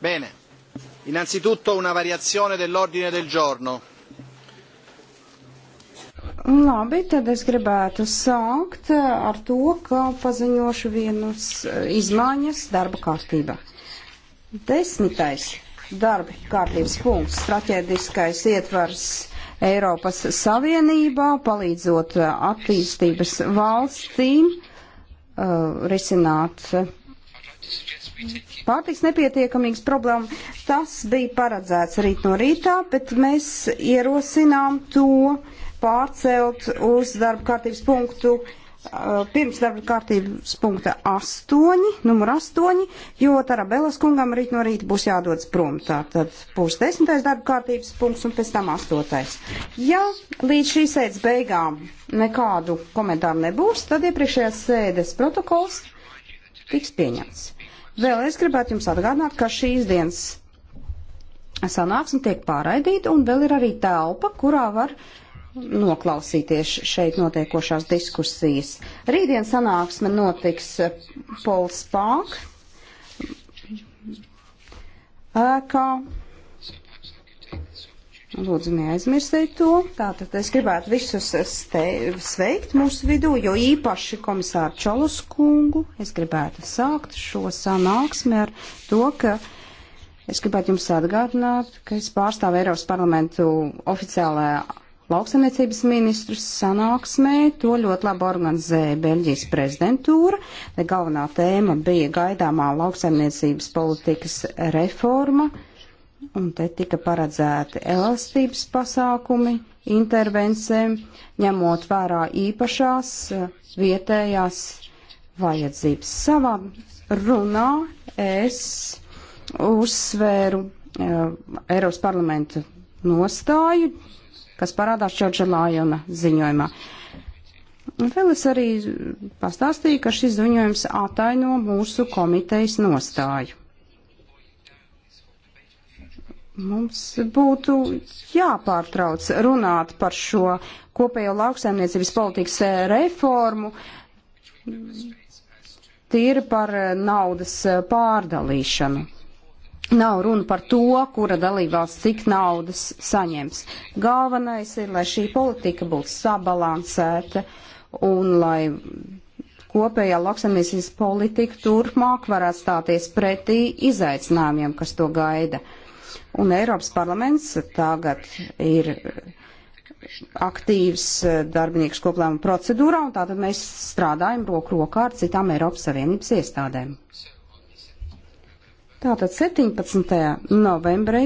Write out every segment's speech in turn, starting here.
Bene, innanzitutto una variazione dell'ordine del giorno. Labi, tad es gribētu sākt ar to, ka paziņošu vienas eh, izmaiņas darba kārtībā. Desmitais darba kārtības punkts - strateģiskais ietvars Eiropas Savienībā, palīdzot eh, attīstības valstīm uh, risināt pārtiks nepietiekamības problēma. Tas bija paredzēts rīt no rītā, bet mēs ierosinām to pārcelt uz darba kārtības punktu. Uh, pirms darba kārtības punkta 8, numur 8, jo Tarabellas kungam rīt no rīta būs jādodas prom. Tā tad būs 10. darba kārtības punkts un pēc tam 8. Ja līdz šīs sēdes beigām nekādu komentāru nebūs, tad iepriekšējās sēdes protokols tiks pieņemts. Vēl es gribētu jums atgādināt, ka šīs dienas sanāksme tiek pārraidīta un vēl ir arī telpa, kurā var noklausīties šeit notiekošās diskusijas. Rītdien sanāksme notiks Pols Pāk ēkā. Nu, lūdzu, neaizmirstiet to. Tātad es gribētu visus sveikt mūsu vidū, jo īpaši komisāru Čolus kungu. Es gribētu sākt šo sanāksmi ar to, ka es gribētu jums atgādināt, ka es pārstāvu Eiropas parlamentu oficiālajā lauksaimniecības ministrus sanāksmē. To ļoti labi organizēja Beļģijas prezidentūra. Galvenā tēma bija gaidāmā lauksaimniecības politikas reforma un te tika paredzēti elastības pasākumi intervencēm, ņemot vērā īpašās eh, vietējās vajadzības. Savā runā es uzsvēru uh, Eiropas parlamenta nostāju, kas parādās Čorģa Lājona ziņojumā. Vēl es arī pastāstīju, ka šis ziņojums ataino mūsu komitejas nostāju. Mums būtu jāpārtrauc runāt par šo kopējo lauksaimniecības politikas eh, reformu tīri par eh, naudas eh, pārdalīšanu. Nav runa par to, kura dalībvalsts cik naudas saņems. Galvenais ir, lai šī politika būtu sabalansēta un lai kopējā lauksaimniecības politika turpmāk varētu stāties pretī izaicinājumiem, kas to gaida. Uh, Un Eiropas parlaments tagad ir aktīvs eh, darbinieks koplēmuma procedūrā, un tātad mēs strādājam roku rokā ar citām Eiropas Savienības iestādēm. Tātad 17. novembrī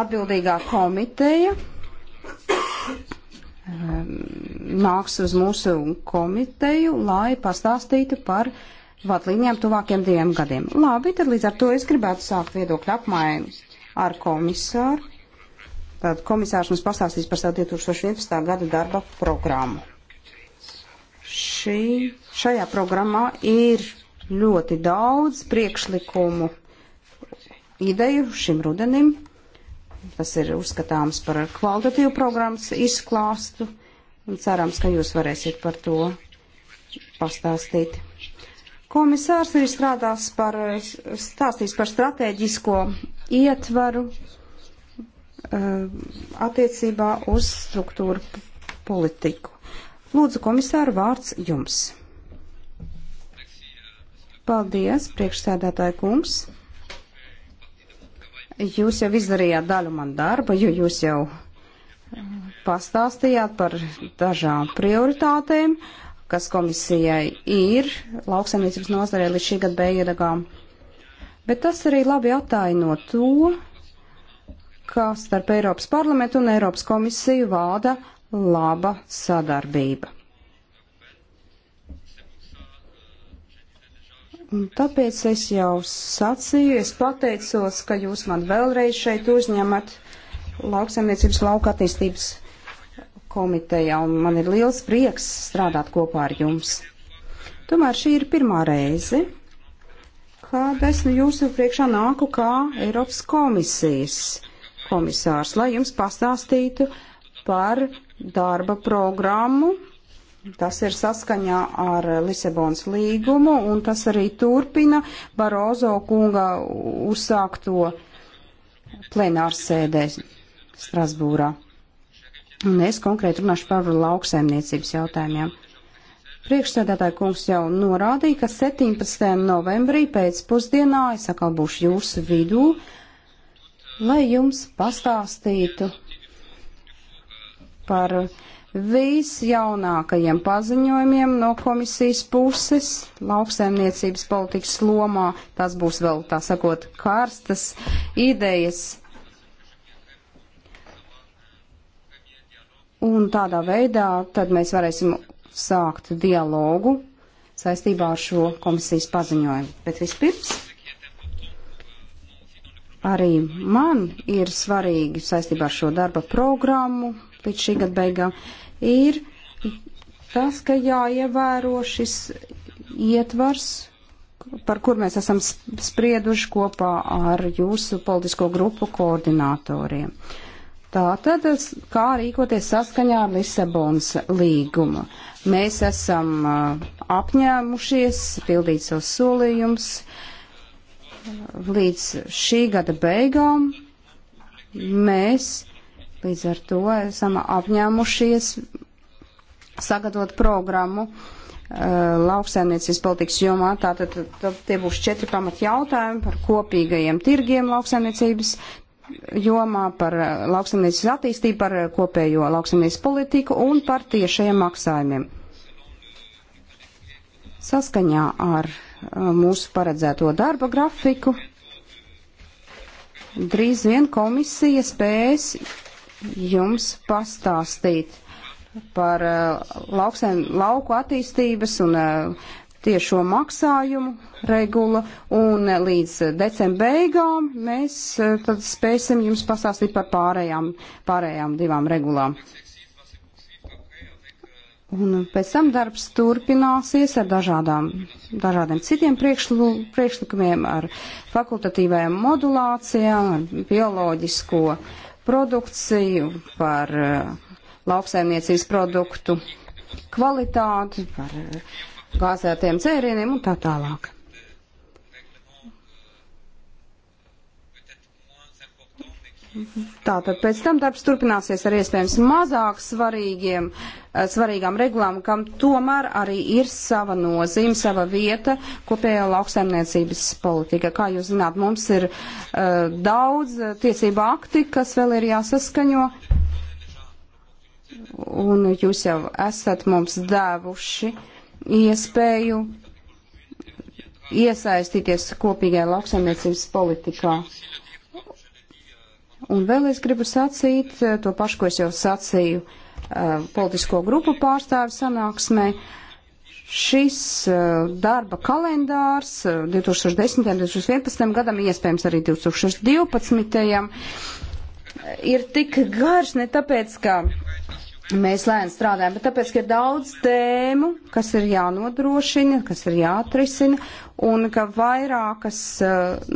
atbildīgā komiteja ehm, nāks uz mūsu komiteju, lai pastāstītu par uh, vadlīnijām tuvākiem diviem gadiem. Labi, tad līdz ar to es gribētu sākt viedokļu apmaiņu ar komisāru. Tad komisārs mums pastāstīs par savu 2011. gada darba programmu. Šī, šajā programmā ir ļoti daudz priekšlikumu ideju šim rudenim. Tas ir uzskatāms par kvalitatīvu programmas izklāstu un cerams, ka jūs varēsiet par to pastāstīt. Komisārs ir strādās par, stāstījis par strateģisko ietvaru eh, attiecībā uz struktūru politiku. Lūdzu, komisāru vārds jums. Paldies, priekšsēdētāji kungs. Jūs jau izdarījāt daļu man darba, jo jūs jau eh, pastāstījāt par dažām prioritātēm kas komisijai ir lauksaimniecības nozarē līdz šī gada beigām. Bet tas arī labi attaino to, ka starp Eiropas parlamentu un Eiropas komisiju vāda laba sadarbība. Un tāpēc es jau sacīju, es pateicos, ka jūs man vēlreiz šeit uzņemat lauksaimniecības lauka attīstības komiteja, un man ir liels prieks strādāt kopā ar jums. Tomēr šī ir pirmā reize, kad es nu jūsu priekšā nāku kā Eiropas komisijas komisārs, lai jums pastāstītu par darba programmu. Tas ir saskaņā ar Lisabonas līgumu, un tas arī turpina Barozo kunga uzsākto plenārsēdē Strasbūrā. Un es konkrēti runāšu par lauksaimniecības jautājumiem. Priekšsēdētāja kungs jau norādīja, ka 17. novembrī pēc pusdienā es atkal būšu jūsu vidū, lai jums pastāstītu par visjaunākajiem paziņojumiem no komisijas puses lauksaimniecības politikas lomā. Tas būs vēl, tā sakot, karstas idejas Un tādā veidā tad mēs varēsim sākt dialogu saistībā ar šo komisijas paziņojumu. Bet vispirms arī man ir svarīgi saistībā ar šo darba programmu līdz šī gada beigām ir tas, ka jāievēro šis ietvars, par kur mēs esam sprieduši kopā ar jūsu politisko grupu koordinatoriem. Uh, Tā tad, kā rīkoties saskaņā ar Lisabonas līgumu? Mēs esam uh, apņēmušies pildīt savus solījumus uh, līdz šī gada beigām. Mēs līdz ar to esam apņēmušies sagatavot programmu uh, lauksaimniecības politikas jomā. Tātad tie būs četri pamat jautājumi par kopīgajiem tirgiem lauksaimniecības jomā par eh, lauksamniecības attīstību, par eh, kopējo lauksamniecības politiku un par tiešajiem maksājumiem. Saskaņā ar eh, mūsu paredzēto darba grafiku drīz vien komisija spēs jums pastāstīt par lauksaim, lauku attīstības un tiešo maksājumu regula, un eh, līdz eh, decembra beigām mēs eh, tad spēsim jums pastāstīt par pārējām, pārējām divām regulām. Un pēc tam darbs turpināsies ar dažādām, dažādiem citiem priekšlu, priekšlikumiem, ar fakultatīvajām modulācijām, ar bioloģisko produkciju, par uh, lauksaimniecības produktu kvalitāti, par uh, gāzētiem dzērieniem un tā tālāk. Tātad pēc tam darbs turpināsies ar iespējams mazāk svarīgiem, eh, svarīgām regulām, kam tomēr arī ir sava nozīme, sava vieta kopējā lauksaimniecības politika. Kā jūs zināt, mums ir uh, daudz tiesību akti, kas vēl ir jāsaskaņo. Un jūs jau esat mums devuši uh, iespēju iesaistīties kopīgajā lauksaimniecības politikā. Un vēl es gribu sacīt eh, to pašu, ko es jau sacīju eh, politisko grupu pārstāvu sanāksmē. Šis eh, darba kalendārs 2010. un 2011. gadam, iespējams arī 2012. ir tik garš ne tāpēc, ka mēs lēni strādājam, bet tāpēc, ka ir daudz tēmu, kas ir jānodrošina, kas ir jāatrisina, un ka vairākas uh,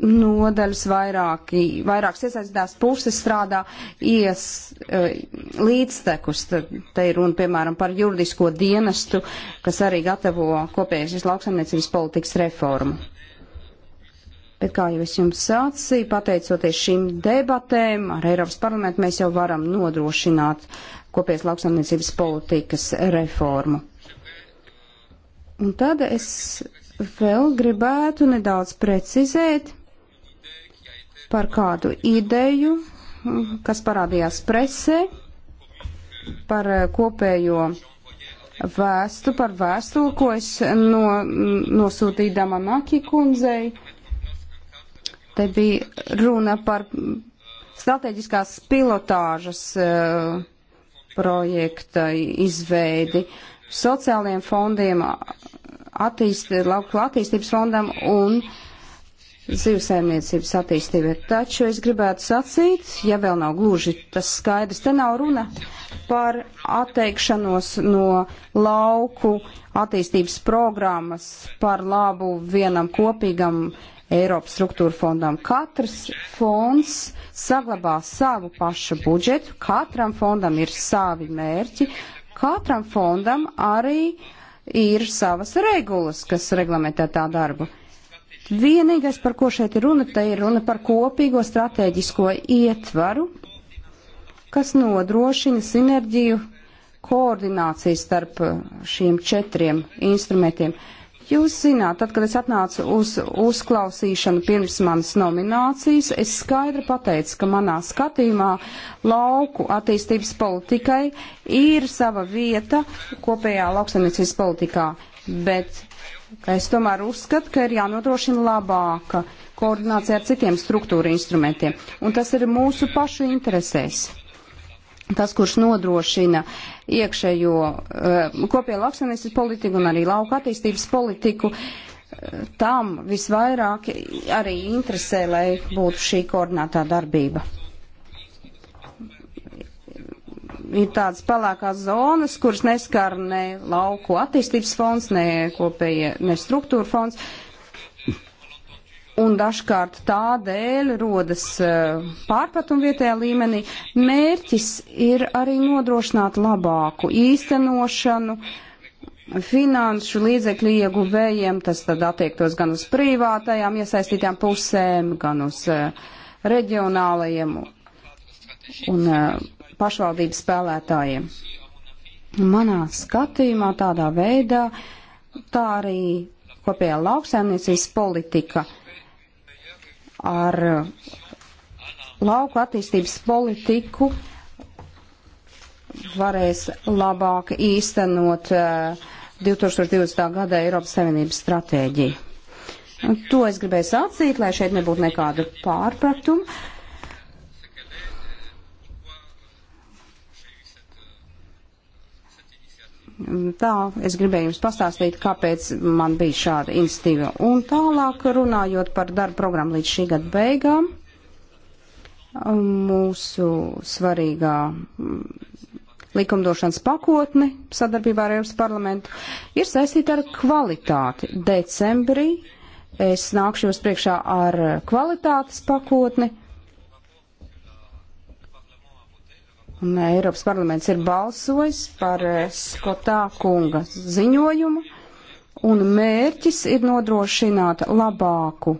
nodaļas, vairāki, vairākas iesaistītās puses strādā ies uh, līdztekus. Tad, te ir runa, piemēram, par juridisko dienestu, kas arī gatavo kopējas lauksamniecības politikas reformu. Bet, kā jau es jums sācīju, pateicoties šīm debatēm ar Eiropas parlamentu, mēs jau varam nodrošināt kopējas lauksaimniecības politikas reformu. Un tad es vēl gribētu nedaudz precizēt par kādu ideju, kas parādījās presē, par kopējo vēstu, par vēstuli, ko es no, nosūtīju Damanaki kundzei Te bija runa par strateģiskās pilotāžas uh, projekta izveidi sociāliem fondiem, attīst, lauku attīstības fondam un zivsaimniecības attīstībai. Taču es gribētu sacīt, ja vēl nav gluži tas skaidrs, te nav runa par atteikšanos no lauku attīstības programmas par labu vienam kopīgam uh, Eiropas struktūra fondam. Katrs fonds saglabā savu pašu budžetu, katram fondam ir savi mērķi, katram fondam arī ir savas regulas, kas reglamentē tā darbu. Vienīgais, par ko šeit ir runa, tai ir runa par kopīgo strateģisko ietvaru, kas nodrošina sinerģiju koordināciju starp šiem četriem instrumentiem. Uh, Jūs zināt, tad, kad es atnācu uz uzklausīšanu pirms manas nominācijas, es skaidri pateicu, ka manā skatījumā lauku attīstības politikai ir sava vieta kopējā lauksaimniecības politikā, bet es tomēr uzskatu, ka ir jānodrošina labāka koordinācija ar citiem struktūra instrumentiem, un tas ir mūsu pašu interesēs tas, kurš nodrošina iekšējo eh, kopējo lauksaimniecības politiku un arī lauka attīstības politiku. Eh, tam visvairāk arī interesē, lai būtu šī koordinētā darbība ir tādas palākās zonas, kuras neskar ne lauku attīstības fonds, ne kopējie, ne struktūra fonds un dažkārt tādēļ rodas eh, pārpratumi vietējā līmenī. Mērķis ir arī nodrošināt labāku īstenošanu finanšu līdzekļu ieguvējiem, tas tad attiektos gan uz privātajām iesaistītām pusēm, gan uz eh, reģionālajiem un eh, pašvaldību spēlētājiem. Manā skatījumā tādā veidā tā arī kopējā lauksaimniecības politika uh, ar lauku attīstības politiku varēs labāk īstenot 2020. Eh, gada Eiropas Savienības stratēģiju. To es gribēju sacīt, lai šeit nebūtu nekādu pārpratumu. Tā es gribēju jums pastāstīt, kāpēc man bija šāda institīva. Un tālāk runājot par darba programmu līdz šī gada beigām, mūsu svarīgā mm, likumdošanas pakotne sadarbībā ar Eiropas parlamentu ir saistīta ar kvalitāti. Decembrī es nākšu jums priekšā ar kvalitātes pakotni Un eh, Eiropas parlaments ir balsojis par eh, Skotā kunga ziņojumu, un mērķis ir nodrošināt labāku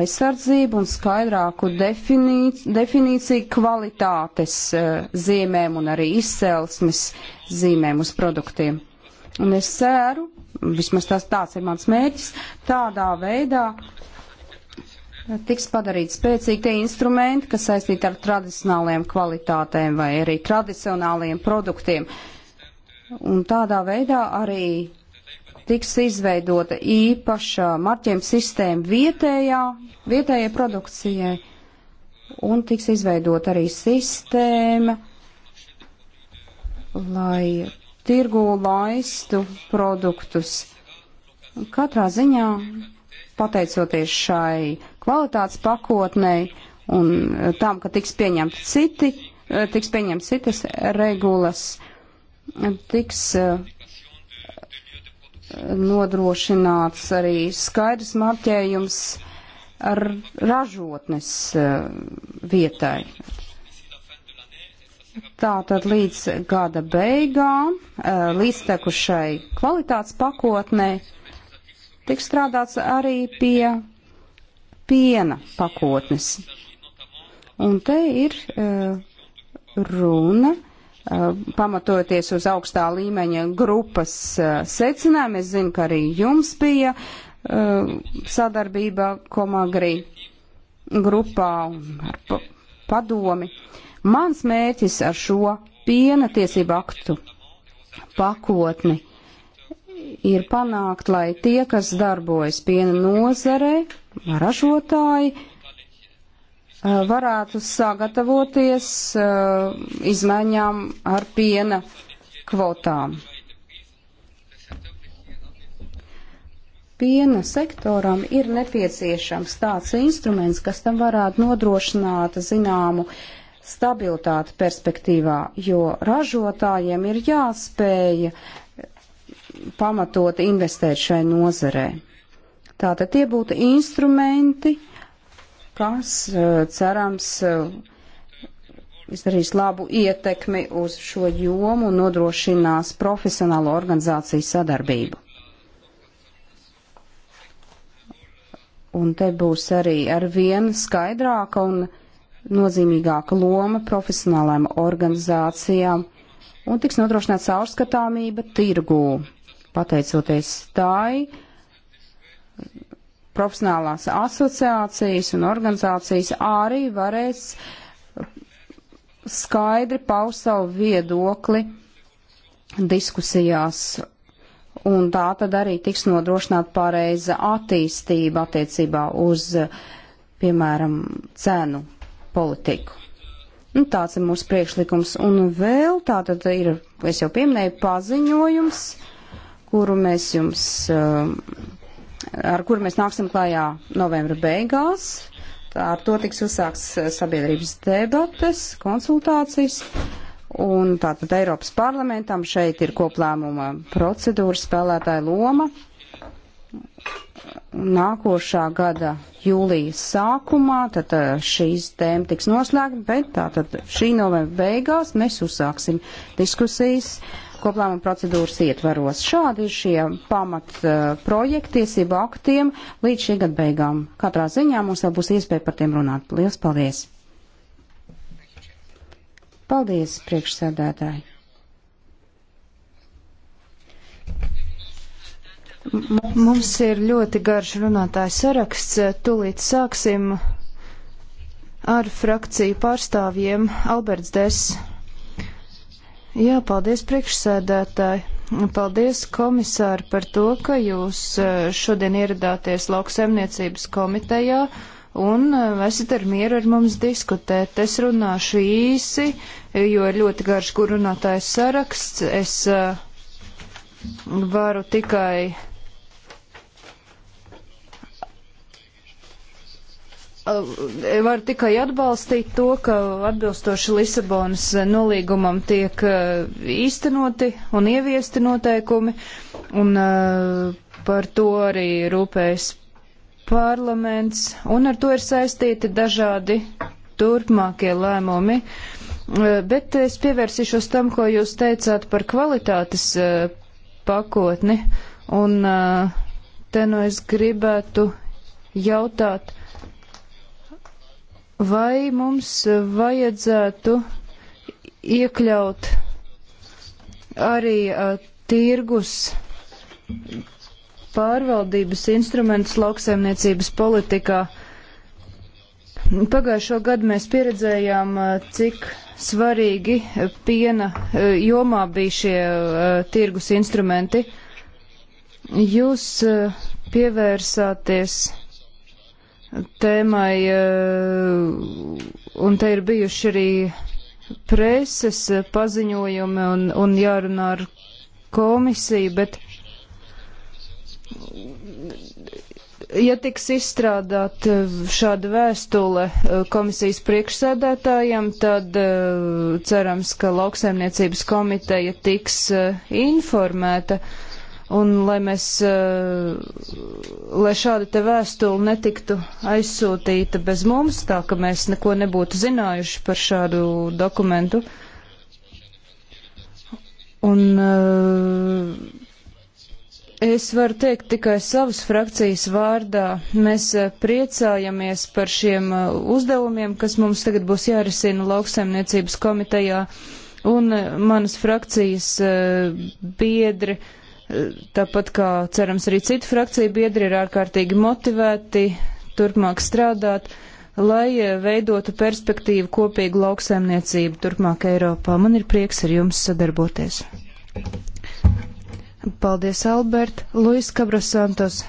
aizsardzību un skaidrāku definīc, definīciju kvalitātes uh, zīmēm un arī izcelsmes zīmēm uz produktiem. Un es ceru, vismaz tas tāds ir mans mērķis, tādā veidā uh, tiks padarīt spēcīgi tie instrumenti, kas saistīti ar tradicionāliem kvalitātēm vai arī tradicionāliem produktiem. Un tādā veidā arī tiks izveidota īpaša marķiem sistēma vietējā, vietējai produkcijai. Un tiks izveidota arī sistēma, lai tirgu laistu produktus. Katrā ziņā pateicoties šai kvalitātes pakotnei un tam, ka tiks pieņemti citi, tiks pieņemti citas regulas, tiks eh, nodrošināts arī skaidrs marķējums ar ražotnes eh, vietai. Tātad līdz gada beigām, eh, līdz tekušai kvalitātes pakotnei, tiek strādāts arī pie piena pakotnes. Un te ir uh, runa, uh, pamatoties uz augstā līmeņa grupas uh, eh, secinājumu, es zinu, ka arī jums bija uh, sadarbība komagri grupā un ar pa padomi. Mans mērķis ar šo piena tiesību aktu pakotni ir panākt, lai tie, kas darbojas piena nozarē, ražotāji, varētu sagatavoties izmaiņām ar piena kvotām. Piena sektoram ir nepieciešams tāds instruments, kas tam varētu nodrošināt zināmu stabilitāti perspektīvā, jo ražotājiem ir jāspēja uh, pamatot investēt šai nozarē. Tātad tie būtu instrumenti, kas e, cerams e, izdarīs labu ietekmi uz šo jomu un nodrošinās profesionālo organizāciju sadarbību. Un te būs arī ar vien skaidrāka un nozīmīgāka loma profesionālajām organizācijām un tiks nodrošināts caurskatāmība tirgū pateicoties tai, profesionālās asociācijas un organizācijas arī varēs skaidri paust savu viedokli diskusijās. Un tā tad arī tiks nodrošināta pareiza attīstība attiecībā uz, piemēram, cenu politiku. Un nu, tāds ir mūsu priekšlikums. Un vēl tā tad ir, es jau pieminēju, paziņojums. Uh, kuru mēs jums, um, ar kuru mēs nāksim klājā novembra beigās. Ar to tiks uzsāks uh, sabiedrības debates, konsultācijas. Un tātad Eiropas parlamentam šeit ir koplēmuma procedūra spēlētāja loma. Nākošā gada jūlijas sākumā tad uh, šīs tēma tiks noslēgta, bet tātad šī novembra beigās mēs uzsāksim diskusijas uh, koplēmuma procedūras ietvaros. Šādi ir šie pamat eh, projekti tiesību aktiem līdz šī gada beigām. Katrā ziņā mums vēl būs iespēja par tiem runāt. Lielas paldies! Paldies, priekšsēdētāji! Mums ir ļoti garš runātājs saraksts. Tūlīt sāksim ar frakciju pārstāvjiem Alberts Dess. Jā, paldies priekšsēdētāji. Paldies, komisāri, par to, ka jūs e, šodien ieradāties lauksaimniecības komitejā un e, esat ar mieru ar mums diskutēt. Es runāšu īsi, jo ir ļoti garš, kur runātājs saraksts. Es e, varu tikai var tikai atbalstīt to, ka atbilstoši Lisabonas nolīgumam tiek īstenoti un ieviesti noteikumi, un par to arī rūpējas parlaments, un ar to ir saistīti dažādi turpmākie lēmumi. Bet es pievērsīšos tam, ko jūs teicāt par kvalitātes pakotni, un te no nu es gribētu jautāt, uh, Vai mums vajadzētu iekļaut arī uh, tirgus pārvaldības instrumentus lauksaimniecības politikā? Pagājušo gadu mēs pieredzējām, uh, cik svarīgi piena uh, jomā bija šie tirgus instrumenti. Jūs pievērsāties tēmai, eh, un te ir bijuši arī preses paziņojumi un, un jārunā ar komisiju, bet ja tiks izstrādāt eh, šāda vēstule eh, komisijas priekšsēdētājiem, tad cerams, ka lauksaimniecības komiteja tiks informēta. Uh, Un lai mēs, eh, lai šāda te vēstule netiktu aizsūtīta bez mums, tā ka mēs neko nebūtu zinājuši par šādu dokumentu. Un eh, es varu teikt tikai savas frakcijas vārdā. Mēs eh, priecājamies par šiem uzdevumiem, kas mums tagad būs jārisina lauksaimniecības komitejā. Un manas frakcijas biedri. Uh, Tāpat kā cerams arī citu frakciju biedri ir ārkārtīgi motivēti turpmāk strādāt, lai eh, veidotu perspektīvu kopīgu lauksēmniecību turpmāk Eiropā. Man ir prieks ar jums sadarboties. Paldies, Albert. Luis Kabrasantos.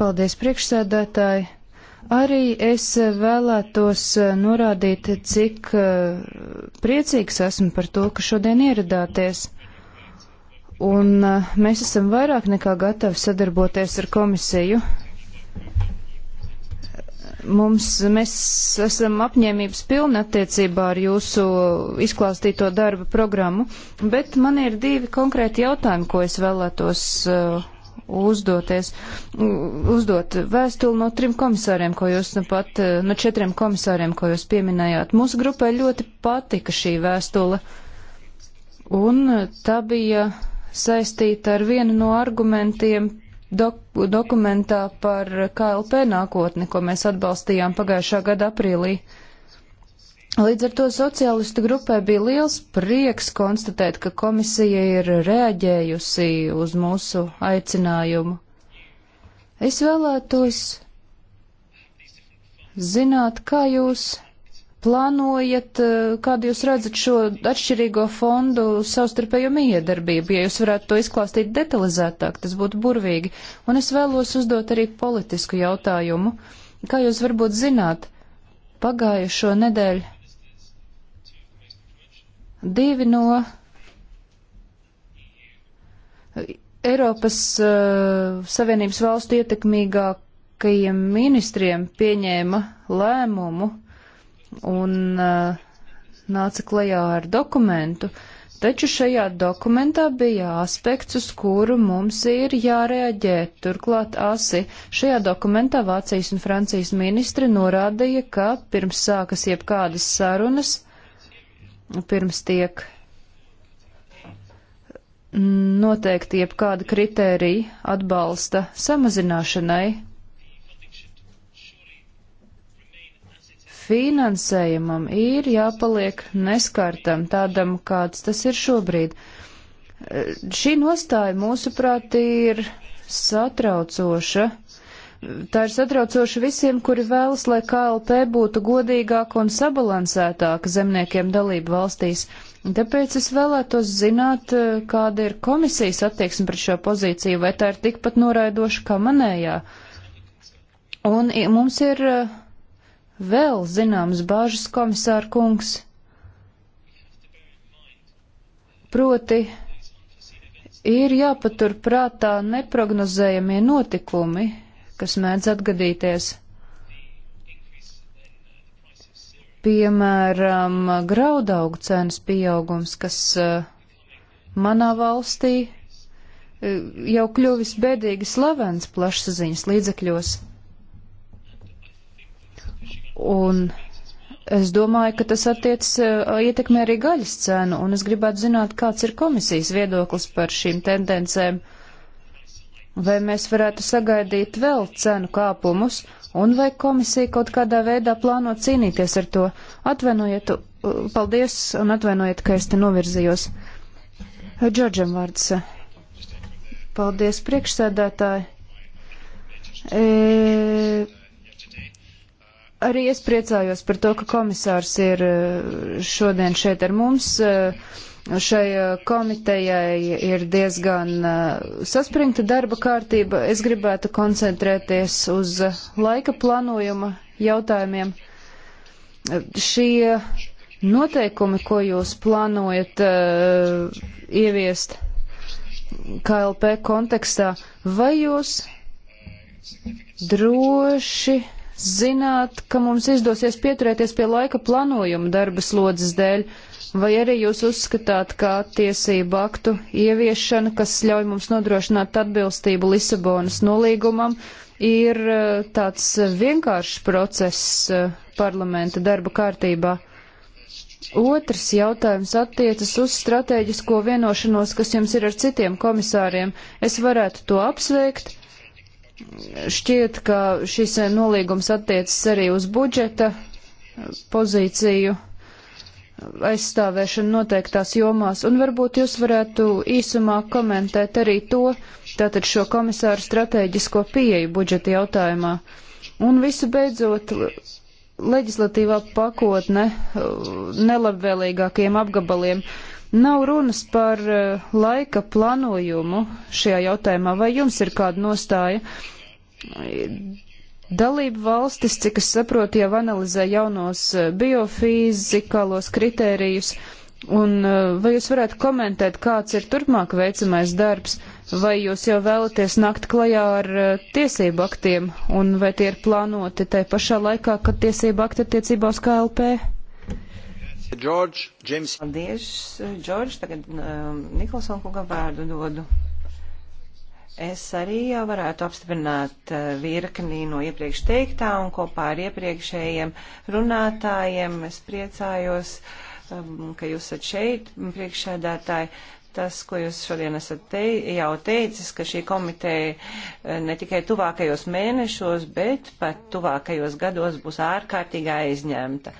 Paldies, priekšsēdētāji. Arī es eh, vēlētos eh, norādīt, cik priecīgs esmu par to, ka šodien ieradāties un eh, mēs esam vairāk nekā gatavi sadarboties ar komisiju. Mums, mēs esam apņēmības pilni attiecībā ar jūsu izklāstīto darba programmu, bet man ir divi konkrēti jautājumi, ko es vēlētos uh, uzdoties, uzdot vēstuli no trim komisāriem, ko jūs nu pat, eh, no četriem komisāriem, ko jūs pieminējāt. Mūsu grupai ļoti patika šī vēstule, un tā bija saistīta ar vienu no argumentiem dok dokumentā par KLP nākotni, ko mēs atbalstījām pagājušā gada aprīlī. Līdz ar to sociālistu grupai bija liels prieks konstatēt, ka komisija ir reaģējusi uz mūsu aicinājumu. Es vēlētos zināt, kā jūs plānojat, eh, kādu jūs redzat šo atšķirīgo fondu savstarpējo miedarbību, ja jūs varētu to izklāstīt detalizētāk, tas būtu burvīgi. Un es vēlos uzdot arī politisku jautājumu. Kā jūs varbūt zināt, pagājušo nedēļu divi no eh, Eiropas uh, Savienības valstu ietekmīgākajiem ministriem pieņēma lēmumu un uh, nāca klajā ar dokumentu, taču šajā dokumentā bija aspekts, uz kuru mums ir jārēģē. Turklāt asi šajā dokumentā Vācijas un Francijas ministri norādīja, ka pirms sākas jebkādas sarunas, pirms tiek noteikti jebkāda kritērija atbalsta samazināšanai finansējumam ir jāpaliek neskartam tādam, kāds tas ir šobrīd. Šī nostāja, mūsuprāt, ir satraucoša. Tā ir satraucoša visiem, kuri vēlas, lai KLP būtu godīgāka un sabalansētāka zemniekiem dalību valstīs. Tāpēc es vēlētos zināt, kāda ir komisijas attieksme pret šo pozīciju, vai tā ir tikpat noraidoša kā manējā. Un mums ir uh, vēl zināmas bāžas, komisāra kungs. Proti, ir jāpatur prātā neprognozējamie notikumi, kas mēdz atgadīties. Piemēram, graudaugu cenas pieaugums, kas eh, manā valstī eh, jau kļuvis bēdīgi slavens plašsaziņas līdzekļos. Un es domāju, ka tas attiec ietekmē arī gaļas cenu, un es gribētu zināt, kāds ir komisijas viedoklis par šīm tendencēm. Vai mēs varētu sagaidīt vēl cenu kāpumus, un vai komisija kaut kādā veidā plāno cīnīties ar to? Atvainojiet, paldies, un atvainojiet, ka es te novirzījos. Džordžam vārds. Paldies, priekšsēdētāji. E Arī es priecājos par to, ka komisārs ir eh, šodien šeit ar mums. Eh, šai eh, komitejai ir diezgan saspringta darba kārtība. Es gribētu koncentrēties uz laika plānojuma jautājumiem. Šie noteikumi, ko jūs plānojat ieviest KLP kontekstā, vai jūs droši zināt, ka mums izdosies pieturēties pie laika plānojuma darba slodzes dēļ, vai arī jūs uzskatāt, ka tiesību aktu ieviešana, kas ļauj mums nodrošināt atbilstību Lisabonas nolīgumam, ir e, tāds vienkāršs process e, parlamenta darba kārtībā? Otrs jautājums attiecas uz strateģisko vienošanos, kas jums ir ar citiem komisāriem. Es varētu to apsveikt, Šķiet, ka šis eh, nolīgums attiecas arī uz budžeta eh, pozīciju eh, aizstāvēšanu noteiktās jomās, un varbūt jūs varētu īsumā komentēt arī to, tātad šo komisāru strateģisko pieeju budžeta jautājumā. Un visu beidzot, leģislatīvā pakotne nelabvēlīgākajiem apgabaliem. Uh, Nav runas par eh, laika planojumu šajā jautājumā, vai jums ir kāda nostāja? Dalību valstis, cik es saprotu, jau analizē jaunos eh, biofizikālos kritērijus, un eh, vai jūs varētu komentēt, kāds ir turpmāk veicamais darbs, vai jūs jau vēlaties nākt klajā ar tiesību aktiem, un vai tie ir plānoti tai pašā laikā, kad tiesību akti attiecībā uz KLP? George, James. Paldies, Džordž. Tagad um, Nikolson kungam vārdu dodu. Es arī jau varētu apstiprināt uh, virkni no iepriekš teiktā un kopā ar iepriekšējiem runātājiem. Es priecājos, um, ka jūs esat šeit, priekšsēdētāji tas, ko jūs šodien esat te, jau teicis, ka šī komiteja eh, ne tikai tuvākajos mēnešos, bet pat tuvākajos gados būs ārkārtīgi aizņemta.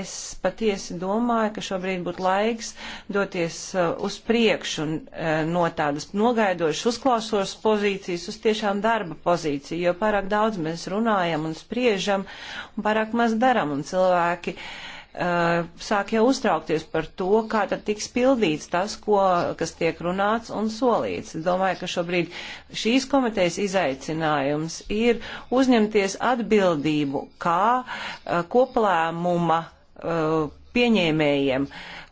Es patiesi domāju, ka šobrīd būtu laiks doties eh, uz priekšu eh, no tādas nogaidošas uzklausošas pozīcijas uz tiešām darba pozīciju, jo pārāk daudz mēs runājam un spriežam un pārāk maz daram un cilvēki. Uh, Uh, sāk jau uztraukties par to, kā tad tiks pildīts tas, ko, kas tiek runāts un solīts. Es domāju, ka šobrīd šīs komitejas izaicinājums ir uzņemties atbildību kā uh, kopalēmuma uh, pieņēmējiem,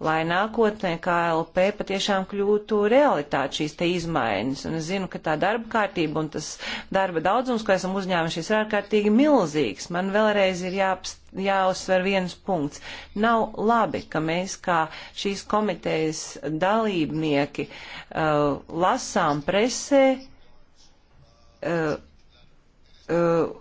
lai nākotnē KLP patiešām kļūtu realitāte šīs te izmaiņas. Un es zinu, ka tā darba kārtība un tas darba daudzums, ko esam uzņēmušies, ir ārkārtīgi milzīgs. Man vēlreiz ir jāapst, jāuzsver viens punkts. Nav labi, ka mēs kā šīs komitejas dalībnieki uh, lasām presē, uh, uh,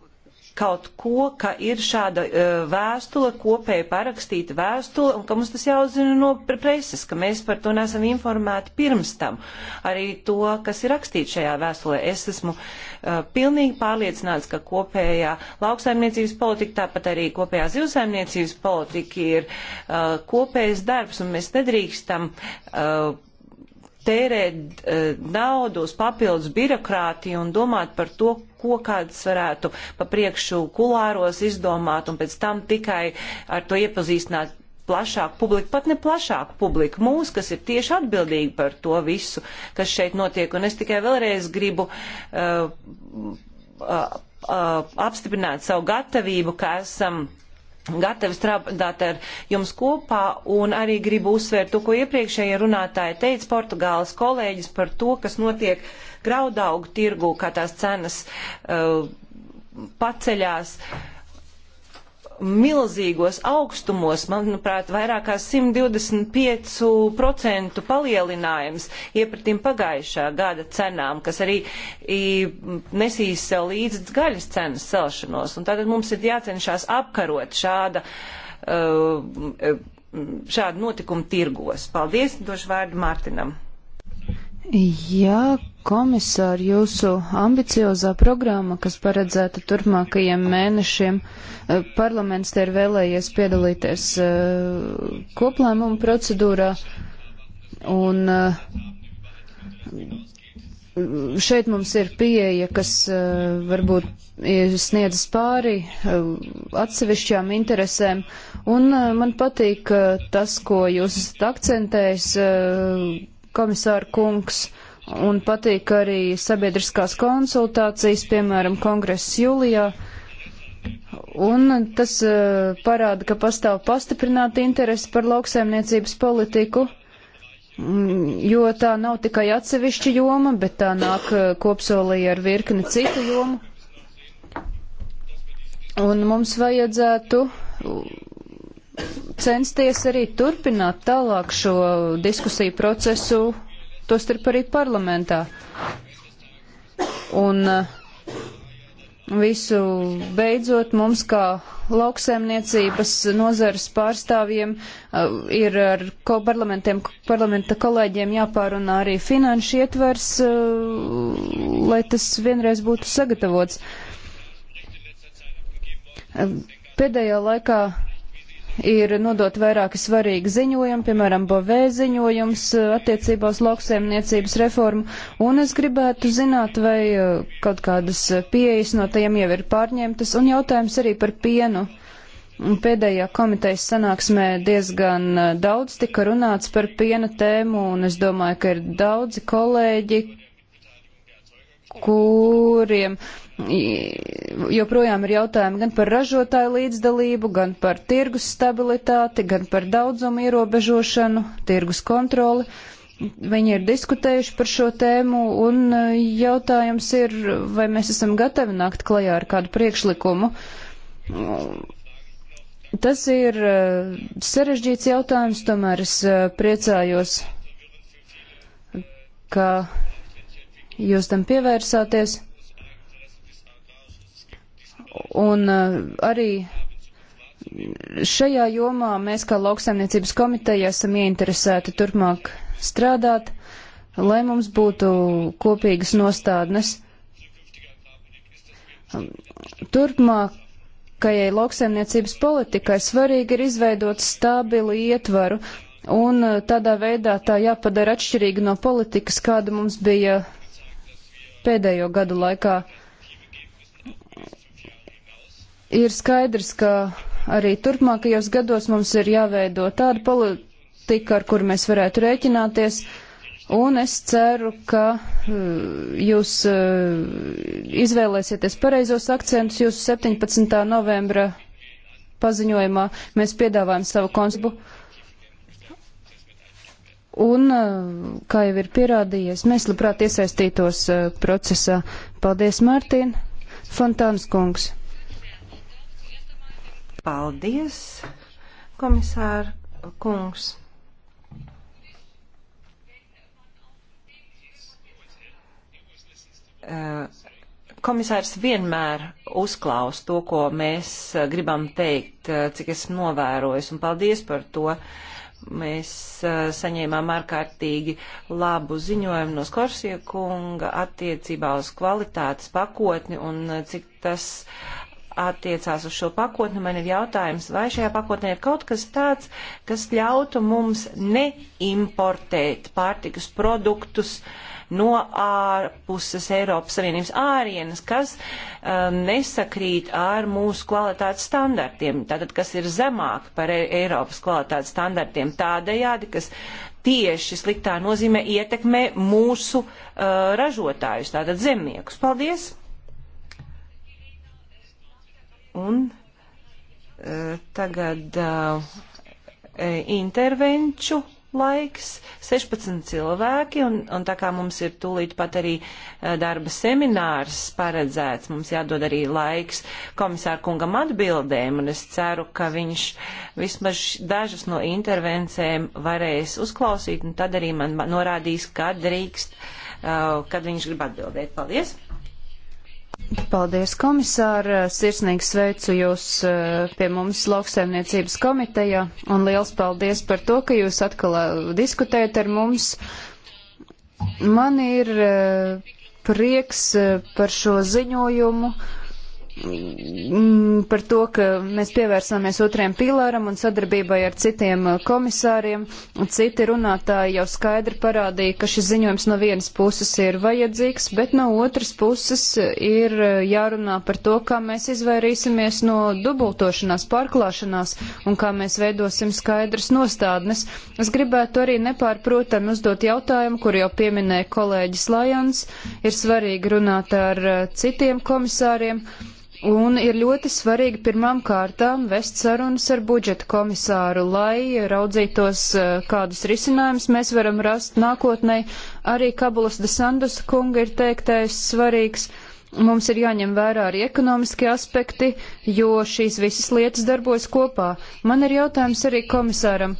kaut ko, ka ir šāda uh, vēstule, kopēja parakstīta vēstule, un ka mums tas jāuzzina no preses, ka mēs par to neesam informēti pirms tam. Arī to, kas ir rakstīts šajā vēstulē. Es esmu uh, pilnīgi pārliecināts, ka kopējā lauksaimniecības politika, tāpat arī kopējā zivsaimniecības politika ir uh, kopējs darbs, un mēs nedrīkstam. Uh, tērēt uh, naudu uz papildus birokrātiju un domāt par to, ko kāds varētu pa priekšu kulāros izdomāt un pēc tam tikai ar to iepazīstināt plašāku publiku, pat ne plašāku publiku, mūs, kas ir tieši atbildīgi par to visu, kas šeit notiek. Un es tikai vēlreiz gribu uh, uh, uh, apstiprināt savu gatavību, ka esam. Um, gatavi strādāt ar jums kopā un arī gribu uzsvērt to, ko iepriekšējie runātāji teica Portugāles kolēģis par to, kas notiek graudaugu tirgu, kā tās cenas uh, paceļās. Uh, milzīgos augstumos, manuprāt, vairāk kā 125% palielinājums iepratīm pagājušā gada cenām, kas arī i, nesīs sev līdz gaļas cenas celšanos. Un tātad mums ir jācenšās apkarot šāda, uh, uh, šādu notikumu tirgos. Paldies, došu vārdu Mārtinam. Jā, komisār, jūsu ambiciozā programma, kas paredzēta turpmākajiem mēnešiem, eh, parlaments te ir vēlējies piedalīties eh, koplēmumu procedūrā, un eh, šeit mums ir pieeja, kas varbūt sniedz pāri atsevišķām interesēm, un man patīk tas, ko jūs esat akcentējis komisāra kungs, un patīk arī sabiedriskās konsultācijas, piemēram, kongress jūlijā. Un tas uh, parāda, ka pastāv pastiprināta interese par lauksaimniecības politiku, mm, jo tā nav tikai atsevišķa joma, bet tā nāk eh, kopsolī ar virkni citu jomu. Un mums vajadzētu censties arī turpināt tālāk šo diskusiju procesu, tostarp arī parlamentā. Un uh, visu beidzot mums kā lauksēmniecības nozares pārstāvjiem uh, ir ar ko parlamenta kolēģiem jāpārunā arī finanšu ietvers, uh, lai tas vienreiz būtu sagatavots. Pēdējā laikā ir nodot vairāki svarīgi ziņojumi, piemēram, Bovē ziņojums eh, attiecībā uz lauksaimniecības reformu, un es gribētu zināt, vai eh, kaut kādas pieejas no tajiem jau ir pārņemtas, un jautājums arī par pienu. Pēdējā komitejas sanāksmē diezgan eh, daudz tika runāts par piena tēmu, un es domāju, ka ir daudzi kolēģi, kuriem joprojām ir jautājumi gan par ražotāju līdzdalību, gan par tirgus stabilitāti, gan par daudzumu ierobežošanu, tirgus kontroli. Viņi ir diskutējuši par šo tēmu, un e, jautājums ir, vai mēs esam gatavi nākt klajā ar kādu priekšlikumu. Tas ir e, sarežģīts jautājums, tomēr es e, priecājos, ka jūs tam pievērsāties. Un eh, arī šajā jomā mēs kā lauksaimniecības komiteja esam ieinteresēti turpmāk strādāt, lai mums būtu kopīgas nostādnes. Turpmākajai lauksaimniecības politikai svarīgi ir izveidot stabilu ietvaru, un eh, tādā veidā tā jāpadara atšķirīga no politikas, kāda mums bija pēdējo gadu laikā. Ir skaidrs, ka arī turpmākajos gados mums ir jāveido tāda politika, ar kuru mēs varētu rēķināties, un es ceru, ka uh, jūs uh, izvēlēsieties pareizos akcentus jūsu 17. novembra paziņojumā. Mēs piedāvājam savu konstitūciju Un, eh, kā jau ir pierādījies, mēs labprāt iesaistītos eh, procesā. Paldies, Mārtiņ! Fontāns kungs! Paldies, komisāra kungs! Eh, komisārs vienmēr uzklaus to, ko mēs gribam teikt, cik esmu novērojis, un paldies par to. Uh, Mēs uh, saņēmām ārkārtīgi labu ziņojumu no Skorsija kunga attiecībā uz kvalitātes pakotni un uh, cik tas attiecās uz šo pakotni. Man ir jautājums, vai šajā pakotnē ir kaut kas tāds, kas ļautu mums neimportēt pārtikas produktus uh, no ārpuses Eiropas Savienības ārienes, kas um, nesakrīt ar mūsu kvalitātes standartiem, tātad kas ir zemāk par e Eiropas kvalitātes standartiem tādējādi, kas tieši sliktā nozīmē ietekmē mūsu uh, ražotājus, tātad zemniekus. Paldies! Un uh, tagad uh, e- intervenču laiks, 16 cilvēki, un, un tā kā mums ir tūlīt pat arī e, darba seminārs paredzēts, mums jādod arī laiks komisāru kungam atbildēm, un es ceru, ka viņš vismaz dažas no intervencēm varēs uzklausīt, un tad arī man norādīs, kad drīkst, e, kad viņš grib atbildēt. Paldies! Paldies, komisāra! Sirsnīgi sveicu jūs eh, pie mums lauksaimniecības komiteja un liels paldies par to, ka jūs atkal eh, diskutējat ar mums. Man ir eh, prieks par šo ziņojumu. Mm, par to, ka mēs pievērsāmies otriem pilāram un sadarbībai ar citiem uh, komisāriem. Citi runātāji jau skaidri parādīja, ka šis ziņojums no vienas puses ir vajadzīgs, bet no otras puses uh, ir uh, jārunā par to, kā mēs izvairīsimies no dubultošanās, pārklāšanās un kā mēs veidosim skaidras nostādnes. Es gribētu arī nepārprotami uzdot jautājumu, kur jau pieminēja kolēģis Lajons. Ir svarīgi runāt ar citiem komisāriem. Un ir ļoti svarīgi pirmām kārtām vest sarunas ar budžeta komisāru, lai raudzītos, eh, kādus risinājumus mēs varam rast nākotnē. Arī Kabulas de Sandus kunga ir teiktais svarīgs. Mums ir jāņem vērā arī ekonomiskie aspekti, jo šīs visas lietas darbojas kopā. Man ir jautājums arī komisāram.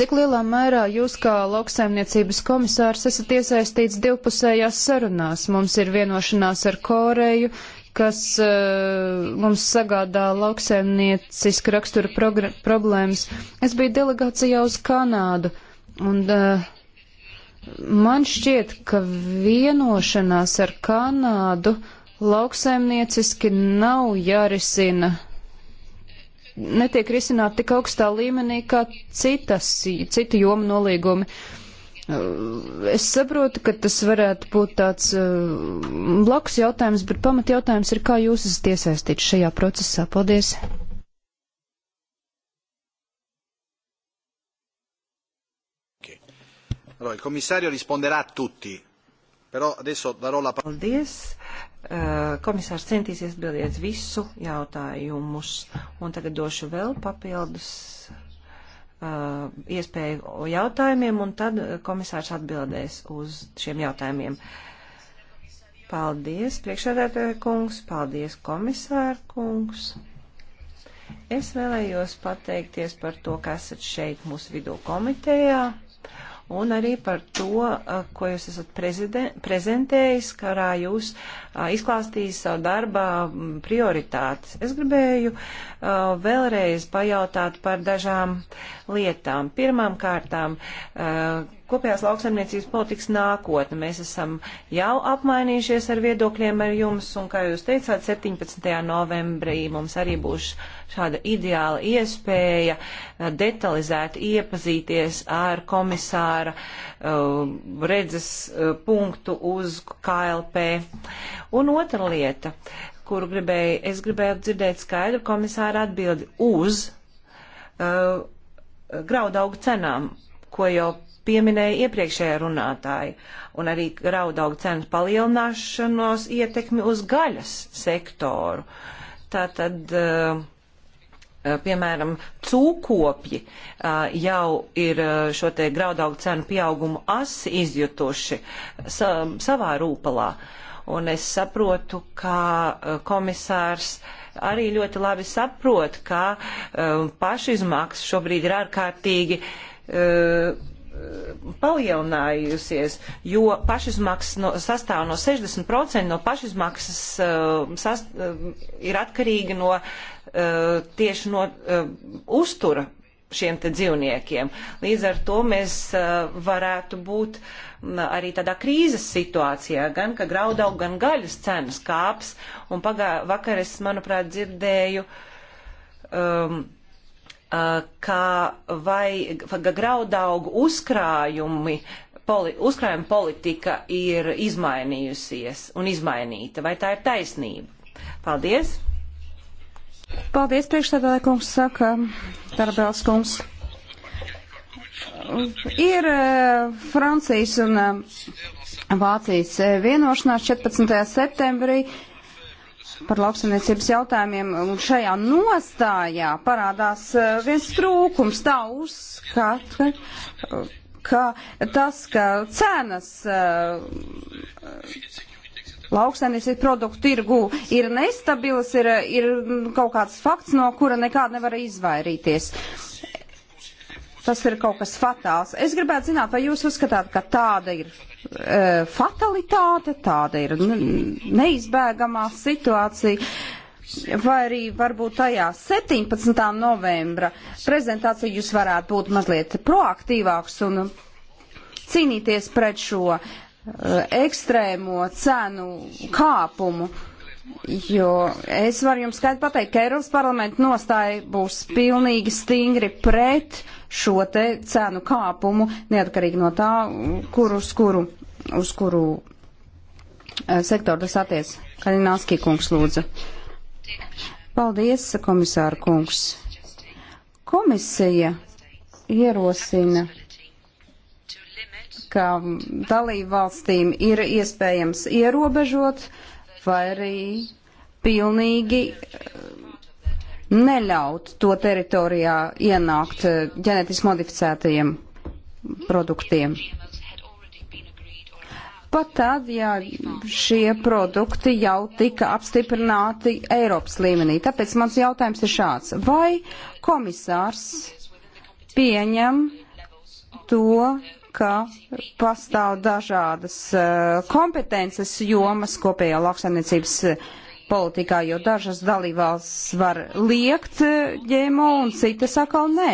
Cik lielā mērā jūs kā lauksaimniecības komisārs esat iesaistīts divpusējās sarunās? Mums ir vienošanās ar Koreju, kas uh, mums sagādā lauksaimnieciska rakstura problēmas. Es biju delegācijā uz Kanādu, un uh, man šķiet, ka vienošanās ar Kanādu lauksaimnieciski nav jārisina. Netiek risināt tik augstā līmenī kā citas, citu jomu nolīgumi. Uh, Es saprotu, ka tas varētu būt tāds uh, blakus jautājums, bet pamat jautājums ir, kā jūs esat iesaistīts šajā procesā. Paldies! Okay. Allora, il commissario risponderà a tutti, però adesso darò la parola. Paldies! Eh, komisārs centīsies atbildēt visu jautājumus, un tagad došu vēl papildus Uh, iespēju jautājumiem, un tad komisārs atbildēs uz šiem jautājumiem. Paldies, priekšsēdētāja kungs, paldies, komisāra kungs. Es vēlējos pateikties par to, ka esat šeit mūsu vidū komitejā un arī par to, ko jūs esat prezentējis, karā jūs izklāstījis savu darbā prioritātes. Es gribēju vēlreiz pajautāt par dažām lietām. Pirmām kārtām, kopējās lauksaimniecības politikas nākotne. Mēs esam jau apmainījušies ar viedokļiem ar jums, un, kā jūs teicāt, 17. novembrī mums arī būs šāda ideāla iespēja eh, detalizēt iepazīties ar komisāra uh, redzes uh, punktu uz KLP. Un otra lieta, kuru gribēju, es gribēju dzirdēt skaidru komisāra atbildi uz uh, graudaugu cenām, ko jau pieminēja iepriekšējā runātāja, un arī graudaugu cenu palielināšanos ietekmi uz gaļas sektoru. Tātad uh, Eh, piemēram, cūkopji eh, jau ir eh, šo te graudaugu cenu pieaugumu asi izjutuši savā rūpalā. Un es saprotu, ka komisārs arī ļoti labi saprot, ka pašizmaksas šobrīd ir ārkārtīgi palielinājusies, jo pašizmaksas no, sastāv no 60% no pašizmaksas uh, sast, uh, ir atkarīga no uh, tieši no uh, uztura šiem te dzīvniekiem. Līdz ar to mēs uh, varētu būt arī tādā krīzes situācijā, gan ka graudaugu, gan gaļas cenas kāps. Un pagā, vakar es, manuprāt, dzirdēju um, Eh, ka, vai, ka graudaugu uzkrājumi, poli, uzkrājuma politika ir izmainījusies un izmainīta. Vai tā ir taisnība? Paldies! Paldies, priekšstādāja kungs, saka Tarabels kungs. Ir eh, Francijas un eh, Vācijas vienošanās 14. septembrī par lauksaimniecības jautājumiem, un šajā nostājā parādās eh, viens trūkums. Tā uzskata, eh, ka tas, ka cenas eh, lauksaimniecības produktu tirgu ir nestabilas, ir, ir kaut kāds fakts, no kura nekāda nevar izvairīties. Uh, tas ir kaut kas fatāls. Es gribētu zināt, vai jūs uzskatāt, ka tāda ir e, fatalitāte, tāda ir neizbēgamā situācija, vai arī varbūt tajā 17. novembra prezentācija jūs varētu būt mazliet proaktīvāks un cīnīties pret šo e, ekstrēmo cenu kāpumu. Jo es varu jums skaidri pateikt, ka Eiropas parlamenta nostāja būs pilnīgi stingri pret šo te cenu kāpumu, neatkarīgi no tā, kur uz kuru, uz kuru eh, sektoru tas attiec. Kaļināskī kungs lūdzu. Paldies, komisāra kungs. Komisija ierosina ka dalību valstīm ir iespējams ierobežot uh, vai arī pilnīgi eh, neļaut to teritorijā ienākt eh, ģenetiski modificētajiem produktiem. Pat tad, ja šie produkti jau tika apstiprināti Eiropas līmenī. Tāpēc mans jautājums ir šāds. Vai komisārs pieņem to ka pastāv dažādas eh, kompetences jomas kopējā lauksaimniecības eh, politikā, jo dažas dalībvalsts var liekt eh, ģēmo un citas atkal nē.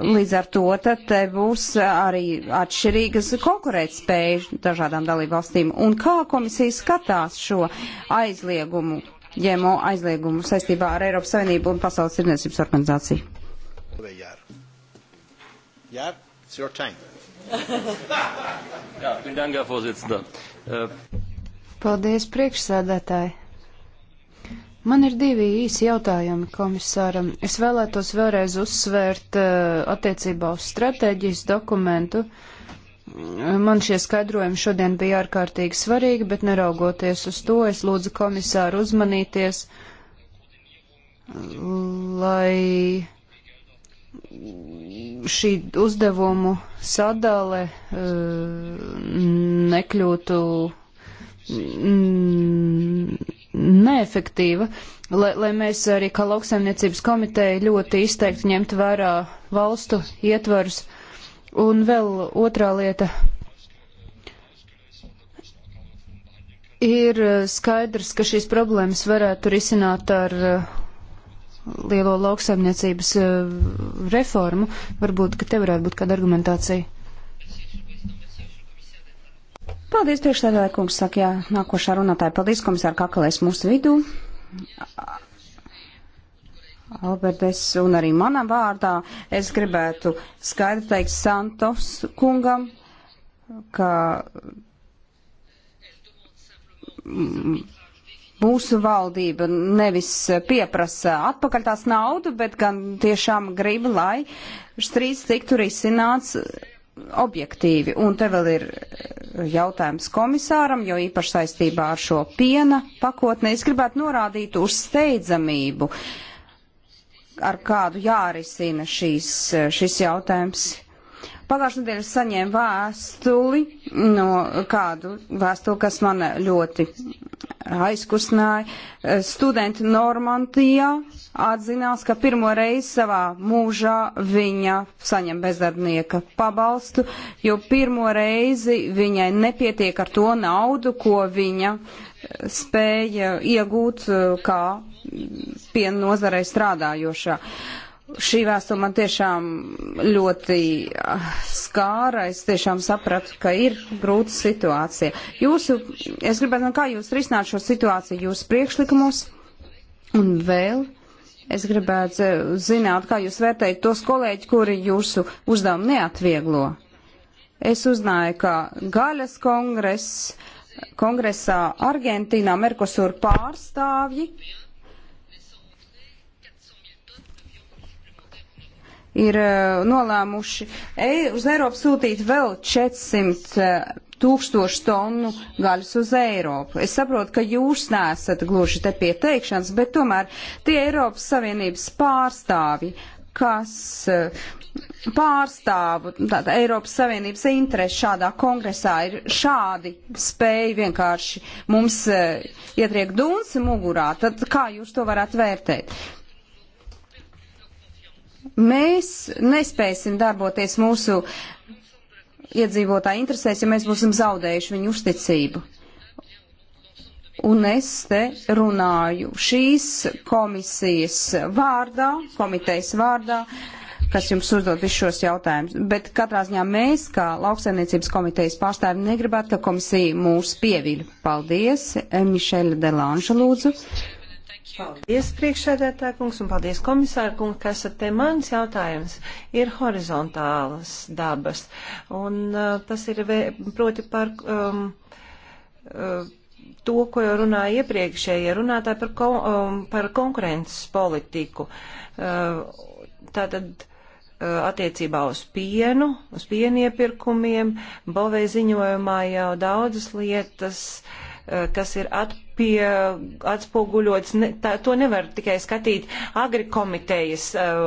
Līdz ar to tad te būs arī atšķirīgas konkurētspējas dažādām dalībvalstīm. Un kā komisija skatās šo aizliegumu, ģēmo aizliegumu saistībā ar Eiropas Savienību un Pasaules tirdzniecības organizāciju? Jār, it's your time. Jā, Dank, Herr Vorsitzender. Äh, Paldies, priekšsēdētāji. Man ir divi īsi jautājumi komisāram. Es vēlētos vēlreiz uzsvērt äh, attiecībā uz stratēģijas dokumentu. Man šie skaidrojumi šodien bija ārkārtīgi svarīgi, bet neraugoties uz to, es lūdzu komisāru uzmanīties, lai šī uzdevumu sadale e, nekļūtu neefektīva, lai, lai mēs arī kā lauksaimniecības komiteja ļoti izteikti ņemtu vērā valstu ietvarus. Un vēl otrā lieta. Ir e, skaidrs, ka šīs problēmas varētu risināt ar e, lielo lauksaimniecības eh, reformu. Varbūt, ka te varētu būt kāda argumentācija. Paldies, priekšstādātāji kungs, saka, jā, nākošā runātāja. Paldies, komisāra Kakalēs mūsu vidū. Albertes un arī manā vārdā es gribētu skaidri teikt Santos kungam, ka. Mm, mūsu valdība nevis pieprasa atpakaļ tās naudu, bet gan tiešām grib, lai strīds tiktu risināts objektīvi. Un te vēl ir jautājums komisāram, jo īpaši saistībā ar šo piena pakotni es gribētu norādīt uz steidzamību, ar kādu jārisina šīs, šis jautājums Pagājušajā nedēļā saņēmu vēstuli no kādu vēstuli, kas man ļoti aizkustināja. Studenti Normandijā atzinās, ka pirmo reizi savā mūžā viņa saņem bezdarbnieka pabalstu, jo pirmo reizi viņai nepietiek ar to naudu, ko viņa spēja iegūt uh, kā piena nozarei strādājošā. Uh, šī vēstule man tiešām ļoti ah, skāra. Es tiešām sapratu, ka ir grūta situācija. Jūsu, es gribētu, kā jūs risināt šo situāciju jūsu priekšlikumos un vēl. Es gribētu eh, zināt, kā jūs vērtējat tos kolēģi, kuri jūsu uzdevumu neatvieglo. Es uzzināju, ka Gaļas kongress, kongresā Argentīnā Merkosur pārstāvji ir eh, nolēmuši Ei, uz Eiropu sūtīt vēl 400 eh, tūkstošu tonu gaļas uz Eiropu. Es saprotu, ka jūs neesat gluži te pie teikšanas, bet tomēr tie Eiropas Savienības pārstāvji, kas eh, pārstāvu tāda Eiropas Savienības interesi šādā kongresā ir šādi spēja vienkārši mums ietriek dūns mugurā, tad kā jūs to varat vērtēt? Mēs nespēsim darboties mūsu iedzīvotāju interesēs, ja mēs būsim zaudējuši viņu uzticību. Un es te runāju šīs komisijas vārdā, komitejas vārdā, kas jums uzdod visus šos jautājumus. Bet katrā ziņā mēs, kā lauksaimniecības komitejas pārstāvi, negribētu, ka komisija mūs pieviļ. Paldies, Mišeļa Delānša lūdzu. Paldies, priekšsēdētāja kungs, un paldies, komisāra kungs, ka esat te mans jautājums. Ir horizontālas dabas, un uh, tas ir vē, proti par. Um, uh, to, ko jau runāja iepriekšējie runātāji par, ko, um, par konkurences politiku. Uh, tātad uh, attiecībā uz pienu, uz pienu iepirkumiem, Bovē ziņojumā jau daudzas lietas uh, Eh, kas ir atpie, atspoguļots. Ne, tā, to nevar tikai skatīt agri komitejas eh,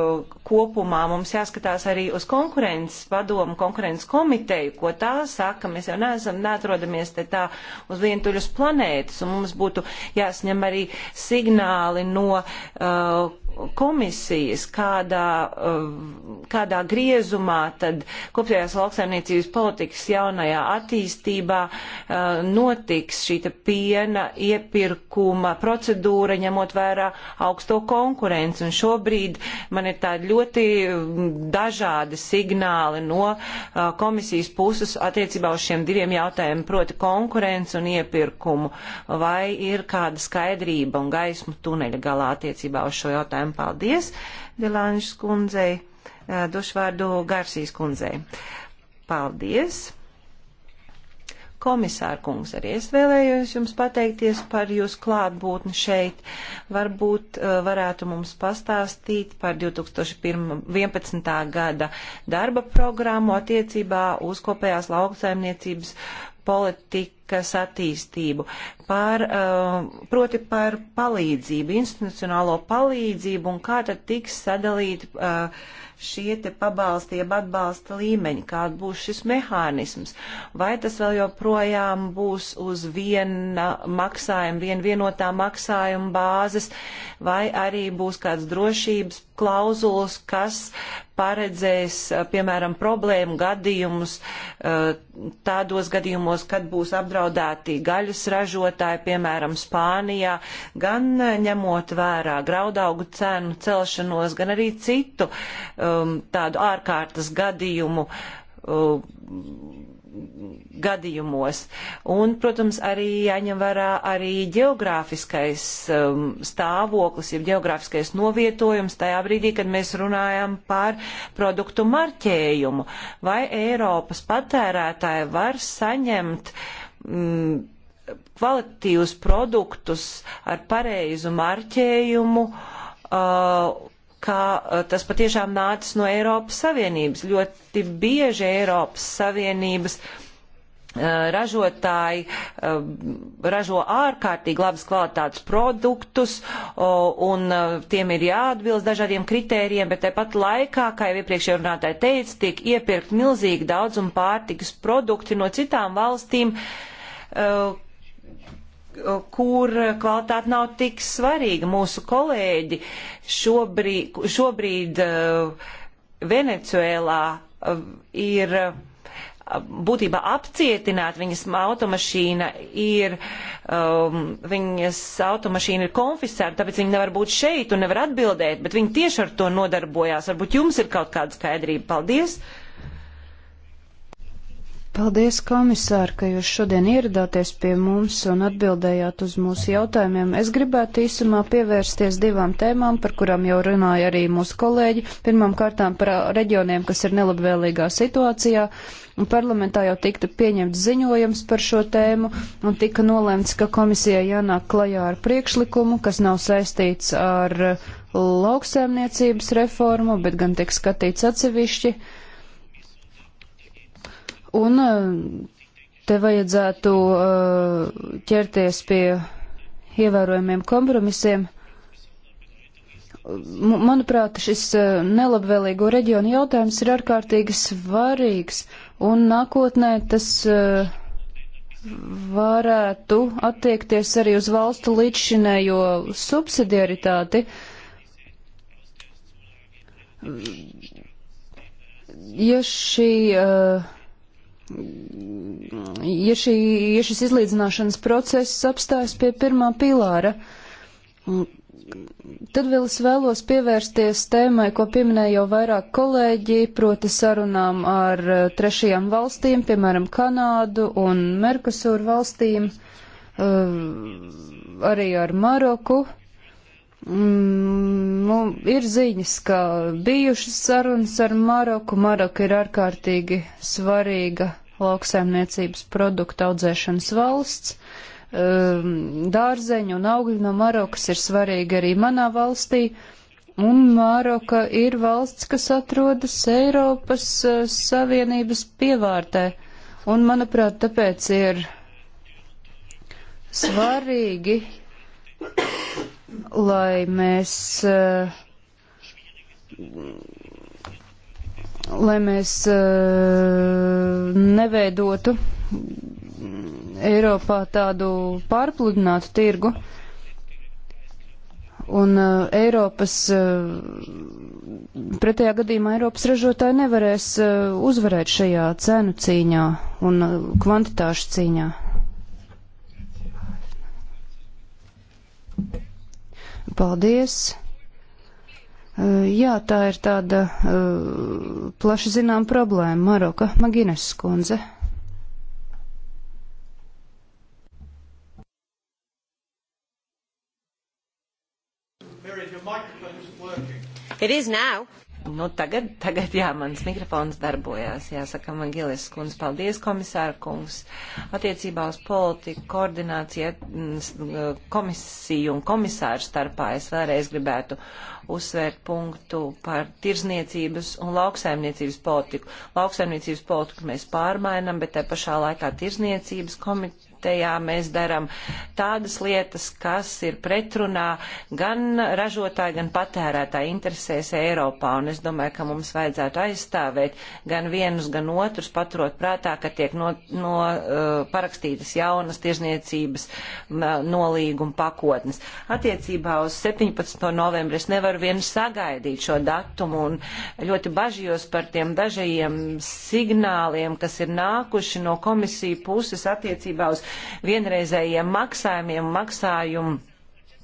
kopumā. Mums jāskatās arī uz konkurences padomu, konkurences komiteju, ko tā saka. Mēs jau neesam, neatrodamies te tā uz vientuļas planētas, un mums būtu jāsņem arī signāli no uh, komisijas, kādā, eh, kādā griezumā tad kopējās lauksaimniecības politikas jaunajā attīstībā eh, notiks šī piena iepirkuma procedūra, ņemot vērā augsto konkurenci. Un šobrīd man ir tādi ļoti dažādi signāli no eh, komisijas puses attiecībā uz šiem diviem jautājumiem, proti konkurenci un iepirkumu. Vai ir kāda skaidrība un gaismu tuneļa galā attiecībā uz šo jautājumu? jautājumu. Paldies, Dilāņš kundzei, došu vārdu Garsīs kundzei. Paldies! Komisāra kungs, arī es vēlējos jums pateikties par jūsu klātbūtni šeit. Varbūt varētu mums pastāstīt par 2011. gada darba programmu attiecībā uz kopējās lauksaimniecības politikas attīstību, par, uh, proti par palīdzību, institucionālo palīdzību un kā tad tiks sadalīti uh, šie te pabalsti, jeb atbalsta līmeņi, kāda būs šis mehānisms, vai tas vēl joprojām būs uz viena maksājuma, vien vienotā maksājuma bāzes, vai arī būs kāds drošības klauzulas, kas paredzēs, eh, piemēram, problēmu gadījumus eh, tādos gadījumos, kad būs apdraudēti gaļas ražotāji, piemēram, Spānijā, gan ņemot vērā graudaugu cenu celšanos, gan arī citu uh, um, tādu ārkārtas gadījumu uh, gadījumos. Un, protams, arī jāņem vērā arī geogrāfiskais um, stāvoklis, jeb geogrāfiskais novietojums tajā brīdī, kad mēs runājam par produktu marķējumu. Vai Eiropas patērētāji var saņemt mm, kvalitīvus produktus ar pareizu marķējumu? Uh, ka eh, tas patiešām nācis no Eiropas Savienības. Ļoti bieži Eiropas Savienības eh, ražotāji eh, ražo ārkārtīgi labas kvalitātes produktus un tiem ir jāatbilst dažādiem kritērijiem, bet tāpat laikā, kā jau iepriekšējā runātāja teica, tiek iepirkt milzīgi daudz un pārtikas produkti no citām valstīm, kur kvalitāte nav tik svarīga. Mūsu kolēģi šobrīd, šobrīd eh, Venecuēlā eh, ir eh, būtībā apcietināti, viņas automašīna ir, um, viņas automašīna ir konfiscēta, tāpēc viņa nevar būt šeit un nevar atbildēt, bet viņa tieši ar to nodarbojās. Varbūt jums ir kaut kāda skaidrība. Paldies! Uh, Paldies, komisār, ka jūs šodien ieradāties pie mums un atbildējāt uz mūsu jautājumiem. Es gribētu īsumā pievērsties divām tēmām, par kurām jau runāja arī mūsu kolēģi. Pirmām kārtām par reģioniem, kas ir nelabvēlīgā situācijā, un parlamentā jau tiktu pieņemts ziņojums par šo tēmu, un tika nolēmts, ka komisijai jānāk klajā ar priekšlikumu, kas nav saistīts ar lauksēmniecības reformu, bet gan tiek skatīts atsevišķi. Uh, Un eh, te vajadzētu eh, ķerties pie ievērojumiem kompromisiem. Manuprāt, šis eh, nelabvēlīgo reģionu jautājums ir ārkārtīgi svarīgs, un nākotnē tas varētu attiekties arī uz valstu līdzšinējo subsidiaritāti. Ja šī uh, ja, šī, ja šis izlīdzināšanas process apstājas pie pirmā pilāra, tad vēl es vēlos pievērsties tēmai, ko pieminēja jau vairāk kolēģi, proti sarunām ar eh, trešajām valstīm, piemēram, Kanādu un Merkusūru valstīm, eh, arī ar Maroku. Mm, nu, ir ziņas, ka bijušas sarunas ar Maroku. Maroka ir ārkārtīgi svarīga lauksaimniecības produktu audzēšanas valsts. Um, dārzeņu un augļu no Marokas ir svarīgi arī manā valstī. Un Māroka ir valsts, kas atrodas Eiropas uh, Savienības pievārtē. Un, manuprāt, tāpēc ir svarīgi lai mēs, eh, lai mēs eh, neveidotu Eiropā tādu pārpludinātu tirgu. Un uh, Eiropas, uh, pretējā gadījumā Eiropas ražotāji nevarēs uh, uzvarēt šajā cenu cīņā un uh, kvantitāšu cīņā. Paldies! Jā, tā ir tāda plaši zinām problēma. Maroka Magines skundze. It is now. Nu, tagad, tagad, jā, mans mikrofons darbojās. Jāsaka, man Gilis skundz, paldies, komisāra kungs. Attiecībā uz politiku koordināciju mm, komisiju un komisāru starpā es vēlreiz gribētu uzsvērt punktu par tirzniecības un lauksaimniecības politiku. Lauksaimniecības politiku mēs pārmainam, bet te pašā laikā tirzniecības komiteja komitejā mēs darām tādas lietas, kas ir pretrunā gan ražotāju, gan patērētāju interesēs Eiropā. Un es domāju, ka mums vajadzētu aizstāvēt gan vienus, gan otrus, paturot prātā, ka tiek no, no uh, parakstītas jaunas tirzniecības uh, nolīguma pakotnes. Attiecībā uz 17. novembri es nevaru vien sagaidīt šo datumu un ļoti bažījos par tiem dažajiem signāliem, kas ir nākuši no komisiju puses attiecībā uz vienreizējiem maksājumiem, maksājumu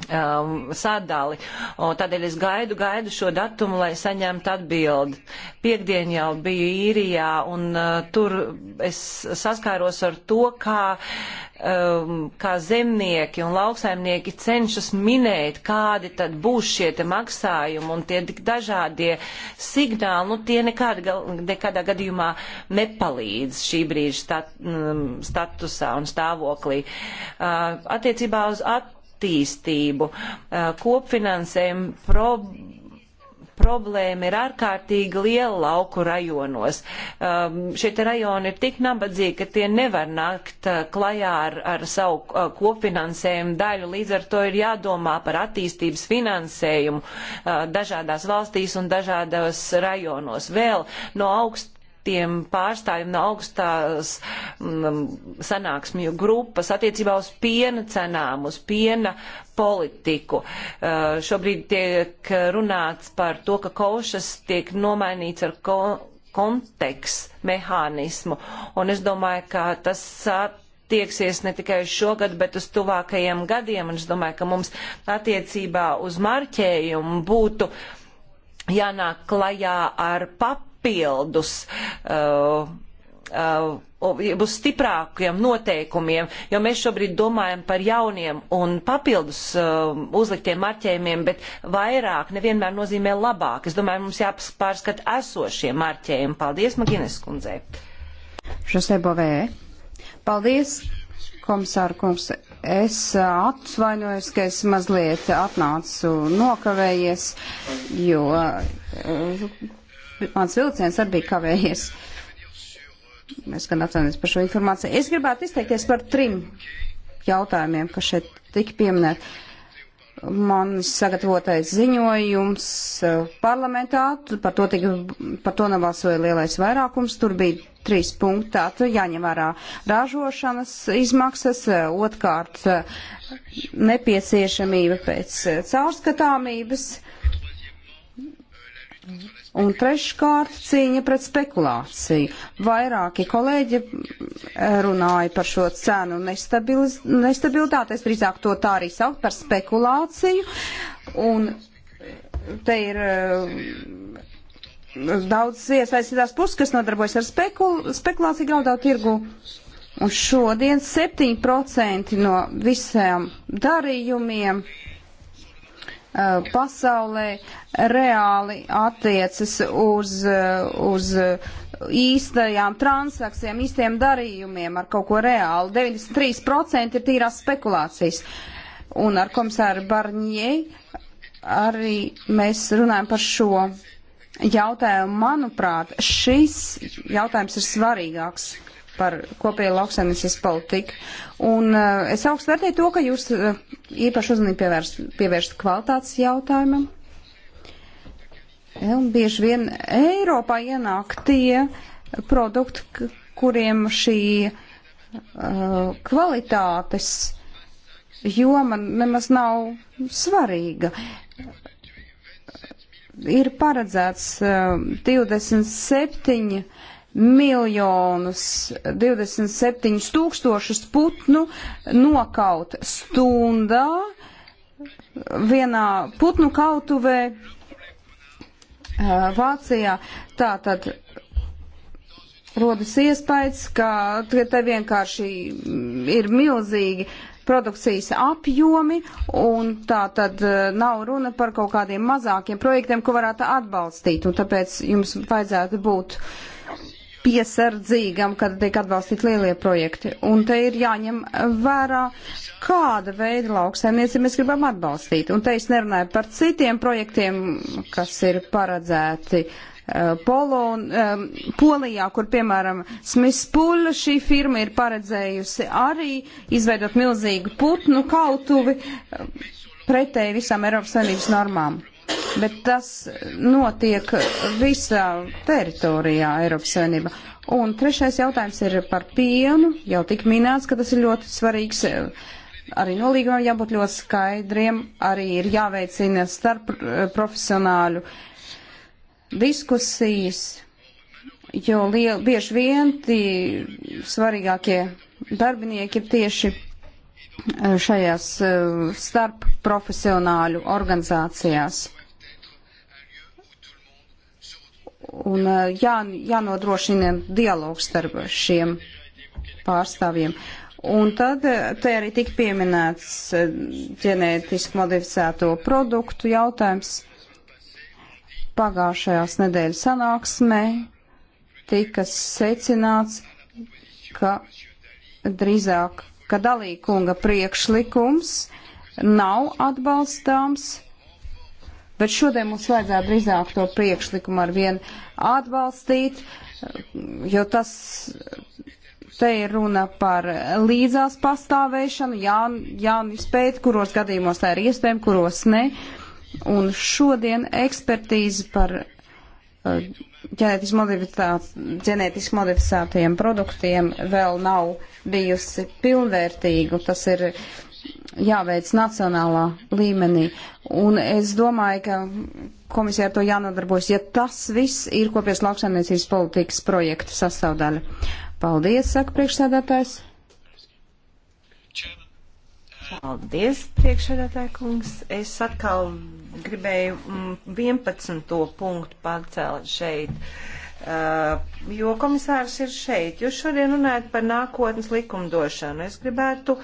um, sadali. Un tādēļ es gaidu, gaidu šo datumu, lai saņemtu atbildi. Piektdien jau biju īrijā, un uh, tur es saskāros ar to, kā, um, kā zemnieki un lauksaimnieki cenšas minēt, kādi tad būs šie te maksājumi, un tie tik dažādie signāli, nu tie nekāda, nekādā gadījumā nepalīdz šī brīža stat, um, statusā un stāvoklī. Uh, attiecībā uz at attīstību. Eh, Kopfinansējuma problēma problēma ir ārkārtīgi liela lauku rajonos. Um, šie rajoni ir tik nabadzīgi, ka tie nevar nākt uh, klajā ar, ar savu uh, kopfinansējumu daļu. Līdz ar to ir jādomā par attīstības finansējumu uh, dažādās valstīs un dažādos rajonos. Vēl no augst tiem pārstāvjiem no augstās mm, sanāksmju grupas attiecībā uz piena cenām, uz piena politiku. Uh, šobrīd tiek runāts par to, ka košas tiek nomainīts ar ko konteks mehānismu, un es domāju, ka tas attieksies ne tikai uz šogad, bet uz tuvākajiem gadiem, un es domāju, ka mums attiecībā uz marķējumu būtu jānāk klajā ar papīru papildus. Uh, uh būs stiprākiem noteikumiem, jo mēs šobrīd domājam par jauniem un papildus uh, uzliktiem marķējumiem, bet vairāk nevienmēr nozīmē labāk. Es domāju, mums jāpārskata esošie marķējumi. Paldies, Magines kundzei. Žosē Bovē. Paldies, komisāra kungs. Es uh, atvainojos, ka es mazliet atnācu nokavējies, jo uh, bet mans vilciens arī bija kavējies. Es gan atvainojos par šo informāciju. Es gribētu izteikties par trim jautājumiem, kas šeit tika pieminēti. Man sagatavotais ziņojums eh, parlamentā, par to, tika, par to nebalsoja lielais vairākums, tur bija trīs punkti, tātad jāņem vērā ražošanas izmaksas, eh, otrkārt eh, nepieciešamība pēc caurskatāmības Un treškārt cīņa pret spekulāciju. Vairāki kolēģi eh, runāja par šo cenu nestabilitāti, es drīzāk to tā arī sauc par spekulāciju. Un te ir eh, daudz iesaistītās puses, kas nodarbojas ar spekul spekulāciju graudā tirgu. Un šodien 7% no visiem darījumiem uh, Uh, pasaulē reāli attiecas uz, uh, uz īstajām transakcijām, īstajiem darījumiem ar kaut ko reāli. 93% ir tīrās spekulācijas. Un ar komisāru Barņē arī mēs runājam par šo jautājumu. Manuprāt, šis jautājums ir svarīgāks par kopēju lauksaimniecības politiku. Un uh, es augstu vērtēju to, ka jūs uh, īpaši uzmanību pievērst, pievērst kvalitātes jautājumam. Un bieži vien Eiropā ienāk tie produkti, kuriem šī uh, kvalitātes joma nemaz nav svarīga ir paredzēts uh, 27 miljonus 27 tūkstošus putnu nokaut stundā vienā putnu kautuvē Vācijā. Tātad rodas iespējas, ka te vienkārši ir milzīgi produkcijas apjomi, un tā tad nav runa par kaut kādiem mazākiem projektiem, ko varētu atbalstīt, un tāpēc jums vajadzētu būt uh, piesardzīgam, kad tiek atbalstīti lielie projekti. Un te ir jāņem vērā, kāda veida lauksaimniecību mēs gribam atbalstīt. Un te es nerunāju par citiem projektiem, kas ir paredzēti uh, Polo, um, Polijā, kur, piemēram, Smispuļa šī firma ir paredzējusi arī izveidot milzīgu putnu kautuvi uh, pretēji visām Eiropas Savienības normām bet tas notiek visā teritorijā Eiropas Savienībā. Un trešais jautājums ir par pienu. Jau tik minēts, ka tas ir ļoti svarīgs. Arī nolīgumam jābūt ļoti skaidriem, arī ir jāveicina starp eh, profesionāļu diskusijas, jo liel, bieži vien tie svarīgākie darbinieki ir tieši eh, šajās eh, starp profesionāļu organizācijās. un eh, jā, jānodrošina dialogs starp šiem pārstāvjiem. Un tad eh, te arī tika pieminēts eh, ģenētiski modificēto produktu jautājums. Pagājušajās nedēļas sanāksmē tika secināts, ka drīzāk, ka dalīkunga priekšlikums nav atbalstāms bet šodien mums vajadzētu drīzāk to priekšlikumu ar vien atbalstīt, jo tas te ir runa par līdzās pastāvēšanu, jaun, jaunu izpēti, kuros gadījumos tā ir iespējama, kuros ne. Un šodien ekspertīze par uh, ģenētiski modificēt, modificētajiem produktiem vēl nav bijusi pilnvērtīga. Tas ir uh, jāveic nacionālā līmenī. Un es domāju, ka komisija ar to jānodarbojas, ja tas viss ir kopies lauksaimniecības politikas projekta sastāvdaļa. Paldies, saka priekšsēdētājs. Paldies, priekšsēdētāja kungs. Es atkal gribēju 11. Mm, punktu pacelt šeit Uh, jo komisārs ir šeit. Jūs šodien runājat par nākotnes likumdošanu. Es gribētu uh,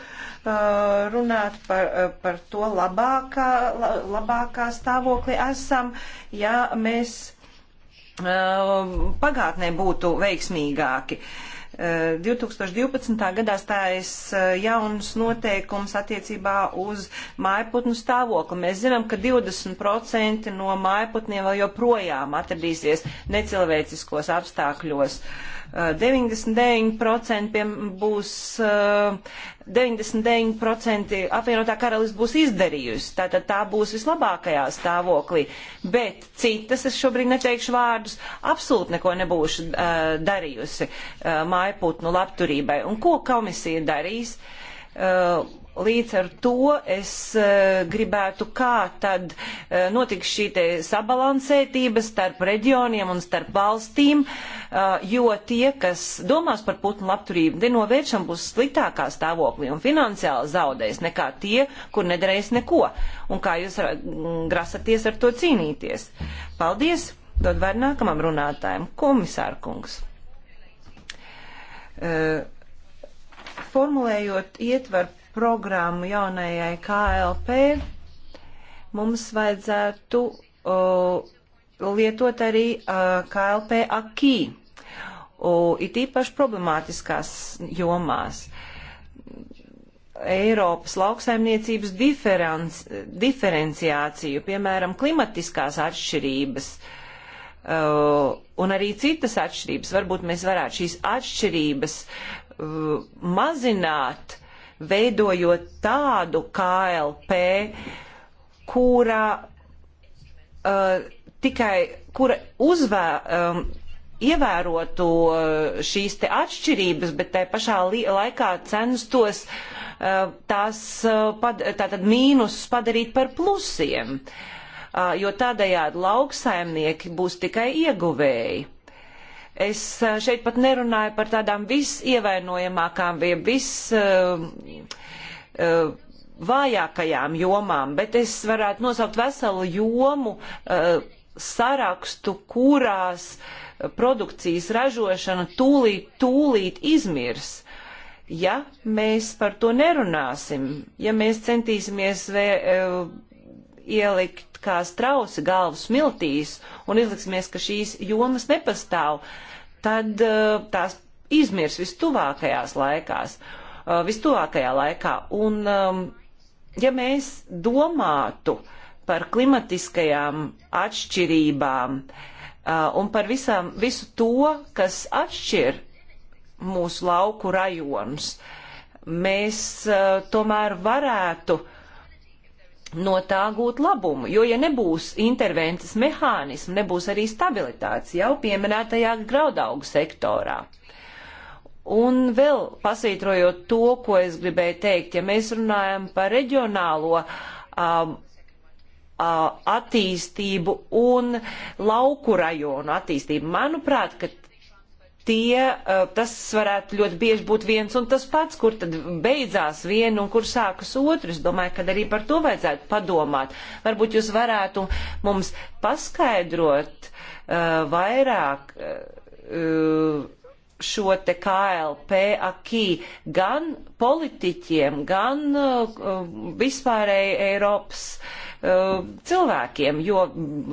runāt par, uh, par to labākā, labākā stāvokli esam, ja mēs pagātnē būtu veiksmīgāki. Uh, 2012. Eh, gadā stājas eh, jauns noteikums attiecībā uz mājputnu stāvokli. Mēs zinām, ka 20% no mājputniem vēl joprojām atradīsies necilvēciskos apstākļos. Uh, 99% būs 99% eh, apvienotā karalis būs izdarījusi. Tātad tā būs vislabākajā stāvoklī. Bet citas, es šobrīd neteikšu vārdus, absolūti neko nebūšu uh, darījusi uh, eh, mājputnu labturībai. Un ko komisija darīs? Uh, Līdz ar to es uh, gribētu, kā tad uh, notiks šī sabalansētība starp reģioniem un starp valstīm, uh, jo tie, kas domās par putnu labturību, nenovēršam būs sliktākā stāvoklī un finansiāli zaudēs nekā tie, kur nedarēs neko. Un kā jūs grasaties ar to cīnīties? Paldies! Dod vērā nākamam runātājam, komisārkungs. Uh, formulējot ietvaru programmu jaunajai KLP, mums vajadzētu uh, lietot arī uh, KLP akī, uh, it īpaši problemātiskās jomās. Eiropas lauksaimniecības diferenciāciju, piemēram, klimatiskās atšķirības uh, un arī citas atšķirības. Varbūt mēs varētu šīs atšķirības uh, mazināt veidojot tādu KLP, kura uh, tikai, kura uzvē, um, ievērotu uh, šīs te atšķirības, bet tai pašā laikā censtos uh, tās uh, pad tātad mīnusus padarīt par plusiem, uh, jo tādējādi lauksaimnieki būs tikai ieguvēji. Es eh, šeit pat nerunāju par tādām visievainojamākām, eh, visvājākajām eh, uh, uh, jomām, bet es varētu nosaukt veselu jomu uh, sarakstu, kurās produkcijas ražošana tūlīt, tūlīt izmirs. Ja mēs par to nerunāsim, ja mēs centīsimies vē, ielikt kā strausi galvu smiltīs un izliksimies, ka šīs jomas nepastāv, tad uh, tās izmirs vistuvākajās laikās, uh, vistuvākajā laikā. Un um, ja mēs domātu par klimatiskajām atšķirībām uh, un par visām, visu to, kas atšķir mūsu lauku rajonus, mēs uh, tomēr varētu uh, no tā gūt labumu, jo ja nebūs intervences mehānismu, nebūs arī stabilitātes jau pieminētajā graudaugu sektorā. Un vēl pasvītrojot to, ko es gribēju teikt, ja mēs runājam par reģionālo um, attīstību un lauku rajonu attīstību. Manuprāt, ka tie, tas varētu ļoti bieži būt viens un tas pats, kur tad beidzās viena un kur sākas otru. Es domāju, ka arī par to vajadzētu padomāt. Varbūt jūs varētu mums paskaidrot uh, vairāk uh, šo te KLP akī gan politiķiem, gan uh, vispārēji Eiropas uh, Uh, cilvēkiem, jo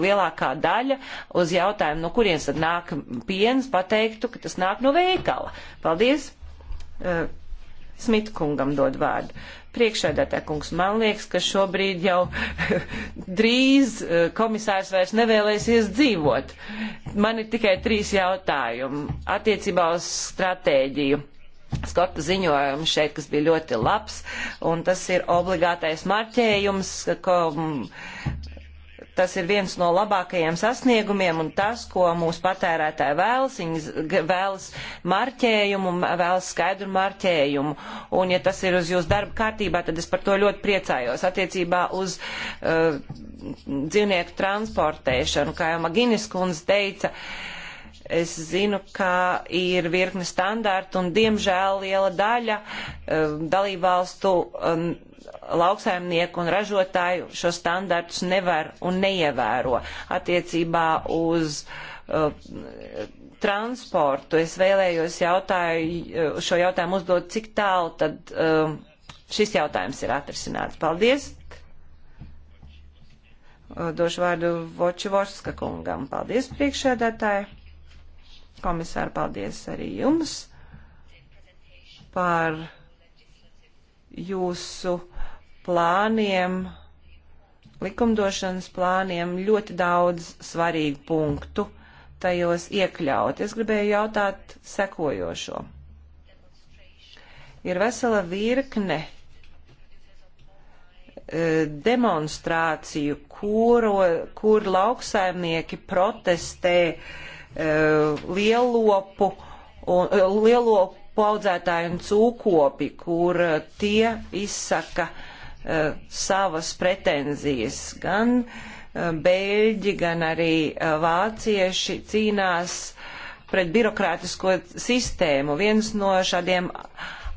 lielākā daļa uz jautājumu, no kurienes tad nāk piens, pateiktu, ka tas nāk no veikala. Paldies! Uh, Smitkungam dod vārdu. Priekšēdētā kungs, man liekas, ka šobrīd jau drīz uh, komisārs vairs nevēlēsies dzīvot. Man ir tikai trīs jautājumi attiecībā uz stratēģiju Skotta ziņojumu šeit, kas bija ļoti labs, un tas ir obligātais marķējums, ko, mm, tas ir viens no labākajiem sasniegumiem un tas, ko mūsu patērētāji vēlas. Viņi vēlas marķējumu, vēlas skaidru marķējumu. Un ja tas ir uz jūsu darba kārtībā, tad es par to ļoti priecājos. Attiecībā uz uh, dzīvnieku transportēšanu, kā jau Maginis kundze teica, uh, Es zinu, ka ir virkne standārtu un, diemžēl, liela daļa eh, dalībvalstu um, lauksaimnieku un ražotāju šo standārtus nevar un neievēro. Attiecībā uz uh, transportu es vēlējos jautāju, eh, šo jautājumu uzdot, cik tālu tad uh, šis jautājums ir atrisināts. Paldies! Došu vārdu Vočivorska kungam. Paldies, priekšēdētāji! Komisāri, paldies arī jums par jūsu plāniem, likumdošanas plāniem, ļoti daudz svarīgu punktu tajos iekļaut. Es gribēju jautāt sekojošo. Ir vesela virkne e, demonstrāciju, kuro, kur lauksaimnieki protestē uh, E, lielopu, un, e, lielopu audzētāju un cūkopi, kur e, tie izsaka savas pretenzijas. Gan beļģi, gan arī vācieši cīnās pret birokrātisko sistēmu. Viens no šādiem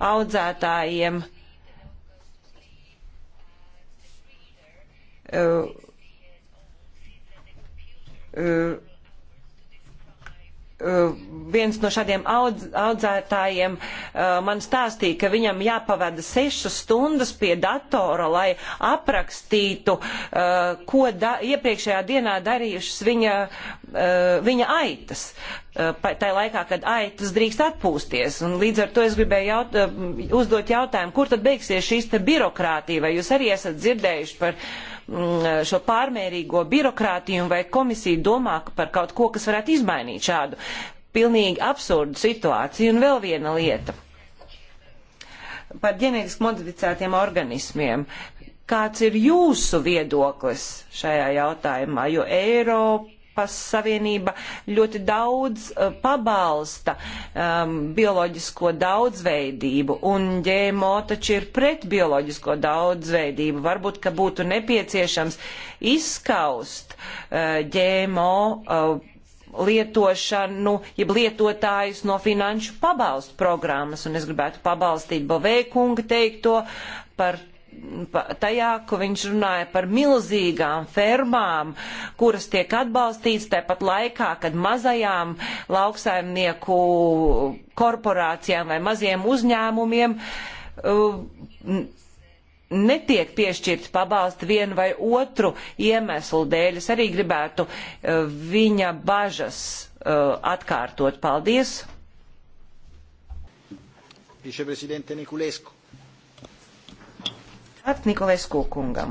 audzētājiem uh, uh, Eh, viens no šādiem audz, audzētājiem uh, man stāstīja, ka viņam jāpavada sešas stundas pie datora, lai aprakstītu, uh, ko da, iepriekšējā dienā darījušas viņa, uh, viņa aitas. Tā laikā, kad aitas drīkst atpūsties. Un līdz ar to es gribēju jaut, uzdot jautājumu, kur tad beigsies šīs te birokrātija, vai jūs arī esat dzirdējuši par uh, Mm, šo pārmērīgo birokrātiju vai komisija domā par kaut ko, kas varētu izmainīt šādu pilnīgi absurdu situāciju. Un vēl viena lieta par ģenētiski modificētiem organismiem. Kāds ir jūsu viedoklis šajā jautājumā? Jo Eiropa Eiropas Savienība ļoti daudz eh, pabalsta um, bioloģisko daudzveidību, un ģēmo taču ir pret bioloģisko daudzveidību. Varbūt, ka būtu nepieciešams izskaust uh, ģēmo. Uh, lietošanu, jeb lietotājus no finanšu pabalstu programmas, un es gribētu pabalstīt Bovēkunga teikto par tajā, ka viņš runāja par milzīgām fermām, kuras tiek atbalstīts tāpat laikā, kad mazajām lauksaimnieku korporācijām vai maziem uzņēmumiem uh, netiek piešķirts pabalsti vienu vai otru iemeslu dēļ. Es arī gribētu uh, viņa bažas uh, atkārtot. Paldies! Viceprezidente Nikulesku. Vārds Nikolais Kūkungam.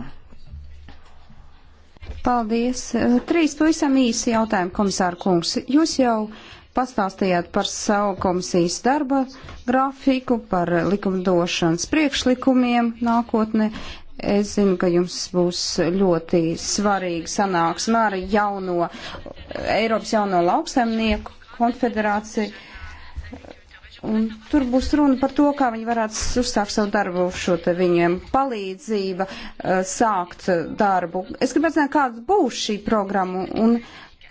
Paldies. Eh, trīs pavisam īsi jautājumi, komisāra kungs. Jūs jau pastāstījāt par savu komisijas darba grafiku, par likumdošanas priekšlikumiem nākotnē. Es zinu, ka jums būs ļoti svarīga sanāksme ar jauno, Eiropas jauno lauksaimnieku konfederāciju. Un tur būs runa par to, kā viņi varētu uzsākt savu darbu, šo te viņiem palīdzība, eh, sākt darbu. Es gribētu zināt, kāda būs šī programma un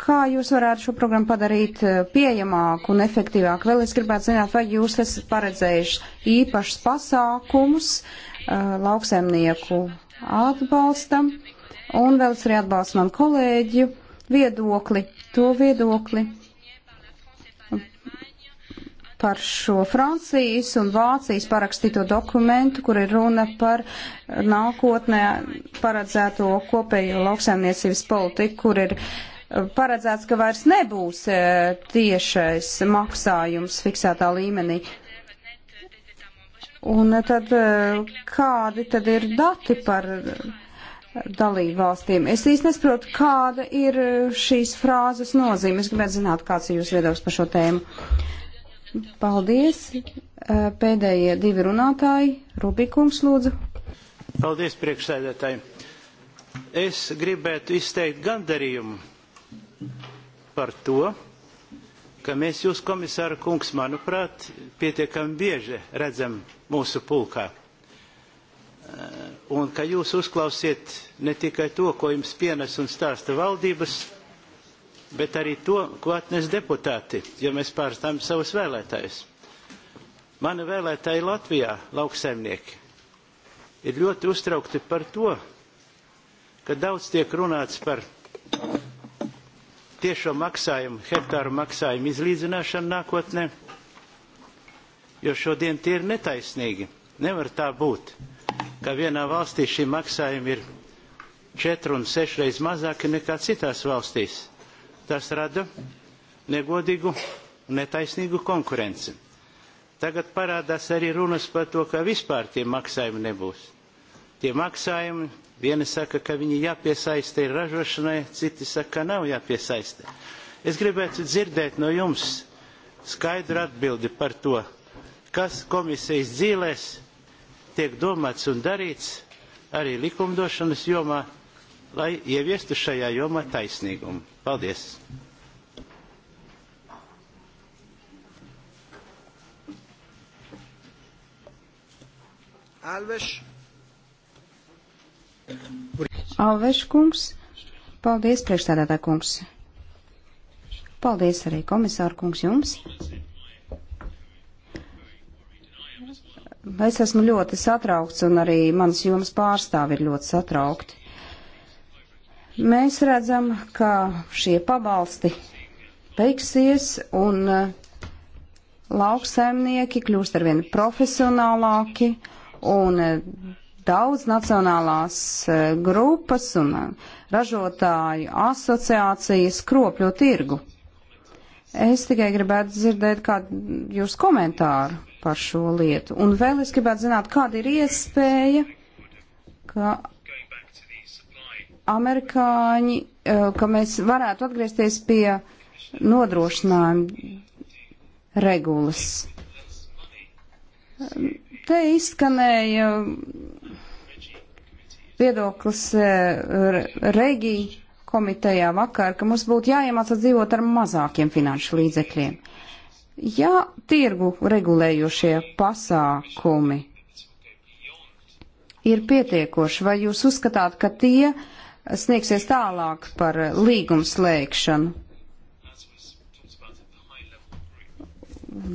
kā jūs varētu šo programmu padarīt eh, pieejamāku un efektīvāku. Vēl es gribētu zināt, vai jūs esat paredzējuši īpašs pasākumus eh, lauksaimnieku atbalstam un vēl es arī atbalstu man kolēģu viedokli, to viedokli par šo Francijas un Vācijas parakstīto dokumentu, kur ir runa par nākotnē paredzēto kopējo lauksaimniecības politiku, kur ir e, paredzēts, ka vairs nebūs e, tiešais maksājums fiksētā līmenī. Un e, tad kādi tad ir dati par dalību valstīm? Es īsti nesaprotu, kāda ir šīs frāzes nozīme. Es gribētu zināt, kāds ir jūsu viedoklis par šo tēmu. Paldies. Eh, pēdējie divi runātāji. Rubikums lūdzu. Paldies, priekšsēdētāji. Es gribētu izteikt gandarījumu par to, ka mēs jūs, komisāra kungs, manuprāt, pietiekami bieži redzam mūsu pulkā. Eh, un ka jūs uzklausiet ne tikai to, ko jums pienes un stāsta valdības, bet arī to, ko atnes deputāti, jo mēs pārstāvam savus vēlētājus. Mani vēlētāji Latvijā, lauksaimnieki, ir ļoti uztraukti par to, ka daudz tiek runāts par tiešo maksājumu, hektāru maksājumu izlīdzināšanu nākotnē, jo šodien tie ir netaisnīgi. Nevar tā būt, ka vienā valstī šī maksājuma ir četru un sešreiz mazāki nekā citās valstīs Tas rada negodīgu un netaisnīgu konkurenci. Tagad parādās arī runas par to, ka vispār tie maksājumi nebūs. Tie maksājumi, viena saka, ka viņi jāpiesaista ir ražošanai, citi saka, ka nav jāpiesaista. Es gribētu dzirdēt no jums skaidru atbildi par to, kas komisijas dzīvēs tiek domāts un darīts arī likumdošanas jomā, lai ieviestu šajā jomā taisnīgumu. Paldies! Alveš. Alveš kungs, paldies priekšstādātā kungs. Paldies arī komisāru kungs jums. Es esmu ļoti satraukts un arī mans jomas pārstāvi ir ļoti satraukti. Mēs redzam, ka šie pabalsti beigsies un eh, lauksaimnieki kļūst arvien profesionālāki un eh, daudz nacionālās eh, grupas un ražotāju asociācijas kropļo tirgu. Es tikai gribētu dzirdēt kādu jūsu komentāru par šo lietu. Un vēl es gribētu zināt, kāda ir iespēja, ka amerikāņi, eh, ka mēs varētu atgriezties pie nodrošinājuma regulas. Te izskanēja viedoklis eh, Regi komitejā vakar, ka mums būtu jāiemācās dzīvot ar mazākiem finanšu līdzekļiem. Ja tirgu regulējošie pasākumi ir pietiekoši, vai jūs uzskatāt, ka tie uh, sniegsies tālāk par līgumu slēgšanu?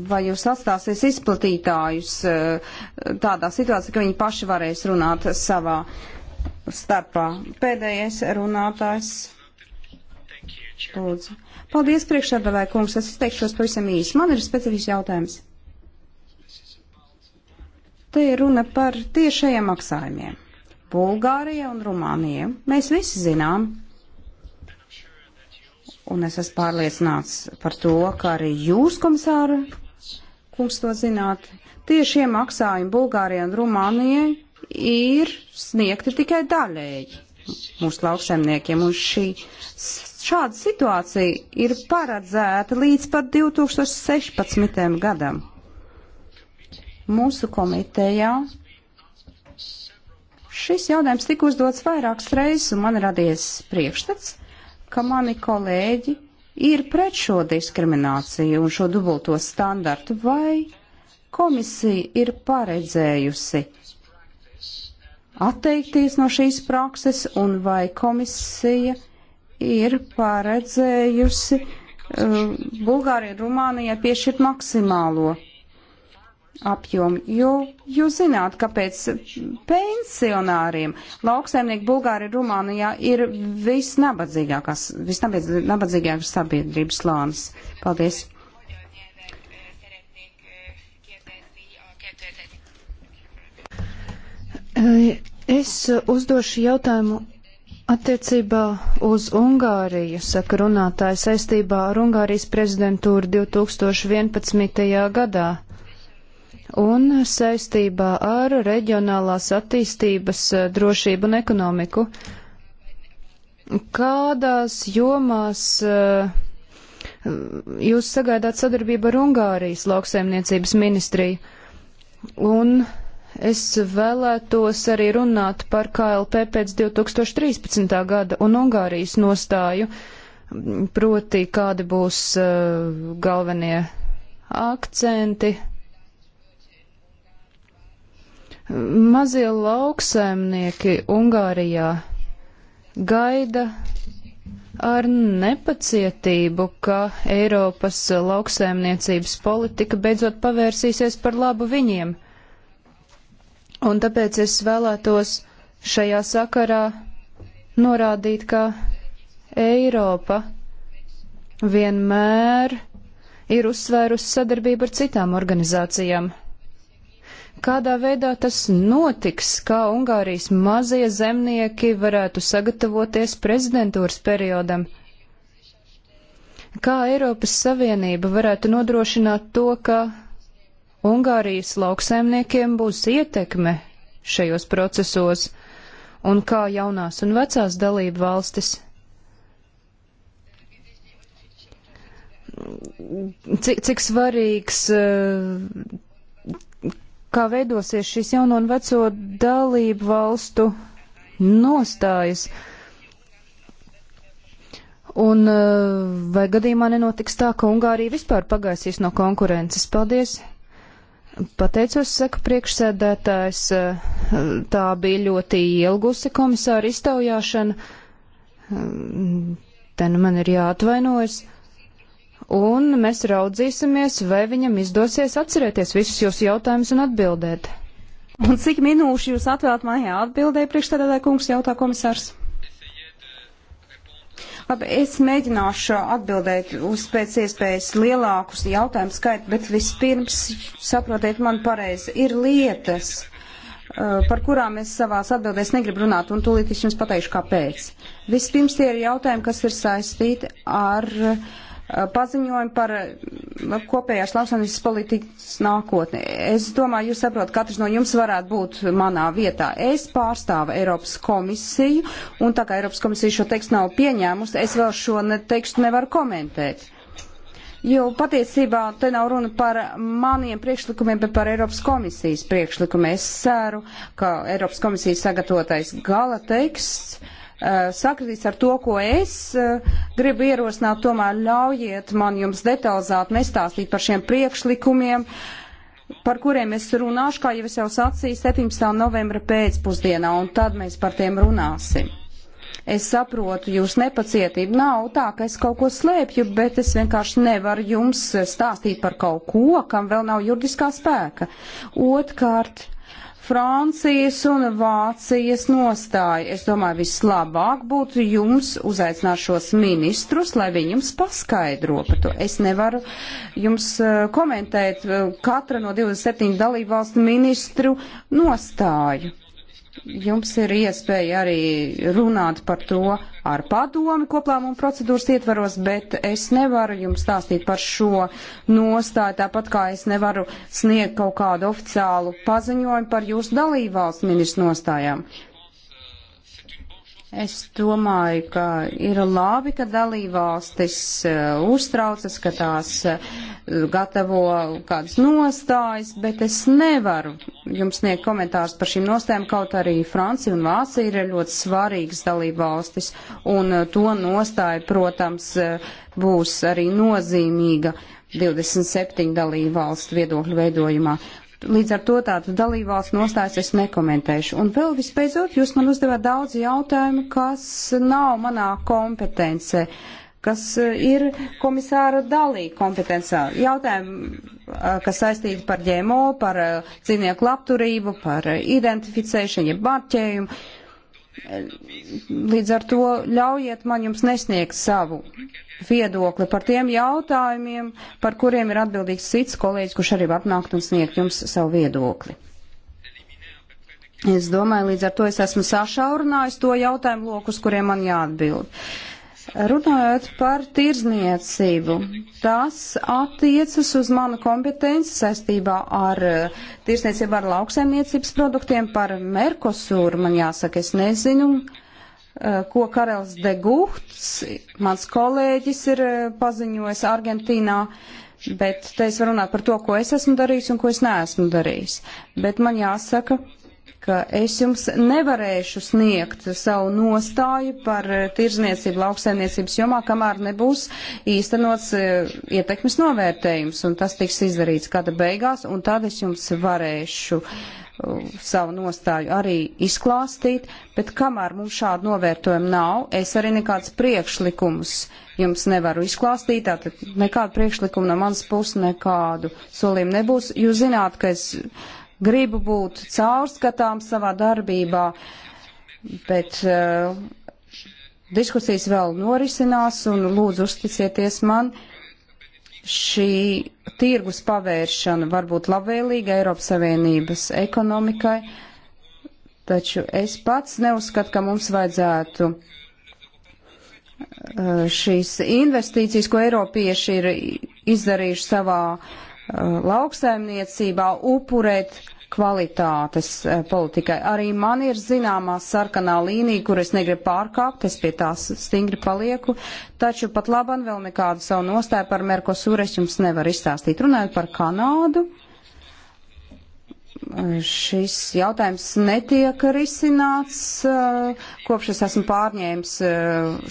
Vai jūs atstāsies izplatītājus eh, tādā situācijā, ka viņi paši varēs runāt savā starpā? Pēdējais runātājs. Lūdzu. Paldies, priekšsēdētāji kungs, es izteikšos pavisam īsi. Man ir specifisks jautājums. Te ir runa par tiešajiem maksājumiem. Bulgārija un Rumānija. Mēs visi zinām, un es esmu pārliecināts par to, ka arī jūs, komisāra, kungs to zināt, tiešie maksājumi Bulgārijai un Rumānijai ir sniegti tikai daļēji mūsu lauksaimniekiem, un šī šāda situācija ir paredzēta līdz pat 2016. gadam. Mūsu komitejā Šis jautājums tika uzdots vairākas reizes, un man radies priekšstats, ka mani kolēģi ir pret šo diskrimināciju un šo dubulto standartu, vai komisija ir paredzējusi atteikties no šīs prakses, un vai komisija ir paredzējusi uh, Bulgārija un Rumānija piešķirt maksimālo apjomu, jo jūs zināt, kāpēc pensionāriem lauksaimnieki Bulgāri Rumānijā ir visnabadzīgākās, visnabadzīgākās sabiedrības slānis. Paldies! Es uzdošu jautājumu attiecībā uz Ungāriju, saka runātāja saistībā ar Ungārijas prezidentūru 2011. gadā un saistībā ar reģionālās attīstības eh, drošību un ekonomiku. Kādās jomās eh, jūs sagaidāt sadarbību ar Ungārijas lauksaimniecības ministriju? Un es vēlētos arī runāt par KLP pēc 2013. gada un Ungārijas nostāju, proti kādi būs eh, galvenie akcenti Mazie lauksaimnieki Ungārijā gaida ar nepacietību, ka Eiropas lauksaimniecības politika beidzot pavērsīsies par labu viņiem. Un tāpēc es vēlētos šajā sakarā norādīt, ka Eiropa vienmēr ir uzsvērusi sadarbību ar citām organizācijām. Kādā veidā tas notiks, kā Ungārijas mazie zemnieki varētu sagatavoties prezidentūras periodam? Kā Eiropas Savienība varētu nodrošināt to, ka Ungārijas lauksaimniekiem būs ietekme šajos procesos, un kā jaunās un vecās dalību valstis. Cik, cik svarīgs eh, kā veidosies šīs jauno un veco dalību valstu nostājas. Un uh, vai gadījumā nenotiks tā, ka Ungārija vispār pagaisīs no konkurences? Paldies! Pateicos, saka priekšsēdētājs, uh, tā bija ļoti ilgusi komisāra iztaujāšana. Um, te nu man ir jāatvainojas un mēs raudzīsimies, vai viņam izdosies atcerēties visus jūsu jautājumus un atbildēt. Un cik minūšu jūs atvēlat mājā atbildēji priekšstādātāja kungs, jautā komisārs? Labi, es mēģināšu atbildēt uz pēc iespējas lielākus jautājumu skaitu, bet vispirms, saprotiet man pareizi, ir lietas, uh, par kurām es savās atbildēs negribu runāt, un tūlīt es jums pateikšu, kāpēc. Vispirms tie ir jautājumi, kas ir saistīti ar uh, Eh, paziņojumu par eh, kopējās lauksaimniecības politikas nākotni. Es domāju, jūs saprotat, katrs no jums varētu būt manā vietā. Es pārstāvu Eiropas komisiju, un tā kā Eiropas komisija šo tekstu nav pieņēmusi, es vēl šo ne tekstu nevaru komentēt. Jo patiesībā te nav runa par maniem priekšlikumiem, bet par Eiropas komisijas priekšlikumiem. Es ceru, ka Eiropas komisijas sagatavotais gala teksts uh, Eh, sakritīs ar to, ko es eh, gribu ierosināt, tomēr ļaujiet man jums detalizēt nestāstīt par šiem priekšlikumiem, par kuriem es runāšu, kā jau es jau sacīju, 17. novembra pēcpusdienā, un tad mēs par tiem runāsim. Es saprotu jūs nepacietību. Nav tā, ka es kaut ko slēpju, bet es vienkārši nevaru jums stāstīt par kaut ko, kam vēl nav juridiskā spēka. Otkārt, Francijas un Vācijas nostāja. Es domāju, vislabāk būtu jums uzaicināt šos ministrus, lai viņi jums paskaidro par to. Es nevaru jums eh, komentēt eh, katra no 27 dalībvalstu ministru nostāju jums ir iespēja arī runāt par to ar padomi koplāmumu procedūras ietvaros, bet es nevaru jums stāstīt par šo nostāju, tāpat kā es nevaru sniegt kaut kādu oficiālu paziņojumu par jūsu dalībvalsts ministrs nostājām. Es domāju, ka ir labi, ka dalībvalstis uh, uztraucas, ka tās uh, gatavo kādas nostājas, bet es nevaru jums sniegt komentārus par šīm nostājām, kaut arī Francija un Vācija ir ļoti svarīgas dalībvalstis, un uh, to nostāja, protams, uh, būs arī nozīmīga 27 dalībvalstu viedokļu veidojumā. Līdz ar to tādu dalībvalsts nostājas es nekomentēšu. Un vēl visbeidzot, jūs man uzdevāt daudz jautājumu, kas nav manā kompetence, kas ir komisāra dalī kompetencā. Jautājumi, kas saistīti par ģēmo, par dzīvnieku labturību, par identificēšanu, jeb marķējumu. Līdz ar to ļaujiet man jums nesniegt savu viedokli par tiem jautājumiem, par kuriem ir atbildīgs cits kolēģis, kurš arī atnākt un sniegt jums savu viedokli. Es domāju, līdz ar to es esmu sašaurinājis to jautājumu lokus, kuriem man jāatbild. Runājot par tirzniecību, tas attiecas uz manu kompetenci saistībā ar tirzniecību ar lauksaimniecības produktiem par Merkosūru. Man jāsaka, es nezinu, uh, Eh, ko Karels de Guhts, mans kolēģis, ir eh, paziņojis Argentīnā. Bet te es varu runāt par to, ko es esmu darījis un ko es neesmu darījis. Bet man jāsaka, ka es jums nevarēšu sniegt savu nostāju par eh, tirzniecību lauksaimniecības jomā, kamēr nebūs īstenots ietekmes novērtējums, un tas tiks izdarīts gada beigās, un tad es jums varēšu Uh, savu nostāju arī izklāstīt, bet kamēr mums šādu novērtojumu nav, es arī nekādus priekšlikumus jums nevaru izklāstīt, tātad nekādu priekšlikumu no manas puses nekādu solījumu nebūs. Jūs zināt, ka es gribu būt caurskatām savā darbībā, bet uh, diskusijas vēl norisinās un lūdzu uzticieties man. Uh, šī tirgus pavēršana var būt labvēlīga Eiropas Savienības ekonomikai, taču es pats neuzskatu, ka mums vajadzētu uh, šīs investīcijas, ko Eiropieši ir izdarījuši savā uh, lauksaimniecībā, upurēt uh, kvalitātes eh, politikai. Arī man ir zināmā sarkanā līnija, kur es negribu pārkāpt, es pie tās stingri palieku, taču pat laban vēl nekādu savu nostāju par Merkosūru es jums nevaru izstāstīt. Runājot par Kanādu, eh, šis jautājums netiek risināts, eh, kopš es esmu pārņēmis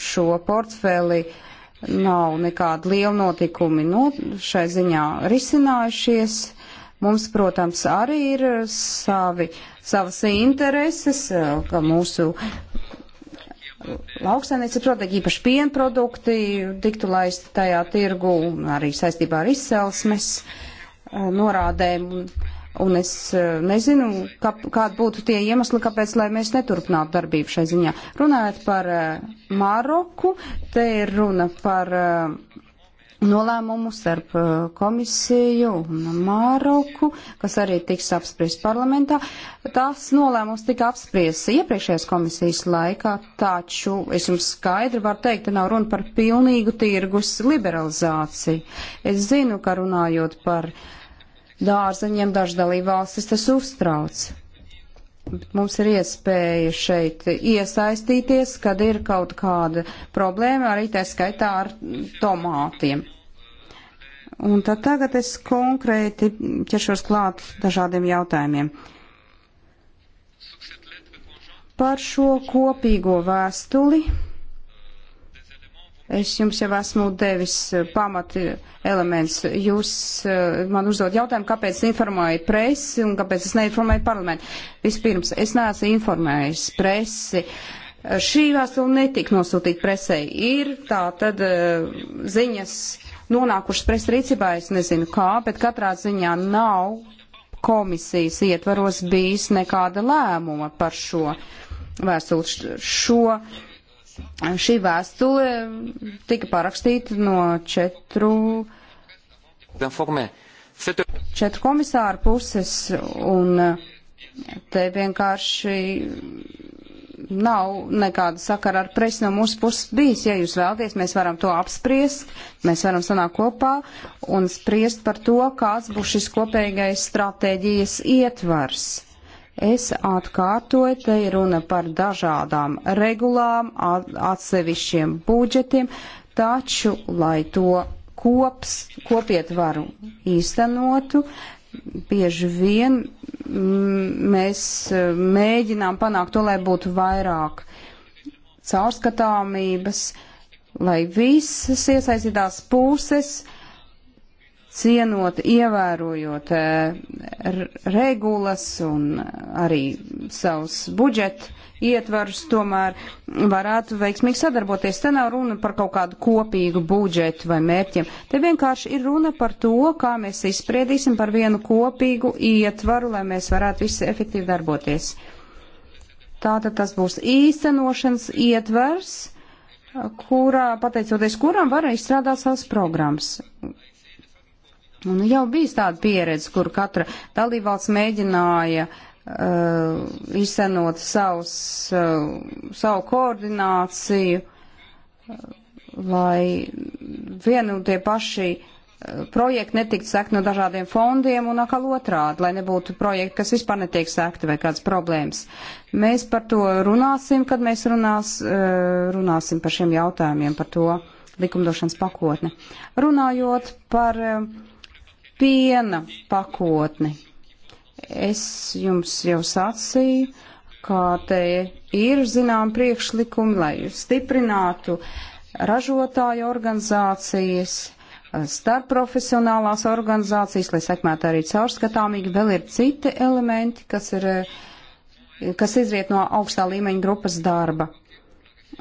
šo portfeli. Nav nekādi lieli notikumi no nu, šai ziņā risinājušies Mums, protams, arī ir eh, savi, savas intereses, eh, ka mūsu lauksainieci, protams, īpaši pienprodukti tiktu laisti tajā tirgu, arī saistībā ar izcelsmes eh, norādēm. Un es nezinu, kā, kāda būtu tie iemesli, kāpēc mēs neturpinātu darbību šai ziņā. Runājot par Maroku, te ir runa par uh, nolēmumu starp uh, komisiju un Māroku, kas arī tiks apspriests parlamentā. Tās nolēmums tika apspriests iepriekšējās komisijas laikā, taču es jums skaidri varu teikt, te nav runa par pilnīgu tirgus liberalizāciju. Es zinu, ka runājot par dārzeņiem, daži dalībvalstis tas uztrauc. Bet mums ir iespēja šeit iesaistīties, kad ir kaut kāda problēma, arī tā skaitā ar tomātiem. Un tad tagad es konkrēti ķeršos klāt dažādiem jautājumiem. Par šo kopīgo vēstuli Es jums jau esmu devis eh, pamati elements. Jūs eh, man uzdod jautājumu, kāpēc informēju presi un kāpēc es neinformēju parlamentu. Vispirms, es neesmu informējis presi. Šī vēstule netika nosūtīta presē. Ir tā tad eh, ziņas nonākušas presa rīcībā, es nezinu kā, bet katrā ziņā nav komisijas ietvaros bijis nekāda lēmuma par šo vēstuli. Šo Šī vēstule tika parakstīta no četru, četru komisāru puses, un eh, te vienkārši nav nekāda sakara ar presi no mūsu puses bijis. Ja jūs vēlaties, mēs varam to apspriest, mēs varam sanākt kopā un spriest par to, kāds būs šis kopīgais stratēģijas ietvars. Es atkārtoju, te ir runa par dažādām regulām, atsevišķiem budžetiem, taču, lai to kops, kopietvaru īstenotu, bieži vien mm, mēs eh, mēģinām panākt to, lai būtu vairāk caurskatāmības, lai visas iesaistītās puses uh, cienot, ievērojot eh, regulas un arī savus budžetu ietvarus, tomēr varētu veiksmīgi sadarboties. Te nav runa par kaut kādu kopīgu budžetu vai mērķiem. Te vienkārši ir runa par to, kā mēs izspriedīsim par vienu kopīgu ietvaru, lai mēs varētu visi efektīvi darboties. Tātad tas būs īstenošanas ietvers, kurā, pateicoties kuram, var izstrādāt savas programmas. Un jau bijis tāda pieredze, kur katra dalībvalsts mēģināja uh, izsenot savus, uh, savu koordināciju, uh, lai vienu un tie paši uh, projekti netiktu sekti no dažādiem fondiem un atkal otrādi, lai nebūtu projekti, kas vispār netiek sekti vai kādas problēmas. Mēs par to runāsim, kad mēs runās, uh, runāsim par šiem jautājumiem, par to likumdošanas pakotni. Runājot par uh, piena pakotni. Es jums jau sacīju, kā te ir zinām priekšlikumi, lai stiprinātu ražotāju organizācijas, starpprofesionālās organizācijas, lai sekmētu arī caurskatāmīgi, vēl ir citi elementi, kas, ir, kas izriet no augstā līmeņa grupas darba.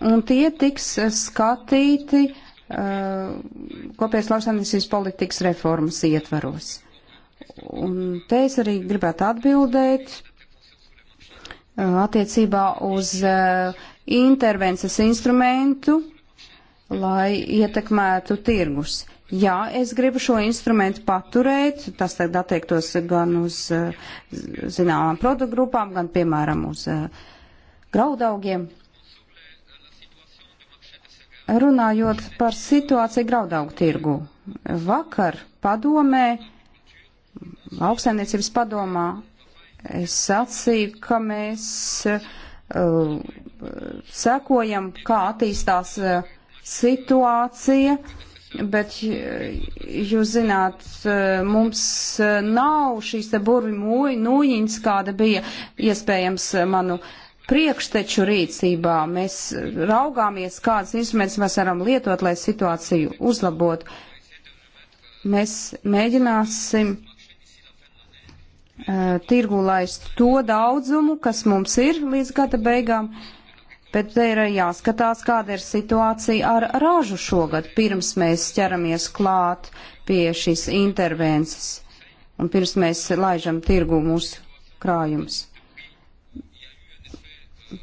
Un tie tiks skatīti uh, Uh, kopējas lauksaimniecības politikas reformas ietvaros. Un te es arī gribētu atbildēt uh, attiecībā uz uh, intervences instrumentu, lai ietekmētu tirgus. Jā, es gribu šo instrumentu paturēt, tas tagad attiektos gan uz zināmām produktu grupām, gan, piemēram, uz graudaugiem. Uh, Runājot par situāciju graudaugu tirgu, vakar padomē, lauksaimniecības padomā, es sacīju, ka mēs uh, sekojam, kā attīstās uh, situācija, bet uh, jūs zināt, uh, mums uh, nav šīs te burvi mūjiņas, kāda bija iespējams manu uh, priekšteču rīcībā. Mēs raugāmies, kādas instrumentus mēs varam lietot, lai situāciju uzlabotu. Mēs mēģināsim uh, tirgu laist to daudzumu, kas mums ir līdz gada beigām, bet te ir jāskatās, kāda ir situācija ar ražu šogad, pirms mēs ķeramies klāt pie šīs intervences un pirms mēs laižam tirgu mūsu krājumus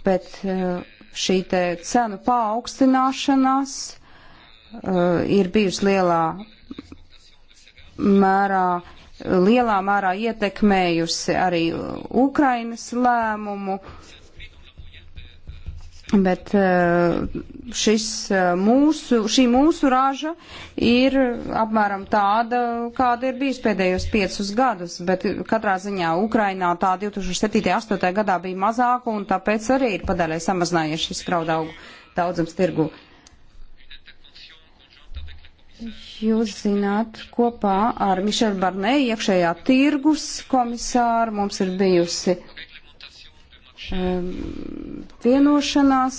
bet eh, šī te cenu paaugstināšanās eh, ir bijusi lielā mērā, lielā mērā ietekmējusi arī Ukrainas lēmumu. Uh, Bet eh, šis eh, mūsu, šī mūsu raža ir apmēram tāda, kāda ir bijusi pēdējos piecus gadus, bet eh, katrā ziņā Ukrainā tā 2007.8. gadā bija mazāka un tāpēc arī ir padaļai samazinājies šis kraudaugu daudzums tirgu. Jūs zināt, kopā ar Mišelu Barnē iekšējā tirgus komisāru mums ir bijusi vienošanās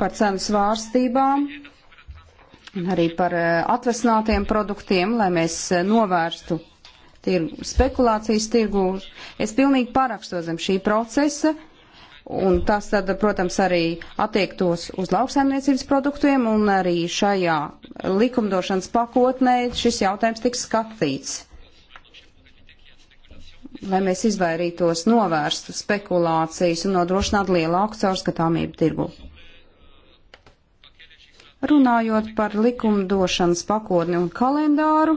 par cenu svārstībām un arī par eh, atvesinātiem produktiem, lai mēs eh, novērstu tirgu, spekulācijas tirgu. Es pilnīgi parakstu zem šī procesa, un tas tad, protams, arī attiektos uz lauksaimniecības produktiem, un arī šajā likumdošanas pakotnē šis jautājums tiks skatīts lai mēs izvairītos novērstu spekulācijas un nodrošinātu lielāku caurskatāmību tirgu. Runājot par likumdošanas pakotni un kalendāru,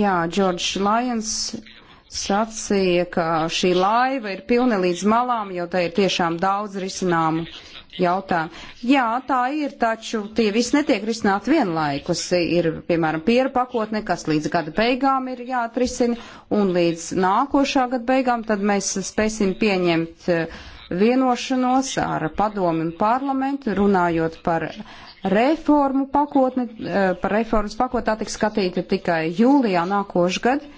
jā, George Lyons sacīja, ka šī laiva ir pilna līdz malām, jo tai ir tiešām daudz risināmu jautājumu. Jā, tā ir, taču tie visi netiek risināti vienlaikus. Ir, piemēram, piera pakotne, kas līdz gada beigām ir jāatrisina, un līdz nākošā gada beigām tad mēs spēsim pieņemt eh, vienošanos ar padomi un parlamentu, runājot par reformu pakotni, eh, par reformas pakotni tā tiks skatīta tikai jūlijā nākošgad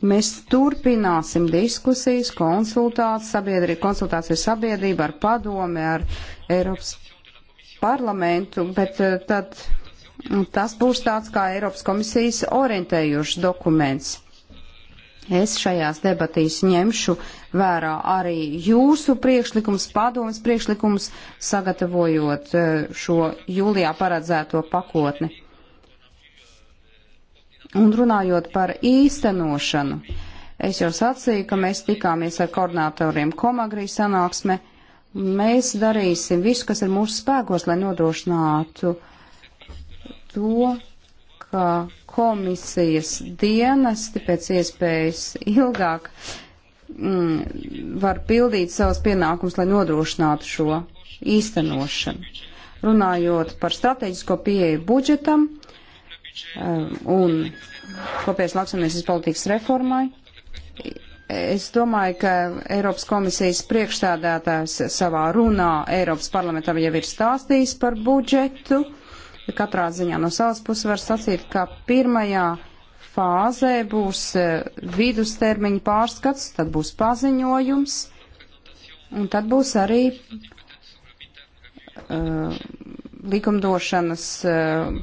Mēs turpināsim diskusijas, konsultācijas, sabiedrību, konsultācijas sabiedrību ar padomi, ar Eiropas parlamentu, bet eh, tad mm, tas būs tāds kā Eiropas komisijas orientējušs dokuments. Es šajās debatīs ņemšu vērā arī jūsu priekšlikums, padomas priekšlikums, sagatavojot eh, šo jūlijā paredzēto pakotni. Un runājot par īstenošanu, es jau sacīju, ka mēs tikāmies ar koordinatoriem Komagrī sanāksme. Mēs darīsim visu, kas ir mūsu spēkos, lai nodrošinātu to, ka komisijas dienesti pēc iespējas ilgāk mm, var pildīt savus pienākumus, lai nodrošinātu šo īstenošanu. Runājot par strateģisko pieeju budžetam, Um, un kopējas lauksamniecības politikas reformai. Es domāju, ka Eiropas komisijas priekšstādātājs savā runā Eiropas parlamentam jau ir stāstījis par budžetu. Katrā ziņā no savas puses var sacīt, ka pirmajā fāzē būs uh, vidustermiņa pārskats, tad būs paziņojums, un tad būs arī uh, likumdošanas e,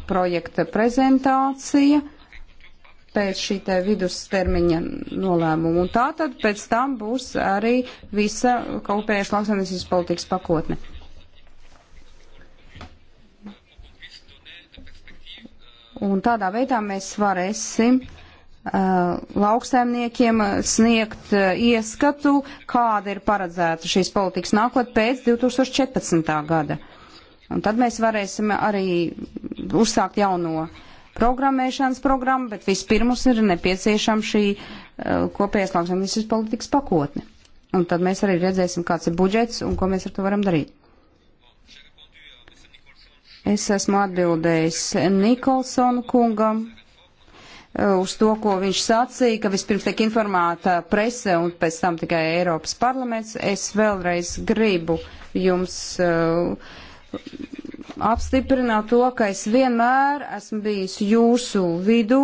projekta prezentācija pēc šī te vidustermiņa nolēmuma. Un tā tad pēc tam būs arī visa kopējas lauksaimniecības politikas pakotne. Un tādā veidā mēs varēsim uh, lauksaimniekiem sniegt uh, ieskatu, kāda ir paredzēta šīs politikas nākotnē pēc 2014. gada. Uh, Un tad mēs varēsim arī uzsākt jauno programmēšanas programmu, bet vispirms ir nepieciešama šī uh, eh, kopējās lauksaimniecības politikas pakotne. Un tad mēs arī redzēsim, kāds ir budžets un ko mēs ar to varam darīt. Es esmu atbildējis Nikolsonu kungam uh, uz to, ko viņš sacīja, ka vispirms tiek informēta prese un pēc tam tikai Eiropas parlaments. Es vēlreiz gribu jums uh, apstiprināt to, ka es vienmēr esmu bijis jūsu vidū,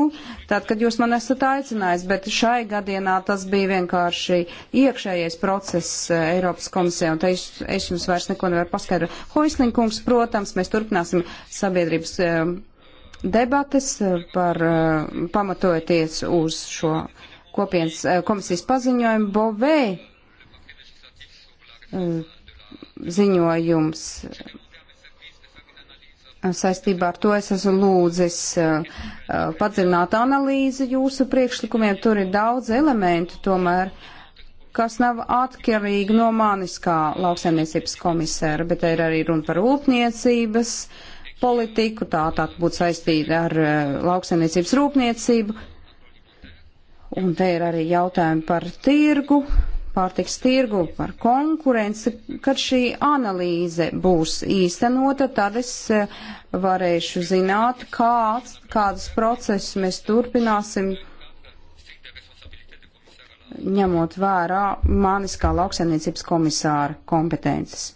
tad, kad jūs man esat aicinājis, bet šai gadienā tas bija vienkārši iekšējais process eh, Eiropas komisijā, un te es, es jums vairs neko nevaru paskaidrot. Hoislinkungs, protams, mēs turpināsim sabiedrības eh, debates eh, par pamatojoties uz šo kopienas komisijas paziņojumu. Bovē ziņojums Saistībā ar to es esmu lūdzis uh, uh, padziļināt analīzi jūsu priekšlikumiem. Tur ir daudz elementu tomēr, kas nav atkarīgi no manis kā lauksaimniecības komisēra, bet ir arī runa par rūpniecības politiku, tā tā būtu saistīta ar uh, lauksaimniecības rūpniecību. Un te ir arī jautājumi par tirgu, pārtiks tirgu, par konkurenci, kad šī analīze būs īstenota, tad es e, varēšu zināt, kāds, kādus procesus mēs turpināsim, ņemot vērā manis kā lauksaimniecības komisāra kompetences.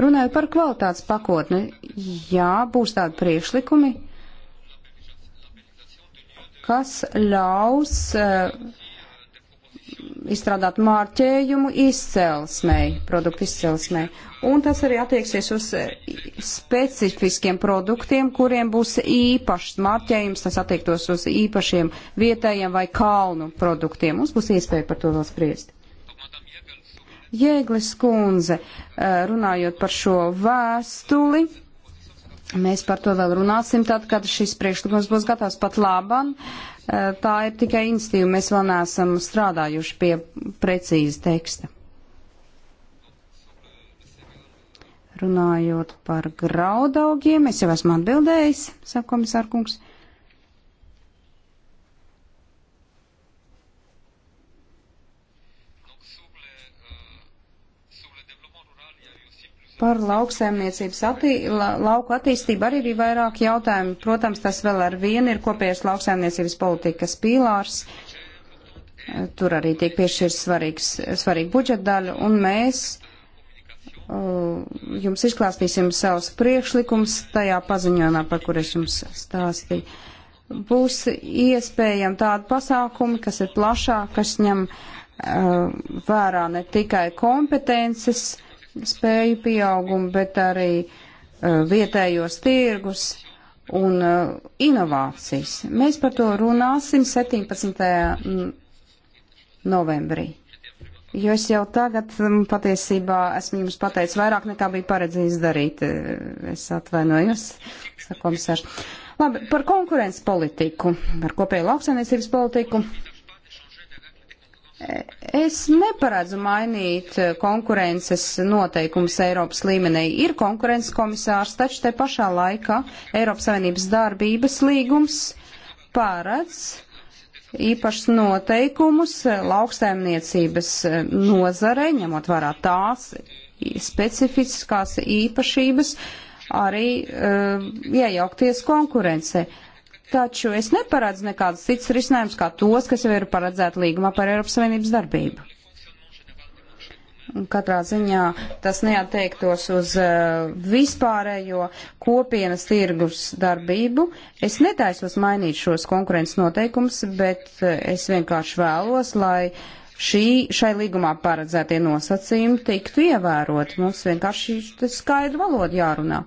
Runāju par kvalitātes pakotni. Jā, būs tādi priekšlikumi, kas ļaus eh, izstrādāt mārķējumu izcelsmei, produktu izcelsmei. Un tas arī attieksies uz eh, specifiskiem produktiem, kuriem būs īpašs mārķējums, tas attiektos uz īpašiem vietējiem vai kalnu produktiem. Mums būs iespēja par to vēl spriest. Jēglis Kunze, eh, runājot par šo vēstuli Mēs par to vēl runāsim tad, kad šis priekšlikums būs gatavs pat labam. E, tā ir tikai instīva, mēs vēl neesam strādājuši pie precīza teksta. Runājot par graudaugiem, es jau esmu atbildējis, saka komisārkungs. Par lauksēmniecības attī, la, lauku attīstību arī ir vairāk jautājumu. Protams, tas vēl ar vienu ir kopējais lauksēmniecības politikas pīlārs. Tur arī tiek piešķirs svarīgs, svarīgi budžeta daļa, un mēs uh, jums izklāstīsim savus priekšlikumus tajā paziņojumā, par kur es jums stāstīju. Būs iespējami tādi pasākumi, kas ir plašāk, kas ņem uh, vērā ne tikai kompetences, uh, spēju pieaugumu, bet arī uh, vietējos tirgus un uh, inovācijas. Mēs par to runāsim 17. Mm, novembrī. Jo es jau tagad mm, patiesībā esmu jums pateicis vairāk nekā bija paredzējis darīt. Eh, es atvainojos, sakomisārs. Labi, par konkurences politiku, par kopēju lauksainiecības politiku. Es neparedzu mainīt eh, konkurences noteikumus Eiropas līmenī. Ir konkurences komisārs, taču te pašā laikā Eiropas Savienības darbības līgums paredz īpašs noteikumus lauksaimniecības eh, nozarei, ņemot vērā tās specifiskās īpašības, arī uh, iejaukties konkurencei taču es neparedzu nekādus cits risinājums kā tos, kas jau ir paredzēti līgumā par Eiropas Savienības darbību. Un katrā ziņā tas neatteiktos uz uh, vispārējo kopienas tirgus darbību. Es netaisos mainīt šos konkurences noteikumus, bet uh, es vienkārši vēlos, lai šī, šai līgumā paredzētie nosacījumi tiktu ievēroti. Mums vienkārši skaidra valoda jārunā.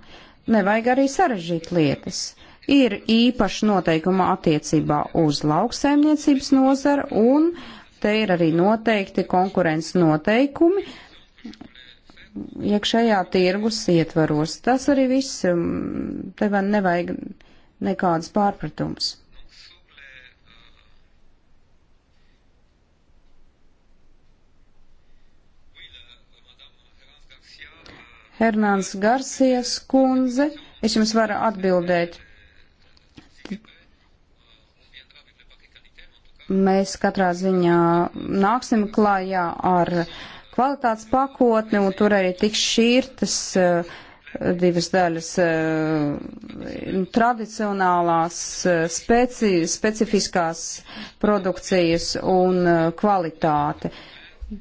Nevajag arī sarežģīt lietas. Uh, ir īpaši noteikuma attiecībā uz lauksaimniecības nozara un te ir arī noteikti konkurences noteikumi iekšējā ja tirgus ietvaros. Tas arī viss, um, te vēl nevajag nekādas pārpratums. Hernāns Garsies kundze, es jums varu atbildēt Mēs katrā ziņā nāksim klājā ar kvalitātes pakotni, un tur arī tiks šķirtas uh, divas daļas eh, - tradicionālās, eh, speci, specifiskās produkcijas un kvalitāte.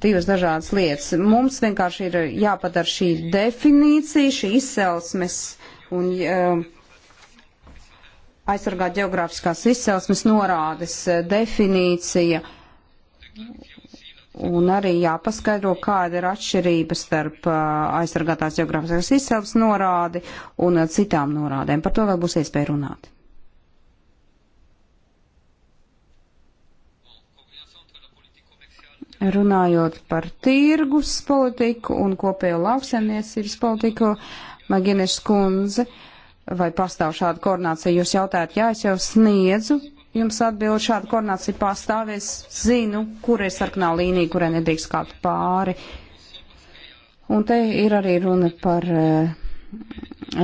Divas dažādas lietas. Mums vienkārši ir jāpadara šī definīcija, šī izcelsmes un aizsargāt geogrāfiskās izcelsmes norādes eh, definīcija. Un arī jāpaskaidro, kāda ir atšķirība starp eh, aizsargātās geogrāfiskās izcelsmes norādi un eh, citām norādēm. Par to vēl būs iespēja runāt. Runājot par tirgus politiku un kopējo lauksaimniecības politiku, Magienes kundze. Uh, vai pastāv šāda koordinācija. Jūs jautājat, jā, es jau sniedzu jums atbildu šādu koordināciju pastāvēs, zinu, kur ir sarkanā līnija, kurai nedrīkst kāpt pāri. Un te ir arī runa par eh,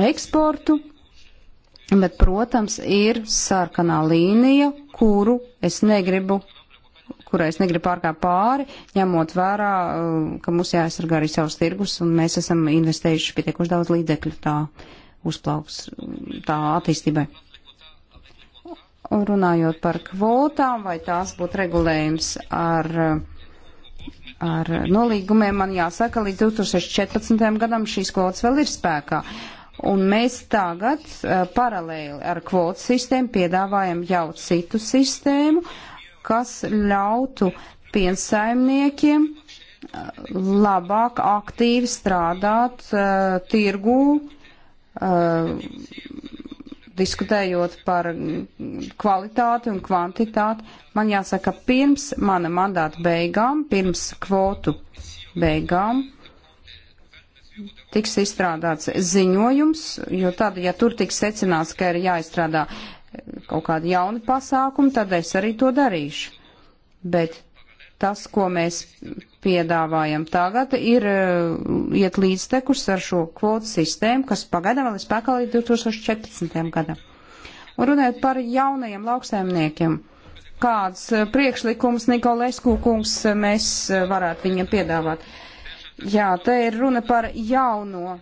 eksportu, bet, protams, ir sarkanā līnija, kuru es negribu kurai es negribu pārkāpt pāri, ņemot vērā, eh, ka mums jāaizsargā arī savus tirgus, un mēs esam investējuši pietiekuši daudz līdzekļu tā. Uh, uzplauks mm, tā attīstībai. Un runājot par kvotām, vai tās būtu regulējums ar, ar nolīgumiem, man jāsaka, līdz 2014. gadam šīs kvotas vēl ir spēkā. Un mēs tagad eh, paralēli ar kvotu sistēmu piedāvājam jau citu sistēmu, kas ļautu piensaimniekiem eh, labāk aktīvi strādāt uh, tirgū Uh, diskutējot par kvalitāti un kvantitāti, man jāsaka, pirms mana mandāta beigām, pirms kvotu beigām, tiks izstrādāts ziņojums, jo tad, ja tur tiks secināts, ka ir jāizstrādā kaut kādi jauni pasākumi, tad es arī to darīšu. Bet tas, ko mēs piedāvājam tagad, ir e, iet līdztekus ar šo kvotu sistēmu, kas pagaidām vēl ir spēkā līdz 2014. gadam. Un runājot par jaunajiem lauksaimniekiem, kāds e, priekšlikums Nikolēsku kungs e, mēs varētu viņam piedāvāt? Jā, te ir runa par jauno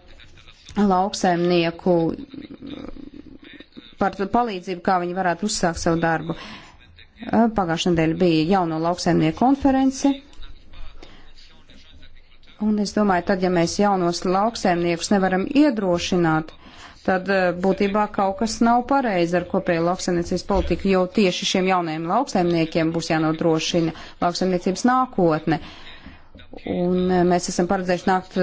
lauksaimnieku, par palīdzību, kā viņi varētu uzsākt savu darbu. Uh, Eh, pagājušā nedēļa bija jauno lauksaimnieku konference. Un es domāju, tad, ja mēs jaunos lauksaimniekus nevaram iedrošināt, tad eh, būtībā kaut kas nav pareizi ar kopēju lauksaimniecības politiku, jo tieši šiem jaunajiem lauksaimniekiem būs jānodrošina lauksaimniecības nākotne. Un eh, mēs esam paredzējuši nākt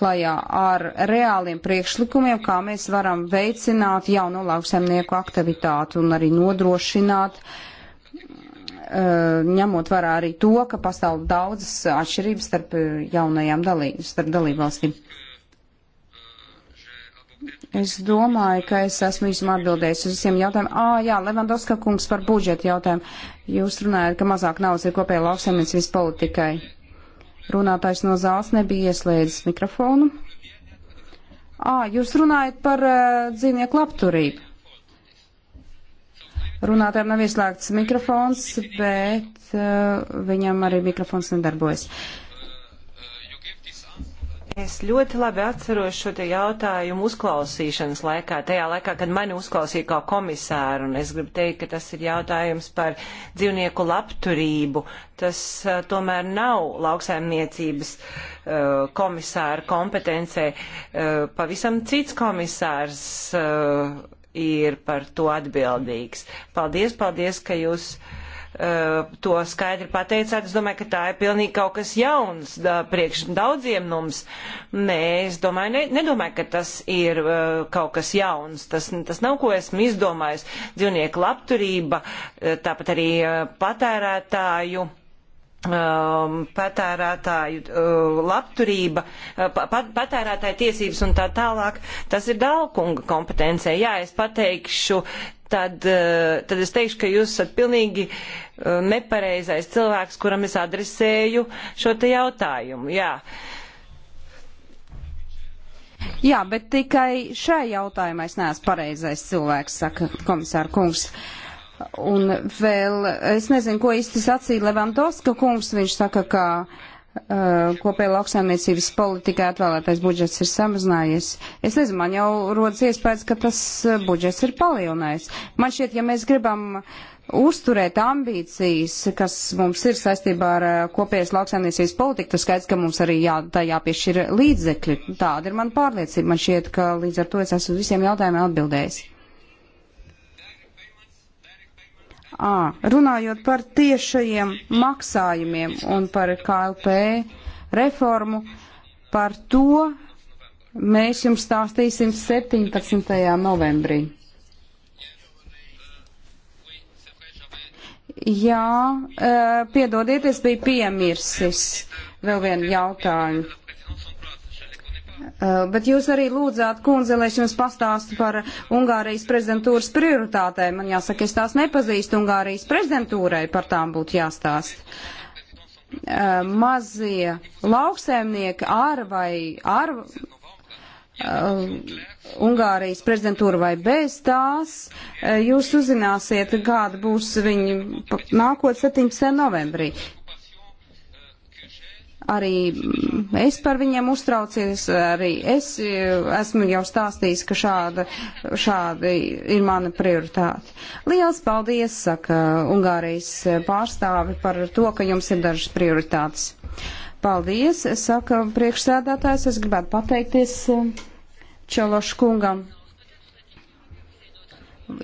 klajā ar reāliem priekšlikumiem, kā mēs varam veicināt jauno lauksaimnieku aktivitātu un arī nodrošināt uh, Mm, eh, ņemot vērā arī to, ka pastāv daudzas atšķirības starp eh, jaunajām dalībām, starp dalībvalstīm. Es domāju, ka es esmu īsumā atbildējis uz visiem jautājumiem. Ā, jā, Levandovska kungs par budžetu jautājumu. Jūs runājat, ka mazāk naudas ir kopējā lauksaimniecības politikai. Runātājs no zāles nebija ieslēdzis mikrofonu. Ā, jūs runājat par uh, dzīvnieku labturību. Runātājiem nav ieslēgts mikrofons, bet uh, viņam arī mikrofons nedarbojas. Es ļoti labi atceros šo te jautājumu uzklausīšanas laikā, tajā laikā, kad mani uzklausīja kā komisāru, un es gribu teikt, ka tas ir jautājums par dzīvnieku labturību. Tas uh, tomēr nav lauksaimniecības uh, komisāra kompetencē. Uh, pavisam cits komisārs. Uh, ir par to atbildīgs. Paldies, paldies, ka jūs uh, to skaidri pateicāt. Es domāju, ka tā ir pilnīgi kaut kas jauns da, priekš daudziem mums. Nē, es domāju, ne, nedomāju, ka tas ir uh, kaut kas jauns. Tas, tas nav, ko esmu izdomājis. Dzīvnieku labturība, uh, tāpat arī uh, patērētāju um, patērētāju uh, labturība, uh, pat, patērētāju tiesības un tā tālāk, tas ir Dalkunga kompetencija. Jā, es pateikšu, tad, uh, tad es teikšu, ka jūs esat pilnīgi uh, nepareizais cilvēks, kuram es adresēju šo te jautājumu. Jā. Jā, bet tikai šai jautājumā es neesmu pareizais cilvēks, saka komisāra kungs. Uh, Un vēl es nezinu, ko īsti sacīja Levandovska kungs. Viņš saka, ka uh, kopēja lauksaimniecības politikā atvēlētais budžets ir samazinājies. Es nezinu, man jau rodas iespējas, ka tas uh, budžets ir palielinājies. Man šķiet, ja mēs gribam uzturēt ambīcijas, kas mums ir saistībā ar uh, kopējas lauksaimniecības politiku, tas skaidrs, ka mums arī jā, tā jāpiešķir līdzekļi. Tāda ir mana pārliecība. Man šķiet, ka līdz ar to es esmu visiem jautājumiem atbildējis. À, runājot par tiešajiem maksājumiem un par KLP reformu, par to mēs jums stāstīsim 17. novembrī. Jā, e, piedodieties, bija piemirsis vēl vienu jautājumu. Eh, bet jūs arī lūdzāt, kundze, lai es jums pastāstu par Ungārijas prezidentūras prioritātēm. Man jāsaka, es tās nepazīstu Ungārijas prezidentūrai, par tām būtu jāstāst. Eh, mazie lauksēmnieki ar vai ar eh, Ungārijas prezidentūra vai bez tās, jūs uzzināsiet, kāda būs viņa nākotnē 17. novembrī. Arī es par viņiem uztraucies, arī es e, esmu jau stāstījis, ka šāda, šāda ir mana prioritāte. Liels paldies, saka Ungārijas pārstāvi, par to, ka jums ir dažas prioritātes. Paldies, saka priekšsēdētājs, es gribētu pateikties e, Čelošu kungam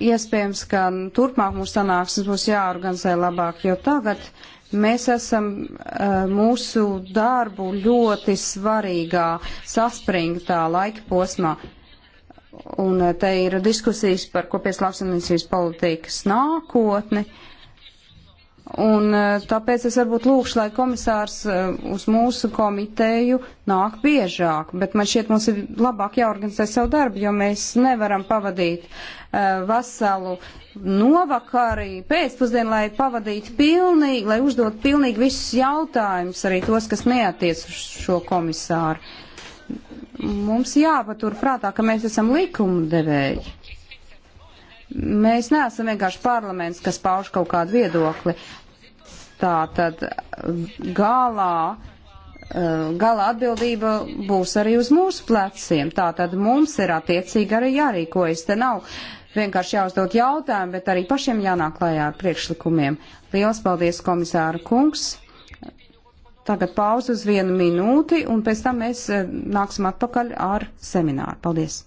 iespējams, ka turpmāk mūsu sanāksmes būs jāorganizē labāk, jo tagad Mēs esam uh, mūsu darbu ļoti svarīgā saspringtā laika posmā. Un uh, te ir diskusijas par kopienas lauksaimniecības politikas nākotni. Uh, Un e, tāpēc es varbūt lūkšu, lai komisārs e, uz mūsu komiteju nāk biežāk, bet man šķiet mums ir labāk jāorganizē savu darbu, jo mēs nevaram pavadīt uh, veselu novakarī pēcpusdienu, lai pavadītu pilnīgi, lai uzdot pilnīgi visus jautājumus, arī tos, kas neatiec uz šo komisāru. Mums jāpatur prātā, ka mēs esam likumdevēji. Mēs neesam vienkārši parlaments, kas pauž kaut kādu viedokli. Tā tad galā, eh, galā atbildība būs arī uz mūsu pleciem. Tā tad mums ir attiecīgi arī jārīkojas. Te nav vienkārši jāuzdot jautājumu, bet arī pašiem jānāk klājā ar priekšlikumiem. Lielas paldies, komisāra kungs! Tagad pauze uz vienu minūti, un pēc tam mēs eh, nāksim atpakaļ ar semināru. Paldies!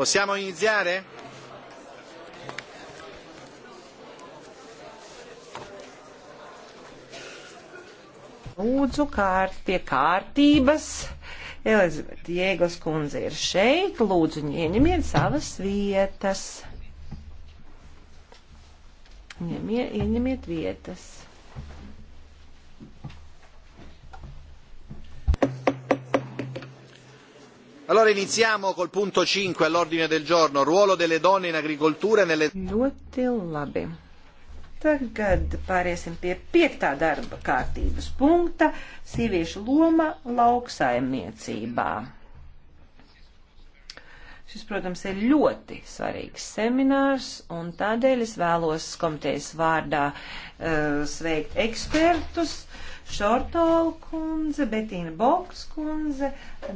Possiamo iniziare? Lūdzu, kārt pie kārtības. Elizabete Jēglas kundze ir šeit. Lūdzu, ieņemiet savas vietas. Ieņemiet, ieņemiet vietas. Allora iniziamo col punto 5 all'ordine del giorno, ruolo delle donne in agricoltura e nelle... Ļoti labi. Tagad pāriesim pie piektā darba kārtības punkta - sieviešu loma lauksaimniecībā. Šis, protams, ir ļoti svarīgs seminārs, un tādēļ es vēlos komitejas vārdā uh, sveikt ekspertus, uh, Šortola kundze, Betīna Boks kundze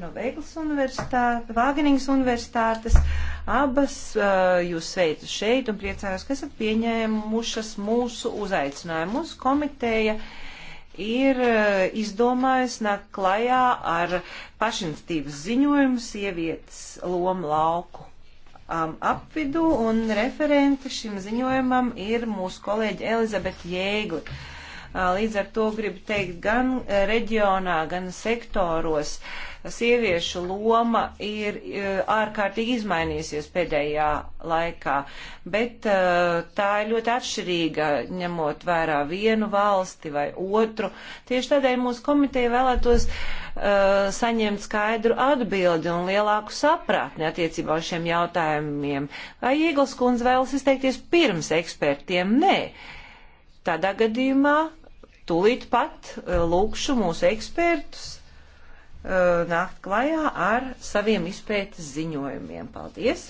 no Veiglas universitātes, Vāgenīgas universitātes. Abas uh, jūs sveicu šeit un priecājos, ka esat pieņēmušas mūsu uzaicinājumu. Mūsu komiteja ir uh, izdomājusi nāk klajā ar pašinstības ziņojumu sievietes lomu lauku um, apvidu, un referente šim ziņojumam ir mūsu kolēģi Elizabete Jēgli. Līdz ar to gribu teikt, gan reģionā, gan sektoros sieviešu loma ir ārkārtīgi izmainījusies pēdējā laikā, bet tā ir ļoti atšķirīga, ņemot vērā vienu valsti vai otru. Tieši tādēļ mūsu komiteja vēlētos uh, saņemt skaidru atbildi un lielāku sapratni attiecībā uz šiem jautājumiem. Vai Ieglas kundze vēlas izteikties pirms ekspertiem? Nē. Tādā gadījumā Tūlīt pat eh, lūkšu mūsu ekspertus eh, nākt klajā ar saviem izpētes ziņojumiem. Paldies!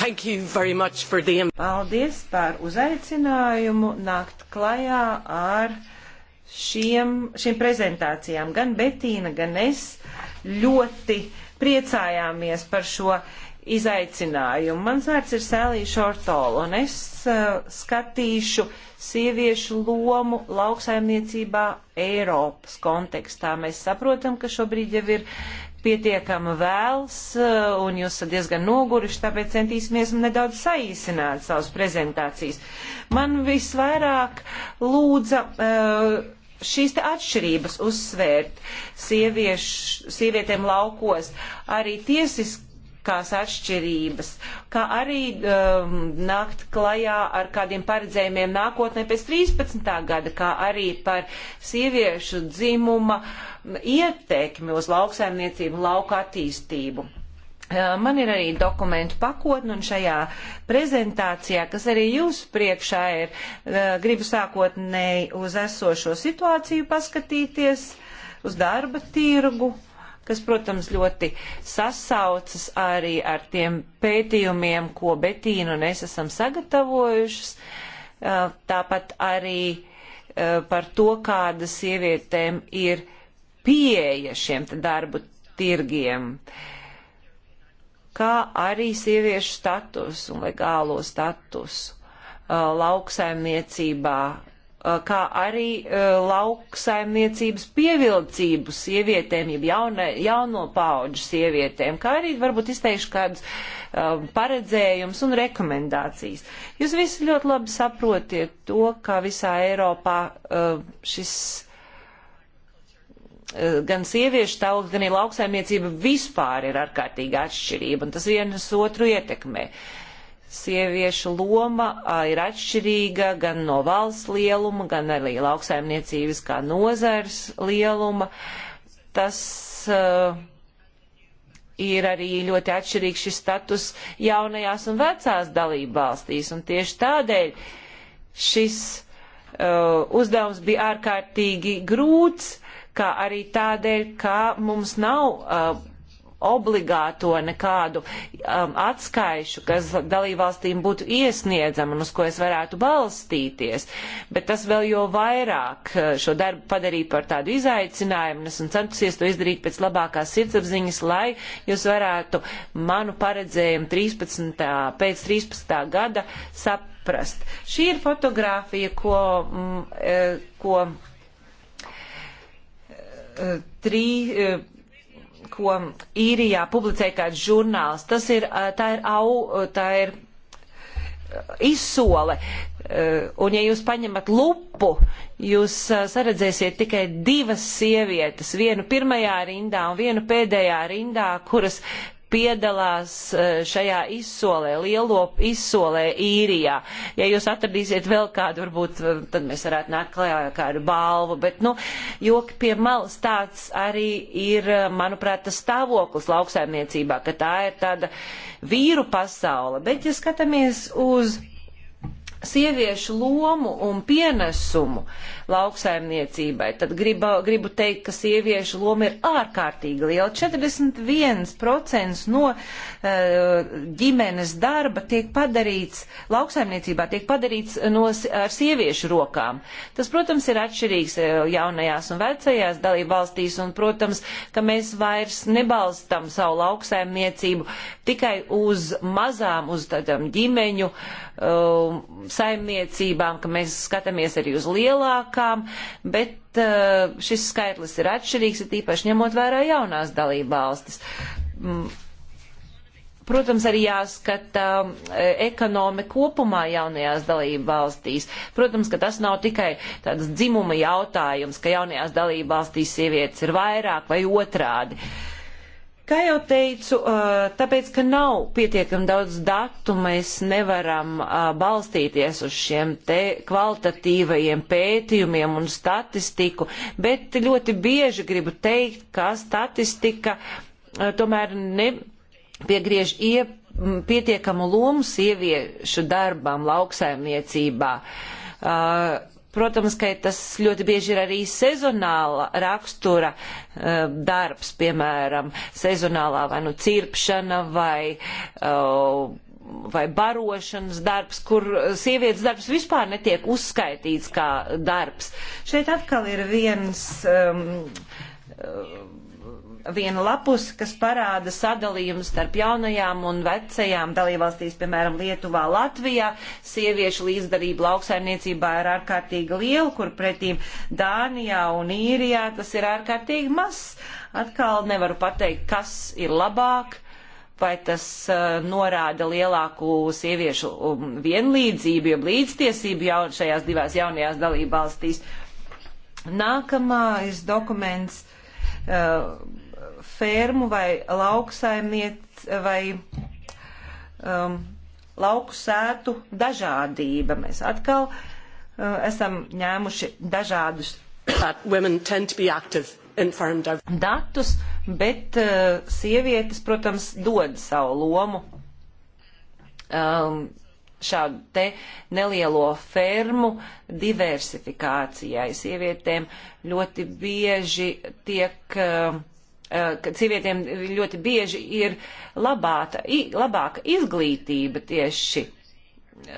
Thank you very much for the... Paldies par uzaicinājumu nākt klajā ar šiem, šiem prezentācijām. Gan Betīna, gan es ļoti priecājāmies par šo izaicinājumu. Mans vārds ir Sēlija Šortola, un es uh, skatīšu sieviešu lomu lauksaimniecībā Eiropas kontekstā. Mēs saprotam, ka šobrīd jau ir pietiekama vēls, uh, un jūs esat diezgan noguruši, tāpēc centīsimies nedaudz saīsināt savas prezentācijas. Man visvairāk lūdza. Uh, šīs atšķirības uzsvērt sieviešu, sievietēm laukos, arī tiesis, politiskās atšķirības, kā arī um, nākt klajā ar kādiem paredzējumiem nākotnē pēc 13. gada, kā arī par sieviešu dzimuma ietekmi uz lauksaimniecību, lauka attīstību. Uh, man ir arī dokumentu pakotne, un šajā prezentācijā, kas arī jūsu priekšā ir, uh, gribu sākotnēji uz esošo situāciju paskatīties, uz darba tirgu, kas, protams, ļoti sasaucas arī ar tiem pētījumiem, ko Betīna un es esam sagatavojušas. Uh, tāpat arī uh, par to, kāda sievietēm ir pieeja šiem darbu tirgiem, kā arī sieviešu status un legālo statusu uh, lauksaimniecībā, Uh, kā arī uh, lauksaimniecības pievilcību sievietēm, jeb jauna, jauno paudžu sievietēm, kā arī varbūt izteikšu kādus um, paredzējumus un rekomendācijas. Jūs visi ļoti labi saprotiet to, ka visā Eiropā uh, šis uh, gan sieviešu tauts, gan arī lauksaimniecība vispār ir ārkārtīgi atšķirība, un tas vienas otru ietekmē. Uh, sieviešu loma ir atšķirīga gan no valsts lieluma, gan arī lauksaimniecības kā nozars lieluma. Tas uh, ir arī ļoti atšķirīgs šis status jaunajās un vecās dalību valstīs. Un tieši tādēļ šis uh, uzdevums bija ārkārtīgi grūts, kā arī tādēļ, ka mums nav uh, obligāto nekādu um, atskaišu, kas dalībvalstīm būtu iesniedzama un uz ko es varētu balstīties. Bet tas vēl jo vairāk uh, šo darbu padarīja par tādu izaicinājumu, un esmu centusies to izdarīt pēc labākās sirdsapziņas, lai jūs varētu manu paredzējumu 13. pēc 13. gada saprast. Šī ir fotografija, ko. Mm, eh, ko eh, Trī, eh, ko īrijā publicēja kāds žurnāls. Tas ir, tā ir, au, tā ir izsole. Un ja jūs paņemat lupu, jūs saredzēsiet tikai divas sievietes, vienu pirmajā rindā un vienu pēdējā rindā, kuras piedalās e, šajā izsolē, lielo izsolē īrijā. Ja jūs atradīsiet vēl kādu, varbūt e, tad mēs varētu nākt klajā ar kādu balvu, bet, nu, joki pie malas tāds arī ir, e, manuprāt, tas stāvoklis lauksaimniecībā, ka tā ir tāda vīru pasaule. Bet, ja skatāmies uz sieviešu lomu un pienesumu lauksaimniecībai, tad griba, gribu teikt, ka sieviešu loma ir ārkārtīgi liela. 41% no uh, ģimenes darba tiek padarīts lauksaimniecībā, tiek padarīts no, ar sieviešu rokām. Tas, protams, ir atšķirīgs eh, jaunajās un vecajās dalībvalstīs, un, protams, ka mēs vairs nebalstam savu lauksaimniecību tikai uz mazām, uz tādām ģimeņu uh, Um, saimniecībām, ka mēs skatāmies arī uz lielākām, bet uh, šis skaitlis ir atšķirīgs, ir tīpaši ņemot vērā jaunās dalībvalstis. Mm. Protams, arī jāskata um, ekonomi kopumā jaunajās dalību valstīs. Protams, ka tas nav tikai tāds dzimuma jautājums, ka jaunajās dalību valstīs sievietes ir vairāk vai otrādi. Uh, Kā jau teicu, tāpēc, ka nav pietiekami daudz datu, mēs nevaram balstīties uz šiem te kvalitatīvajiem pētījumiem un statistiku, bet ļoti bieži gribu teikt, ka statistika tomēr nepiegriež iep pietiekamu lomu sieviešu darbam lauksaimniecībā. Uh, Protams, ka tas ļoti bieži ir arī sezonāla rakstura eh, darbs, piemēram, sezonālā vai nu cirpšana vai eh, vai barošanas darbs, kur sievietes darbs vispār netiek uzskaitīts kā darbs. Šeit atkal ir viens um, viena lapus, kas parāda sadalījumu starp jaunajām un vecajām dalībvalstīs, piemēram, Lietuvā, Latvijā. Sieviešu līdzdarība lauksaimniecībā ir ārkārtīgi liela, kur pretīm Dānijā un Īrijā tas ir ārkārtīgi mazs. Atkal nevaru pateikt, kas ir labāk vai tas uh, norāda lielāku sieviešu um, vienlīdzību, jeb līdztiesību jaun, šajās divās jaunajās dalībvalstīs. Nākamais dokuments uh, fermu vai lauksaimniec vai um, lauku sētu dažādība. Mēs atkal uh, esam ņēmuši dažādus datus, bet uh, sievietes, protams, dod savu lomu um, šādu te nelielo fermu diversifikācijai. Sievietēm ļoti bieži tiek uh, Eh, ka sievietēm ļoti bieži ir labāta, labāka izglītība tieši uh,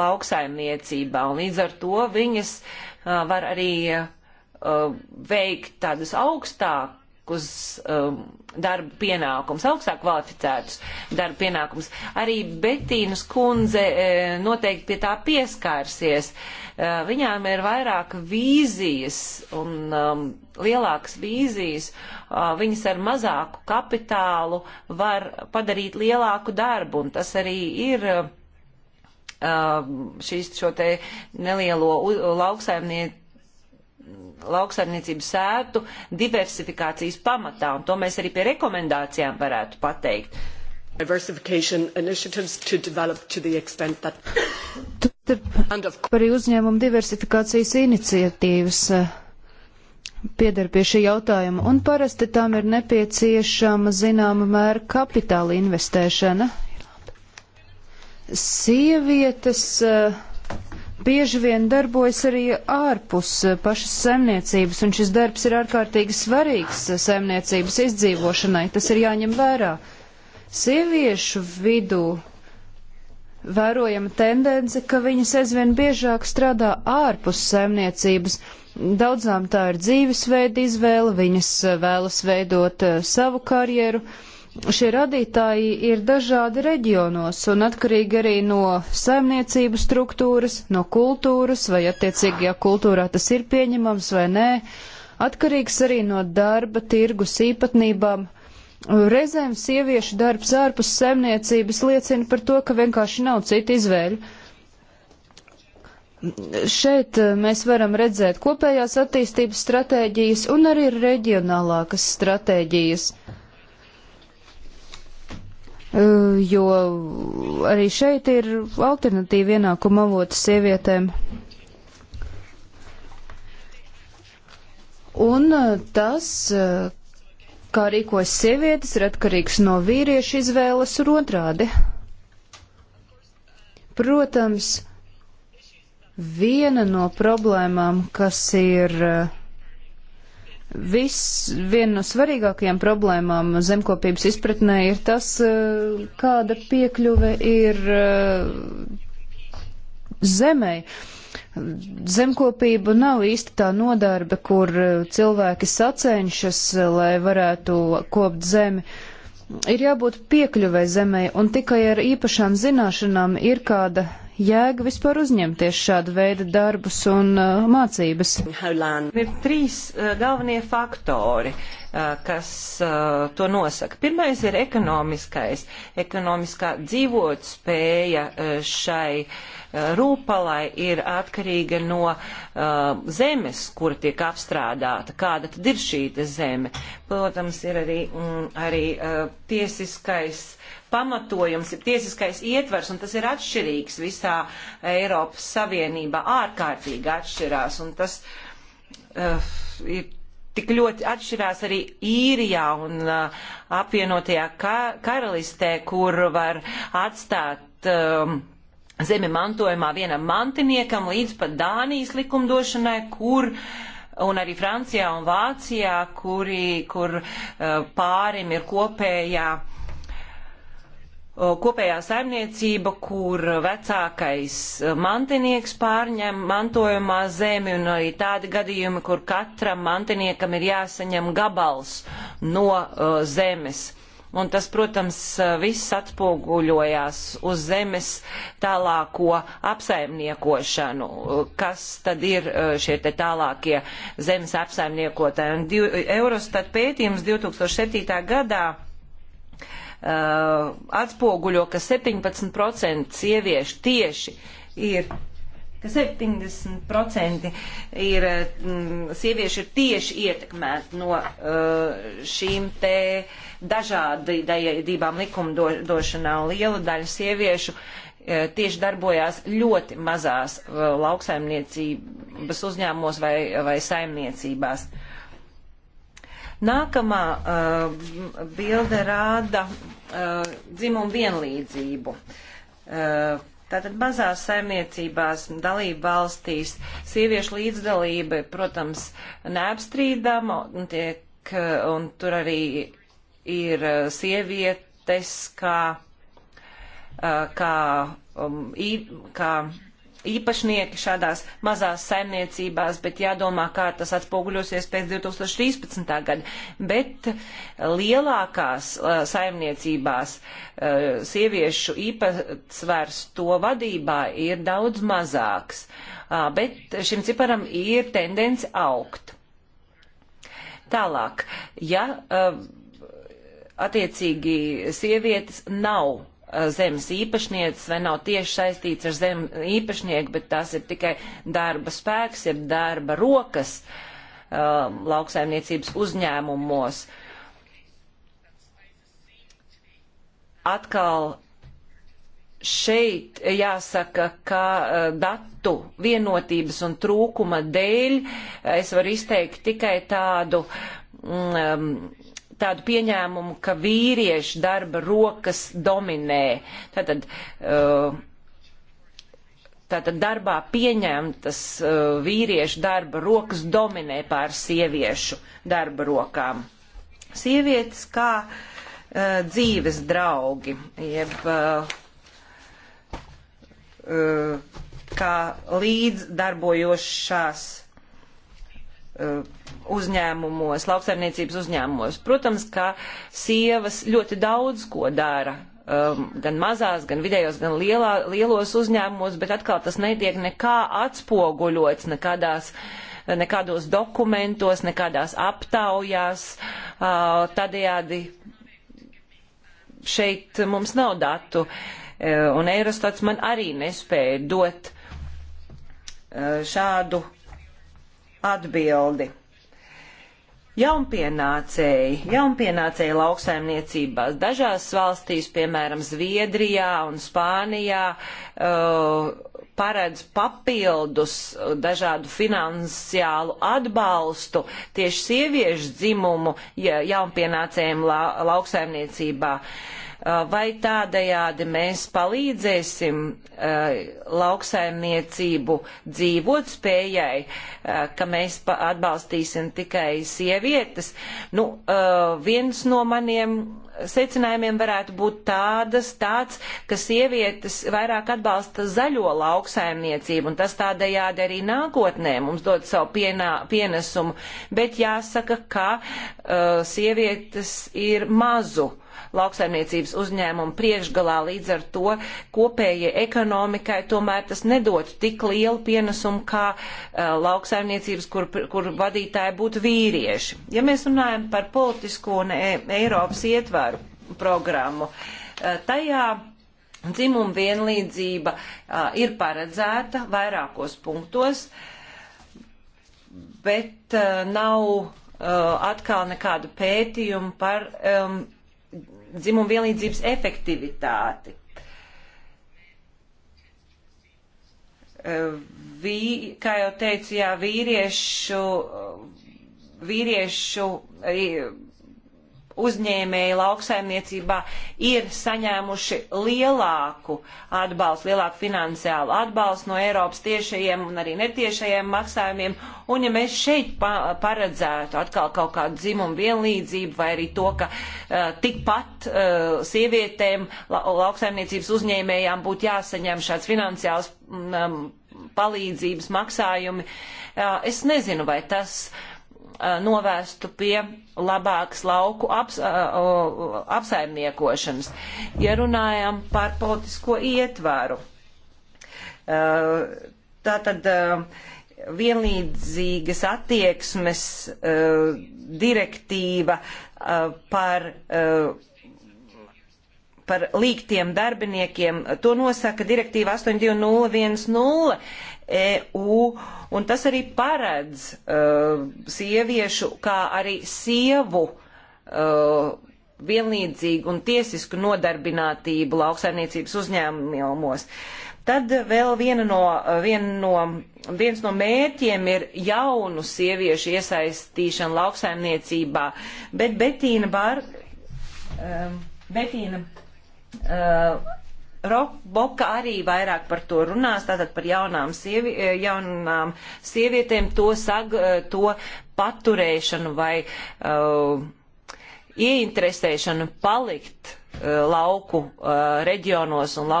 lauksaimniecībā, un līdz ar to viņas uh, var arī uh, veikt tādus augstākus um, darba pienākums, augstāk kvalificētus darba pienākums. Arī Betīnas kundze e, noteikti pie tā pieskārsies. E, viņām ir vairāk vīzijas un um, lielākas vīzijas. E, viņas ar mazāku kapitālu var padarīt lielāku darbu, un tas arī ir um, šīs šo te nelielo lauksaimnieku lauksaimniecības sētu diversifikācijas pamatā, un to mēs arī pie rekomendācijām varētu pateikt. Diversification initiatives to develop to the extent that. Arī uzņēmumu diversifikācijas iniciatīvas eh, piedar pie šī jautājuma, un parasti tam ir nepieciešama zināma mēra kapitāla investēšana. Sievietes uh, eh, bieži vien darbojas arī ārpus eh, pašas saimniecības, un šis darbs ir ārkārtīgi svarīgs eh, saimniecības izdzīvošanai. Tas ir jāņem vērā. Sieviešu vidū vērojama tendence, ka viņas aizvien biežāk strādā ārpus saimniecības. Daudzām tā ir dzīvesveida izvēle, viņas eh, vēlas veidot savu karjeru. Uh, Šie radītāji ir dažādi reģionos un atkarīgi arī no saimniecības struktūras, no kultūras, vai attiecīgajā kultūrā tas ir pieņemams vai nē, atkarīgs arī no darba, tirgus īpatnībām. Reizēm sieviešu darbs ārpus saimniecības liecina par to, ka vienkārši nav cita izvēļa. Šeit eh, mēs varam redzēt kopējās attīstības stratēģijas un arī reģionālākas stratēģijas. Eh, jo arī šeit ir alternatīva ienākuma avota sievietēm. Un eh, tas, eh, kā rīkojas sievietes, ir atkarīgs no vīriešu izvēles un otrādi. Protams, viena no problēmām, kas ir uh, Viss viena no svarīgākajām problēmām zemkopības izpratnē ir tas, eh, kāda piekļuve ir eh, zemei. Zemkopība nav īsti tā nodarbe, kur eh, cilvēki sacenšas, lai varētu kopt zemi. Ir jābūt piekļuvai zemei, un tikai ar īpašām zināšanām ir kāda jēga vispār uzņemties šādu veidu darbus un uh, mācības? Ir trīs uh, galvenie faktori, uh, kas uh, to nosaka. Pirmais ir ekonomiskais, ekonomiskā dzīvot spēja uh, šai uh, rūpalai ir atkarīga no uh, zemes, kura tiek apstrādāta, kāda tad ir šī zeme. Protams, ir arī, mm, arī uh, tiesiskais pamatojums, ir tiesiskais ietvers, un tas ir atšķirīgs visā Eiropas Savienībā, ārkārtīgi atšķirās, un tas uh, ir tik ļoti atšķirās arī īrijā un uh, apvienotajā ka karalistē, kur var atstāt um, zemi mantojumā vienam mantiniekam līdz pat Dānijas likumdošanai, kur un arī Francijā un Vācijā, kuri, kur uh, pārim ir kopējā uh, kopējā saimniecība, kur vecākais e, mantinieks pārņem mantojumā zemi un arī tādi gadījumi, kur katram mantiniekam ir jāsaņem gabals no uh, zemes. Un tas, protams, e, viss atspoguļojās uz zemes tālāko apsaimniekošanu, kas tad ir šie te tālākie zemes apsaimniekotāji. Un Eurostat pētījums 2007. gadā Uh, atspoguļo, ka 17% sieviešu tieši ir ka 70% ir, mm, sievieši ir tieši ietekmēti no uh, šīm te dažādībām likumdošanā. Liela daļa sieviešu uh, tieši darbojās ļoti mazās uh, lauksaimniecības uzņēmumos vai, vai saimniecībās. Uh, Nākamā uh, bilde rāda uh, dzimumu vienlīdzību. Uh, Tātad mazās saimniecībās, dalība valstīs, sieviešu līdzdalība, protams, neapstrīdama, un, tiek, uh, un tur arī ir uh, sievietes kā, uh, kā, um, kā īpašnieki šādās mazās saimniecībās, bet jādomā, kā tas atspoguļosies pēc 2013. gada. Bet lielākās uh, saimniecībās uh, sieviešu īpatsvars to vadībā ir daudz mazāks, uh, bet šim ciparam ir tendence augt. Tālāk, ja uh, attiecīgi sievietes nav zemes īpašnieces vai nav tieši saistīts ar zem īpašnieku, bet tas ir tikai darba spēks, ir darba rokas uh, lauksaimniecības uzņēmumos. Atkal šeit jāsaka, ka uh, datu vienotības un trūkuma dēļ es varu izteikt tikai tādu um, tādu pieņēmumu, ka vīriešu darba rokas dominē. Tātad, uh, tātad darbā pieņemtas uh, vīriešu darba rokas dominē pār sieviešu darba rokām. Sievietes kā uh, dzīves draugi, jeb uh, uh, kā līdzdarbojošās uh, uzņēmumos, lauksaimniecības uzņēmumos. Protams, ka sievas ļoti daudz ko dara. Um, gan mazās, gan vidējos, gan lielā, lielos uzņēmumos, bet atkal tas netiek nekā atspoguļots nekādās, nekādos dokumentos, nekādās aptaujās. Uh, tādējādi šeit mums nav datu, uh, un Eirostats man arī nespēja dot uh, šādu atbildi jaunpienācēji, jaunpienācēji lauksaimniecībās. Dažās valstīs, piemēram, Zviedrijā un Spānijā, uh, paredz papildus uh, dažādu finansiālu atbalstu tieši sieviešu dzimumu jaunpienācējiem la, lauksaimniecībā. Uh, Uh, vai tādējādi mēs palīdzēsim uh, lauksaimniecību dzīvot spējai, uh, ka mēs atbalstīsim tikai sievietes. Nu, viens no maniem secinājumiem varētu būt tādas, tāds, ka sievietes vairāk atbalsta zaļo lauksaimniecību, un tas tādējādi arī nākotnē mums dod savu pienā, pienesumu, bet jāsaka, ka uh, sievietes ir mazu uh, lauksaimniecības uzņēmumu priekšgalā līdz ar to kopējai ekonomikai tomēr tas nedotu tik lielu pienesumu kā uh, lauksaimniecības, kur, kur vadītāji būtu vīrieši. Ja mēs runājam par politisko un e Eiropas ietvaru programmu, uh, tajā dzimuma vienlīdzība uh, ir paredzēta vairākos punktos, bet uh, nav uh, atkal nekādu pētījumu par um, dzimumu vienlīdzības efektivitāti. Eh, vī, kā jau teicu, jā, vīriešu, vīriešu eh, uzņēmēji lauksaimniecībā ir saņēmuši lielāku atbalstu, lielāku finansiālu atbalstu no Eiropas tiešajiem un arī netiešajiem maksājumiem. Un ja mēs šeit pa paredzētu atkal kaut kādu dzimumu vienlīdzību vai arī to, ka uh, tikpat uh, sievietēm la lauksaimniecības uzņēmējām būtu jāsaņem šāds finansiāls um, palīdzības maksājumi, uh, es nezinu, vai tas. Uh, novērstu pie labākas lauku aps, apsaimniekošanas. Ja runājam par politisko ietvaru, tā tad vienlīdzīgas attieksmes direktīva par par līgtiem darbiniekiem. To nosaka direktīva 82010, EU, un tas arī paredz uh, sieviešu, kā arī sievu uh, vienlīdzīgu un tiesisku nodarbinātību lauksaimniecības uzņēmumos. Tad vēl viena no, uh, viena no, viens no mērķiem ir jaunu sieviešu iesaistīšana lauksaimniecībā, bet Betīna Bar, um, Betīna uh, Roboka arī vairāk par to runās, tātad par jaunām, sievi, eh, jaunām sievietēm, to, sag, eh, to paturēšanu vai uh, ieinteresēšanu palikt uh, lauku uh, reģionos un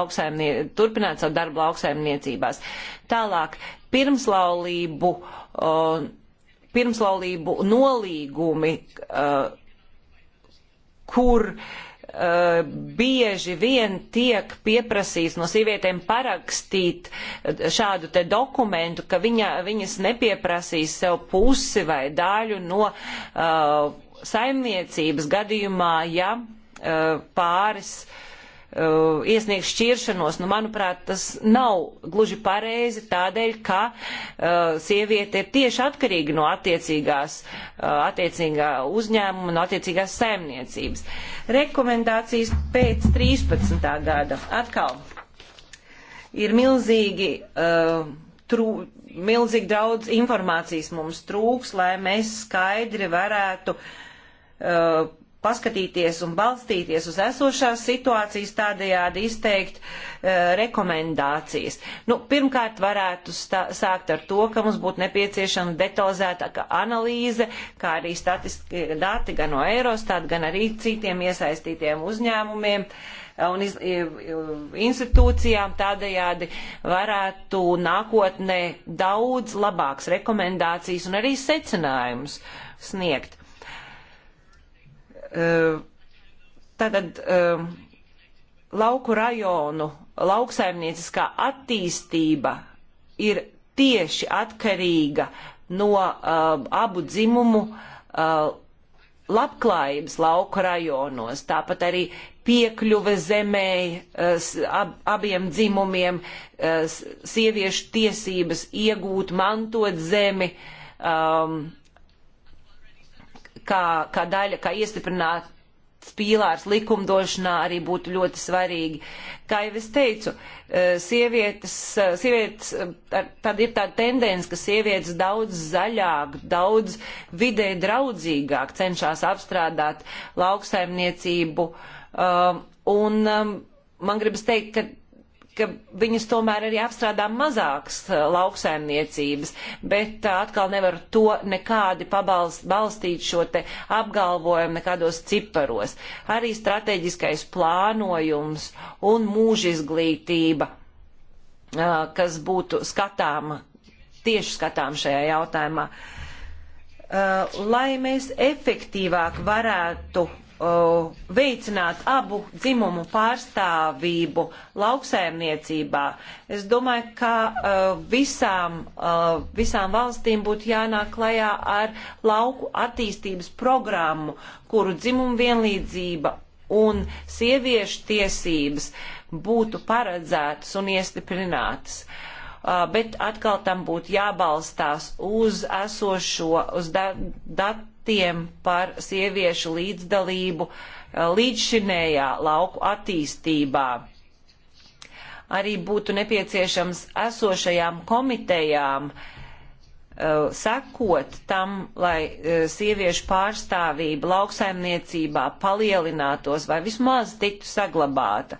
turpināt savu darbu lauksaimniecībās. Tālāk, pirmslaulību, uh, pirmslaulību nolīgumi, uh, kur uh, uh, bieži vien tiek pieprasīts no sievietēm parakstīt eh, šādu te dokumentu, ka viņa, viņas nepieprasīs sev pusi vai daļu no uh, saimniecības gadījumā, ja uh, pāris uh, uh, iesniegts šķiršanos. Nu, manuprāt, tas nav gluži pareizi tādēļ, ka uh, sieviete ir tieši atkarīga no attiecīgās, uh, attiecīgā uzņēmuma, no attiecīgās saimniecības. Rekomendācijas pēc 13. gada atkal ir milzīgi. Uh, trū, milzīgi daudz informācijas mums trūks, lai mēs skaidri varētu uh, paskatīties un balstīties uz esošās situācijas, tādējādi izteikt uh, rekomendācijas. Nu, pirmkārt, varētu stā, sākt ar to, ka mums būtu nepieciešama detalizētāka analīze, kā arī statistiskie dati gan no Eurostat, gan arī citiem iesaistītiem uzņēmumiem eh, un iz, institūcijām tādējādi varētu nākotnē daudz labāks rekomendācijas un arī secinājumus sniegt. Eh, tātad eh, lauku rajonu lauksaimnieciskā attīstība ir tieši atkarīga no eh, abu dzimumu labklājības lauku rajonos, tāpat arī piekļuve zemē ab, abiem dzimumiem, sieviešu tiesības iegūt, mantot zemi, um, kā, kā daļa, kā iestiprināt pīlārs likumdošanā arī būtu ļoti svarīgi. Kā jau es teicu, e, sievietes, e, sievietes e, tad ir tā tendence, ka sievietes daudz zaļāk, daudz vidē draudzīgāk cenšas apstrādāt lauksaimniecību. Un man gribas teikt, ka ka viņas tomēr arī apstrādā mazākas eh, lauksaimniecības, bet eh, atkal nevar to nekādi pabalstīt šo te apgalvojumu nekādos ciparos. Arī strateģiskais plānojums un mūžizglītība, eh, kas būtu skatāma, tieši skatām šajā jautājumā. Lai mēs efektīvāk varētu veicināt abu dzimumu pārstāvību lauksaimniecībā. Es domāju, ka uh, visām, uh, visām valstīm būtu jānāk klajā ar lauku attīstības programmu, kuru dzimumu vienlīdzība un sieviešu tiesības būtu paredzētas un iestiprinātas. Uh, bet atkal tam būtu jābalstās uz esošo, uz da, dat, datiem par sieviešu līdzdalību eh, līdzšinējā lauku attīstībā. Arī būtu nepieciešams esošajām komitejām uh, sekot tam, lai uh, sieviešu pārstāvība lauksaimniecībā palielinātos vai vismaz tiktu saglabāta.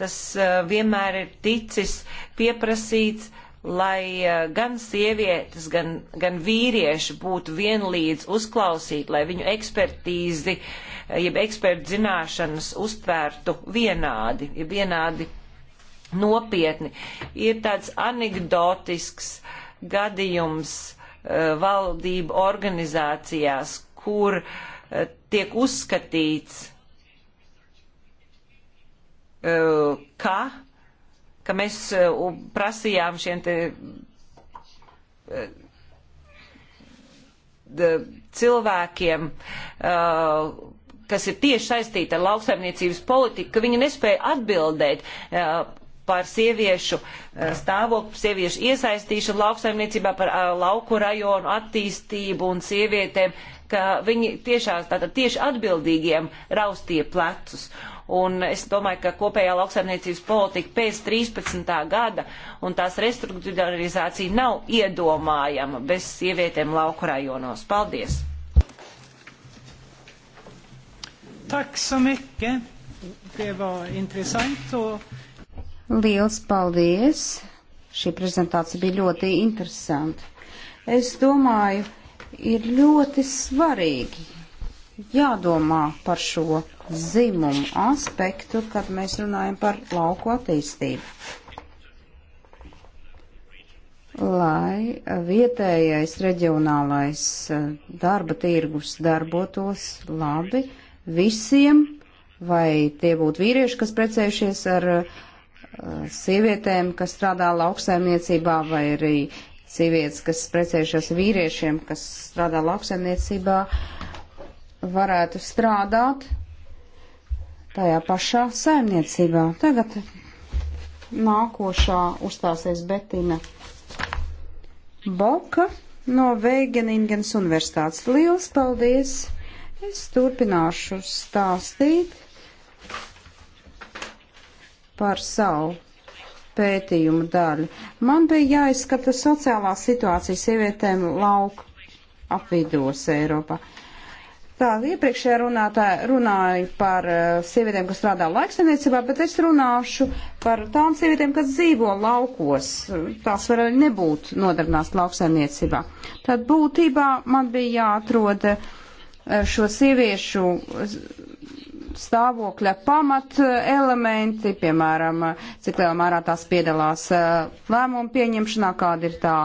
Tas uh, vienmēr ir ticis pieprasīts uh, lai eh, gan sievietes, gan, gan vīrieši būtu vienlīdz uzklausīti, lai viņu ekspertīzi, eh, jeb ekspertu zināšanas uztvērtu vienādi, jeb vienādi nopietni. Ir tāds anegdotisks gadījums eh, valdību organizācijās, kur tiek uzskatīts, ka ka mēs e, prasījām šiem te e, cilvēkiem, e, kas ir tieši saistīti ar lauksaimniecības politiku, ka viņi nespēja atbildēt par sieviešu stāvokli, sieviešu iesaistīšanu lauksaimniecībā, par lauku rajonu attīstību un sievietēm, ka viņi tiešās, tātad tieši atbildīgiem raustīja plecus. Un es domāju, ka kopējā lauksaimniecības politika pēc 13. gada un tās restruktūrizācija nav iedomājama bez sievietēm lauku rajonos. Paldies! Tack så mycket. Det var intressant. Och... Liels paldies! Šī prezentācija bija ļoti interesanta. Es domāju, ir ļoti svarīgi jādomā par šo dzimumu aspektu, kad mēs runājam par lauku attīstību. Lai vietējais reģionālais eh, darba tirgus darbotos labi visiem, vai tie būtu vīrieši, kas precējušies ar eh, sievietēm, kas strādā lauksaimniecībā, vai arī sievietes, kas precējušās vīriešiem, kas strādā lauksaimniecībā, uh, varētu strādāt tajā pašā saimniecībā. Tagad nākošā uzstāsies Betina Boka no Veigeningens universitātes. Liels paldies! Es turpināšu stāstīt par savu pētījumu daļu. Man bija jāizskata sociālā situācija sievietēm lauka apvidos Eiropā. Uh, Tā iepriekšējā runātāja runāja par eh, sievietēm, kas strādā laiksaimniecībā, bet es runāšu par tām sievietēm, kas dzīvo laukos. Tās var arī nebūt nodarbinās lauksaimniecībā. Tad būtībā man bija jāatrod eh, šo sieviešu stāvokļa pamat eh, elementi, piemēram, cik lielā mērā tās piedalās lēmumu pieņemšanā, kāda ir tā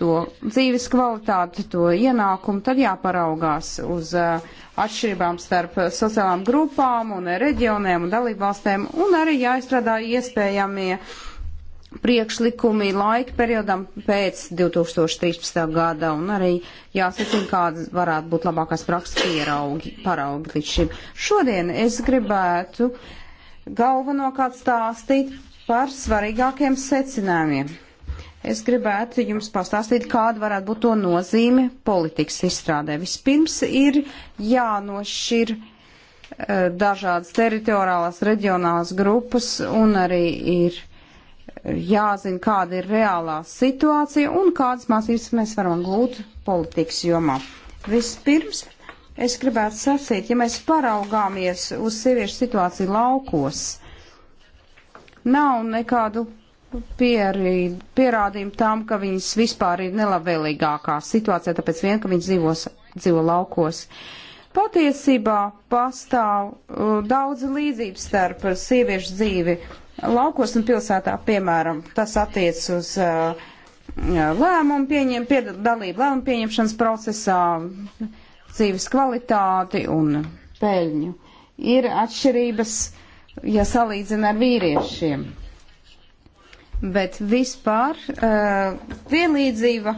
to dzīves kvalitāti, to ienākumu, tad jāparaugās uz eh, atšķirībām starp sociālām grupām un reģioniem un dalībvalstēm, un arī jāizstrādā iespējamie priekšlikumi laika periodam pēc 2013. gada, un arī jāsacina, kādas varētu būt labākās prakses pieraugi, paraugi līdz šim. Šodien es gribētu galvenokārt stāstīt par svarīgākiem secinājumiem Es gribētu jums pastāstīt, kāda varētu būt to nozīme politikas izstrādē. Vispirms ir jānošķir eh, dažādas teritoriālās, reģionālās grupas un arī ir jāzina, kāda ir reālā situācija un kādas mācības mēs varam gūt politikas jomā. Vispirms es gribētu sacīt, ja mēs paraugāmies uz sieviešu situāciju laukos, nav nekādu pierī, pierādījumi tam, ka viņas vispār ir nelabvēlīgākā situācijā, tāpēc vien, ka viņas dzīvos, dzīvo laukos. Patiesībā pastāv uh, daudz līdzības starp sieviešu dzīvi laukos un pilsētā, piemēram, tas attiec uz uh, lēmumu pieņem, piedalību lēmumu pieņemšanas procesā, dzīves kvalitāti un peļņu. Ir atšķirības, ja salīdzina ar vīriešiem bet vispār uh, vienlīdzība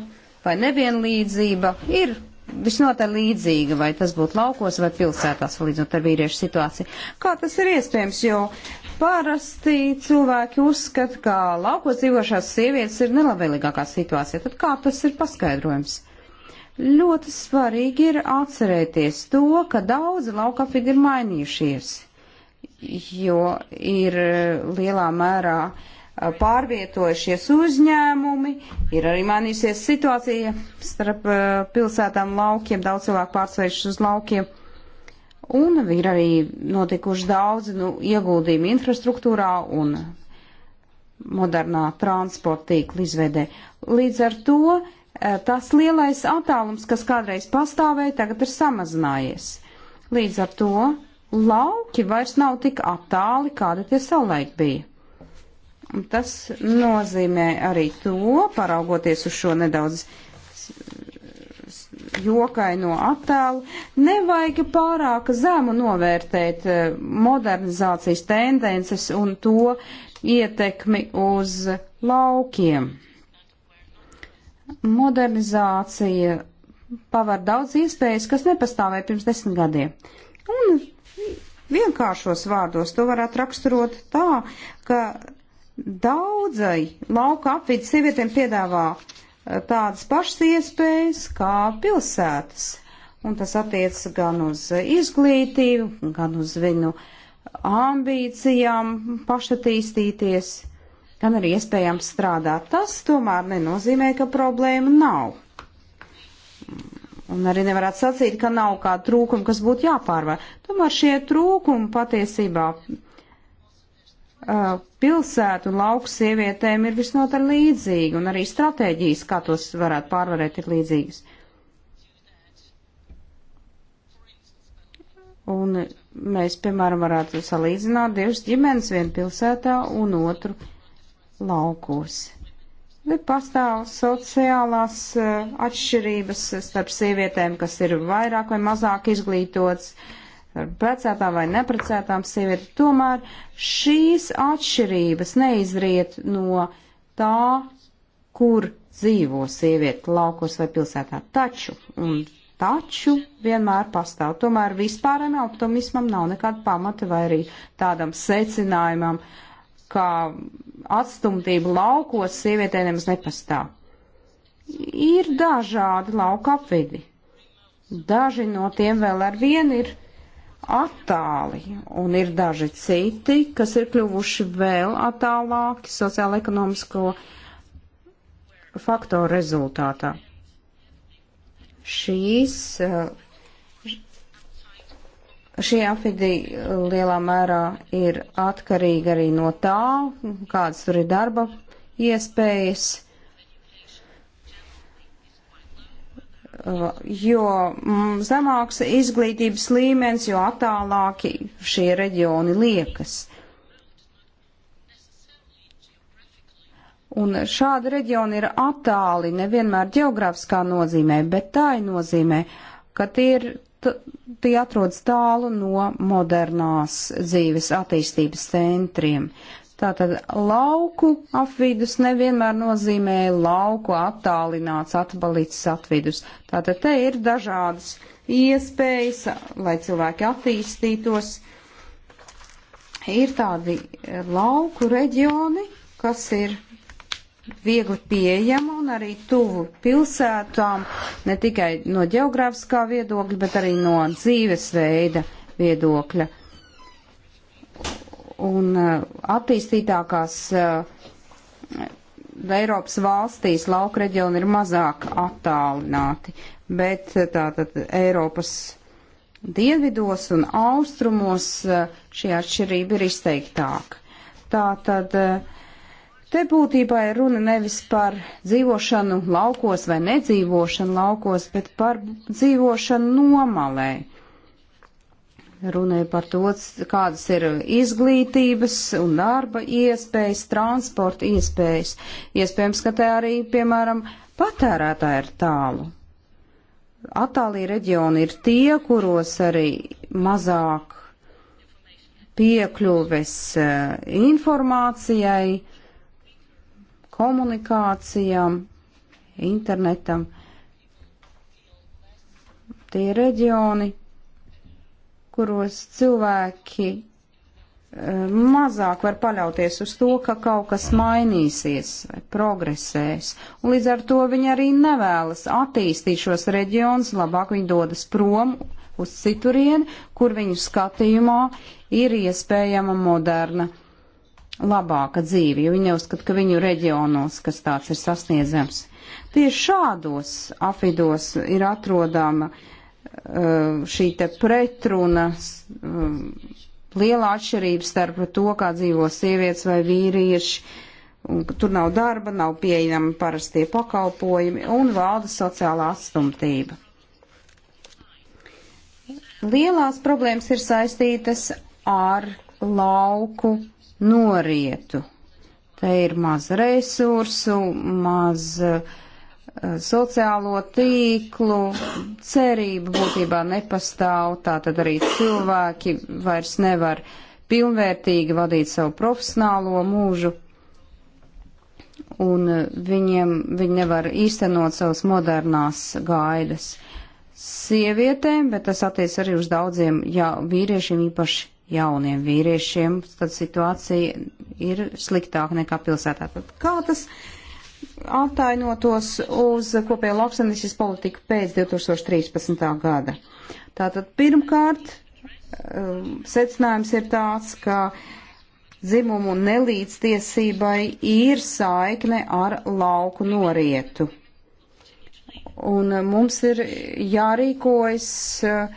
vai nevienlīdzība ir visnotaļ līdzīga, vai tas būtu laukos vai pilsētās, salīdzinot ar vīriešu situāciju. Kā tas ir iespējams, jo parasti cilvēki uzskata, ka laukos dzīvošās sievietes ir nelabvēlīgākā situācija. Tad kā tas ir paskaidrojums? Ļoti svarīgi ir atcerēties to, ka daudzi laukafīgi ir mainījušies, jo ir eh, lielā mērā uh, pārvietojušies uzņēmumi, ir arī mainīsies situācija starp pilsētām un laukiem, daudz cilvēku pārsvēršas uz laukiem. Un ir arī notikuši daudzi nu, ieguldījumi infrastruktūrā un modernā transporta tīkla izveidē. Līdz ar to tas lielais attālums, kas kādreiz pastāvēja, tagad ir samazinājies. Līdz ar to lauki vairs nav tik attāli, kādi tie savulaik bija. Tas nozīmē arī to, paraugoties uz šo nedaudz jokaino attēlu, nevajag pārāk zemu novērtēt eh, modernizācijas tendences un to ietekmi uz laukiem. Modernizācija pavar daudz iespējas, kas nepastāvēja pirms desmit gadiem. Un vienkāršos vārdos to varētu raksturot tā, ka daudzai lauka apvidas sievietēm piedāvā eh, tādas pašas iespējas kā pilsētas. Un tas attiec gan uz izglītību, gan uz viņu ambīcijām pašatīstīties, gan arī iespējām strādāt. Tas tomēr nenozīmē, ka problēma nav. Un arī nevarētu sacīt, ka nav kāda trūkuma, kas būtu jāpārvar. Tomēr šie trūkumi patiesībā Uh, pilsētu un lauku sievietēm ir visnotaļ līdzīga, un arī stratēģijas, kā tos varētu pārvarēt, ir līdzīgas. Un mēs, piemēram, varētu salīdzināt divas ģimenes, vienu pilsētā un otru laukos. Te pastāv sociālās uh, atšķirības starp sievietēm, kas ir vairāk vai mazāk izglītotas ar precētām vai neprecētām sievieti. Tomēr šīs atšķirības neizriet no tā, kur dzīvo sieviete laukos vai pilsētā. Taču, un taču vienmēr pastāv. Tomēr vispārējiem optimismam nav nekāda pamata vai arī tādam secinājumam, ka atstumtība laukos sievietē nemaz nepastāv. Ir dažādi lauka apvidi. Daži no tiem vēl ar vienu ir attāli, un ir daži citi, kas ir kļuvuši vēl attālāki sociāla-ekonomisko faktoru rezultātā. Šīs, eh, šī afidi lielā mērā ir atkarīga arī no tā, kādas tur ir darba iespējas Uh, jo mm, zemāks izglītības līmenis, jo attālāki šie reģioni liekas. Un šādi reģioni ir attāli nevienmēr geogrāfiskā nozīmē, bet tā ir nozīmē, ka tie, ir, tie atrodas tālu no modernās dzīves attīstības centriem. Tātad lauku apvidus nevienmēr nozīmē lauku attālināts, atbalīts atvidus. Tātad te ir dažādas iespējas, lai cilvēki attīstītos. Ir tādi lauku reģioni, kas ir viegli pieejama un arī tuvu pilsētām, ne tikai no geogrāfiskā viedokļa, bet arī no dzīvesveida viedokļa. Un uh, attīstītākās uh, Eiropas valstīs lauka reģioni ir mazāk attālināti, bet uh, tātad Eiropas dienvidos un austrumos šī atšķirība ir izteiktāka. Tātad te būtībā ir runa nevis par dzīvošanu laukos vai nedzīvošanu laukos, bet par dzīvošanu nomalē. Runāja par to, kādas ir izglītības un darba iespējas, transporta iespējas. Iespējams, ka te arī, piemēram, patērētāji ir tālu. Attālī reģioni ir tie, kuros arī mazāk piekļuves e, informācijai, komunikācijām, internetam. Tie reģioni, kuros cilvēki eh, mazāk var paļauties uz to, ka kaut kas mainīsies vai progresēs. Un līdz ar to viņi arī nevēlas attīstīt šos reģionus, labāk viņi dodas prom uz citurieni, kur viņu skatījumā ir iespējama moderna, labāka dzīve, jo viņi neuzskata, ka viņu reģionos, kas tāds ir sasniedzams. Tieši šādos afidos ir atrodama uh, Uh, šī te pretruna, um, liela atšķirība starp to, kā dzīvo sievietes vai vīrieši, un tur nav darba, nav pieejami parastie pakalpojumi un valda sociālā atstumtība. Lielās problēmas ir saistītas ar lauku norietu. Te ir maz resursu, maz uh, Eh, sociālo tīklu cerība būtībā nepastāv, tā tad arī cilvēki vairs nevar pilnvērtīgi vadīt savu profesionālo mūžu, un eh, viņiem, viņi nevar īstenot savas modernās gaidas sievietēm, bet tas attiec arī uz daudziem ja, vīriešiem, īpaši jauniem vīriešiem, tad situācija ir sliktāka nekā pilsētā. Tad kā tas? Uh, attainotos uz kopējo lauksaimniecības politiku pēc 2013. gada. Tātad pirmkārt, um, secinājums ir tāds, ka dzimumu nelīdztiesībai ir saikne ar lauku norietu. Un uh, mums ir jārīkojas uh,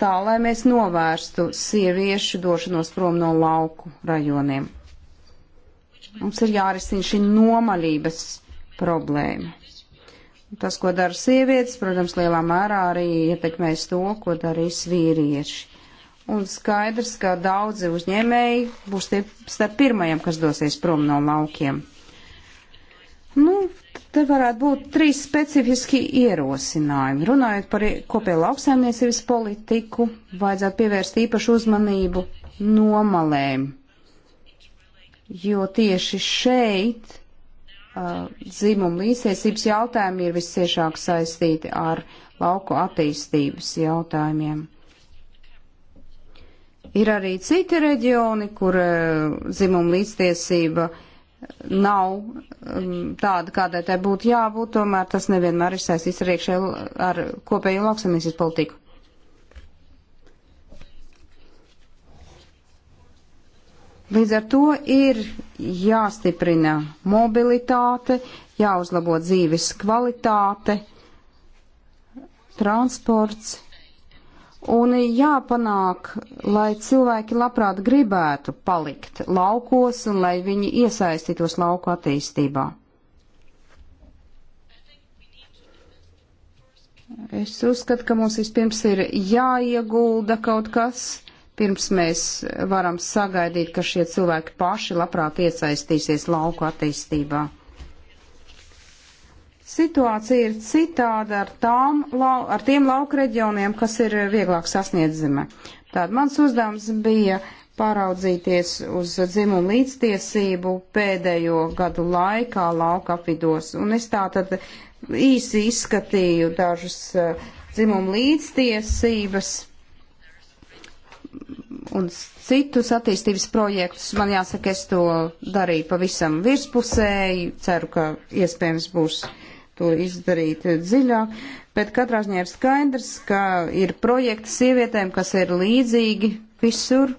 tā, lai mēs novērstu sieviešu došanos prom no lauku rajoniem. Mums ir jārisina šī nomaļības problēma. Tas, ko dara sievietes, protams, lielā mērā arī ietekmēs to, ko darīs vīrieši. Un skaidrs, ka daudzi uzņēmēji būs tie starp pirmajiem, kas dosies prom no laukiem. Nu, te varētu būt trīs specifiski ierosinājumi. Runājot par kopēju lauksaimniecības politiku, vajadzētu pievērst īpašu uzmanību nomalēm jo tieši šeit uh, dzimuma līdztiesības jautājumi ir visciešāk saistīti ar lauku attīstības jautājumiem. Ir arī citi reģioni, kur uh, dzimuma līdztiesība nav um, tāda, kādai tai būtu jābūt, tomēr tas nevienmēr ir saistīts ar iekšēju, ar kopējo lauksamniecības politiku. Līdz ar to ir jāstiprina mobilitāte, jāuzlabo dzīves kvalitāte, transports un jāpanāk, lai cilvēki labprāt gribētu palikt laukos un lai viņi iesaistītos lauku attīstībā. Es uzskatu, ka mums vispirms ir jāiegulda kaut kas pirms mēs varam sagaidīt, ka šie cilvēki paši labprāt iesaistīsies lauku attīstībā. Situācija ir citāda ar, tām, ar tiem lauku reģioniem, kas ir vieglāk sasniedzama. Tātad mans uzdevums bija paraudzīties uz dzimumu līdztiesību pēdējo gadu laikā lauka apvidos. Un es tā tad īsi izskatīju dažus eh, dzimumu līdztiesības un citus attīstības projektus. Man jāsaka, es to darīju pavisam virspusēji, ceru, ka iespējams būs to izdarīt dziļāk, bet katrā ziņā ir skaidrs, ka ir projekti sievietēm, kas ir līdzīgi visur,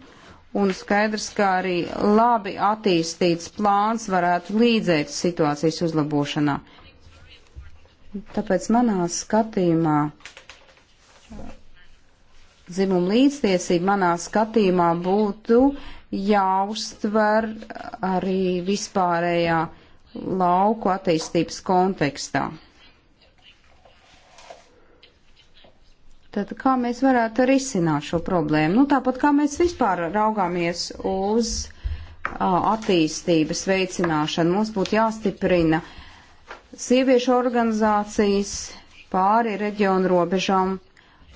un skaidrs, ka arī labi attīstīts plāns varētu līdzēt situācijas uzlabošanā. Tāpēc manā skatījumā dzimuma līdztiesība manā skatījumā būtu jāuztver arī vispārējā lauku attīstības kontekstā. Tad kā mēs varētu risināt šo problēmu? Nu, tāpat kā mēs vispār raugāmies uz a, attīstības veicināšanu, mums būtu jāstiprina sieviešu organizācijas pāri reģionu robežām,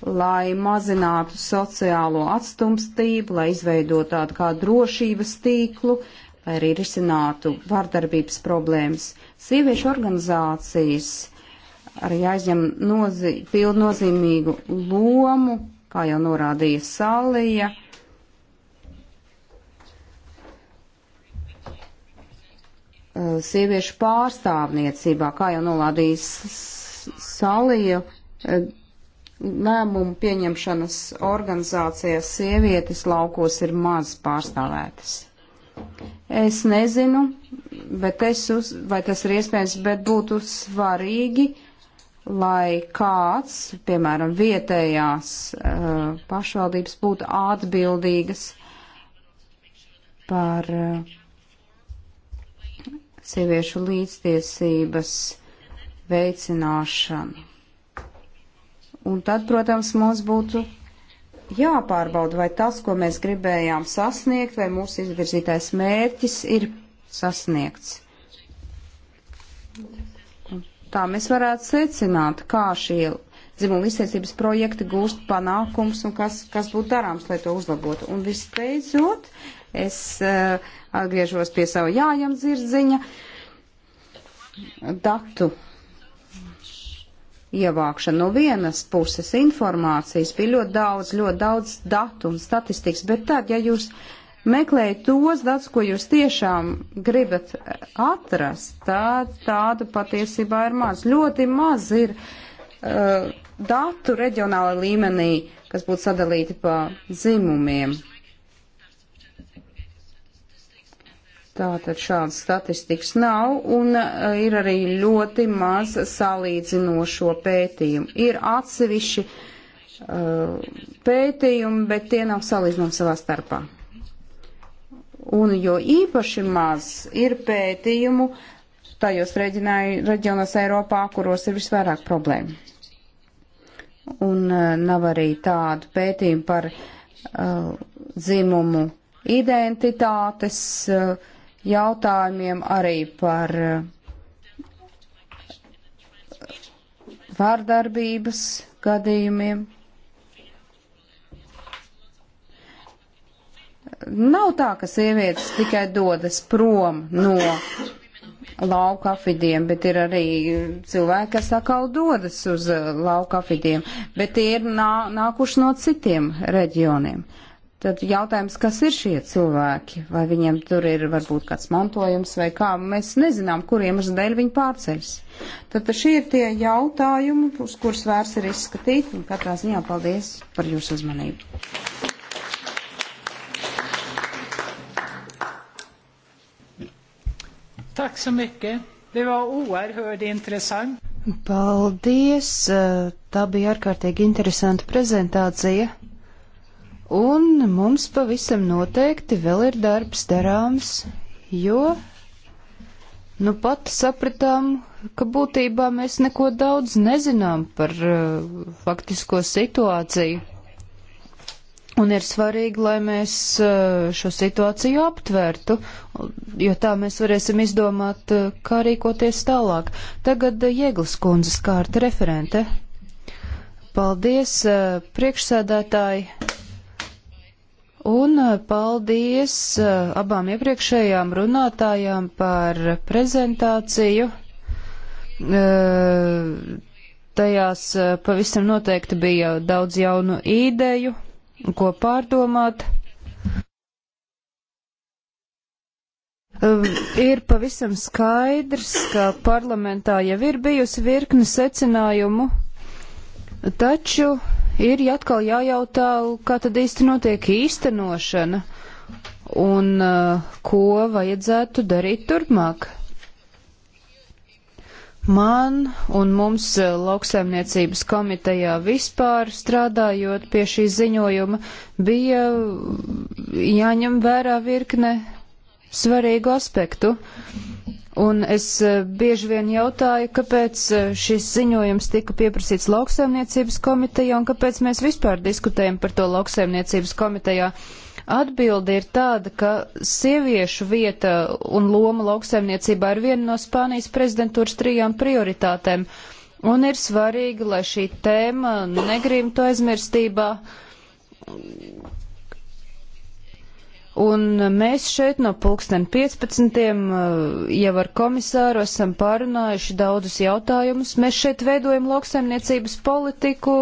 lai mazinātu sociālo atstumstību, lai izveidotu tādu kā drošības tīklu, lai arī risinātu vardarbības problēmas. Sieviešu organizācijas arī aizņem nozī, pilnu nozīmīgu lomu, kā jau norādīja Salija. Sieviešu pārstāvniecībā, kā jau norādīja Salija, lēmumu pieņemšanas organizācijās sievietes laukos ir maz pārstāvētas. Es nezinu, bet es uz, vai tas ir iespējams, bet būtu svarīgi, lai kāds, piemēram, vietējās uh, pašvaldības būtu atbildīgas par uh, sieviešu līdztiesības veicināšanu Un tad, protams, mums būtu jāpārbauda, vai tas, ko mēs gribējām sasniegt, vai mūsu izvirzītais mērķis ir sasniegts. Un tā mēs varētu secināt, kā šie dzimuma izcelsmes projekti gūst panākums un kas, kas būtu darāms, lai to uzlabotu. Un visbeidzot, es uh, atgriežos pie sava jājam dzirdziņa datu ievākšana. No vienas puses informācijas bija ļoti daudz, ļoti daudz datu un statistikas, bet tad, ja jūs meklējat tos datus, ko jūs tiešām gribat eh, atrast, tad tādu patiesībā ir maz. Ļoti maz ir uh, datu reģionāla līmenī, kas būtu sadalīti pa dzimumiem. Tātad šādas statistikas nav un eh, ir arī ļoti maz salīdzinošo pētījumu. Ir atsevišķi uh, pētījumi, bet tie nav salīdzināmi savā starpā. Un jo īpaši maz ir pētījumu tajos reģionos Eiropā, kuros ir visvairāk problēma. Un uh, nav arī tādu pētījumu par uh, dzimumu identitātes. Uh, jautājumiem, arī par eh, vārdarbības gadījumiem. Nav tā, ka sievietes tikai dodas prom no lauka afidiem, bet ir arī cilvēki, kas atkal dodas uz eh, lauka afidiem, bet tie ir nā, nākuši no citiem reģioniem. Uh, Tad jautājums, kas ir šie cilvēki? Vai viņiem tur ir varbūt kāds mantojums vai kā? Mēs nezinām, kuriem uz dēļ viņi pārceļas. Tad šie ir tie jautājumi, uz kurus vērs ir izskatīt. Un katrā ziņā paldies par jūsu uzmanību. Tack så mycket. Det var oerhört intressant. Paldies! Eh, Tā bija ārkārtīgi interesanta prezentācija. Un mums pavisam noteikti vēl ir darbs darāms, jo nu pat sapratām, ka būtībā mēs neko daudz nezinām par uh, faktisko situāciju. Un ir svarīgi, lai mēs uh, šo situāciju aptvērtu, jo tā mēs varēsim izdomāt, uh, kā rīkoties tālāk. Tagad uh, Jēglas kundzes kārta referente. Paldies, priekšsēdētāji. Un eh, paldies eh, abām iepriekšējām runātājām par prezentāciju. Eh, tajās pavisam noteikti bija daudz jaunu ideju, ko pārdomāt. Ir pavisam skaidrs, ka parlamentā jau ir bijusi virkne secinājumu, taču uh, ir atkal jājautā, kā tad īsti notiek īstenošana un uh, ko vajadzētu darīt turpmāk. Man un mums uh, lauksaimniecības komitejā vispār strādājot pie šī ziņojuma bija jāņem vērā virkne svarīgu aspektu. Un es eh, bieži vien jautāju, kāpēc eh, šis ziņojums tika pieprasīts lauksaimniecības komitejā un kāpēc mēs vispār diskutējam par to lauksaimniecības komitejā. Atbilde ir tāda, ka sieviešu vieta un loma lauksaimniecībā ir viena no Spānijas prezidentūras trijām prioritātēm. Un ir svarīgi, lai šī tēma negrimtu aizmirstībā Un mēs šeit no pulksten 15. Eh, jau ar komisāru esam pārunājuši daudzus jautājumus. Mēs šeit veidojam lauksaimniecības politiku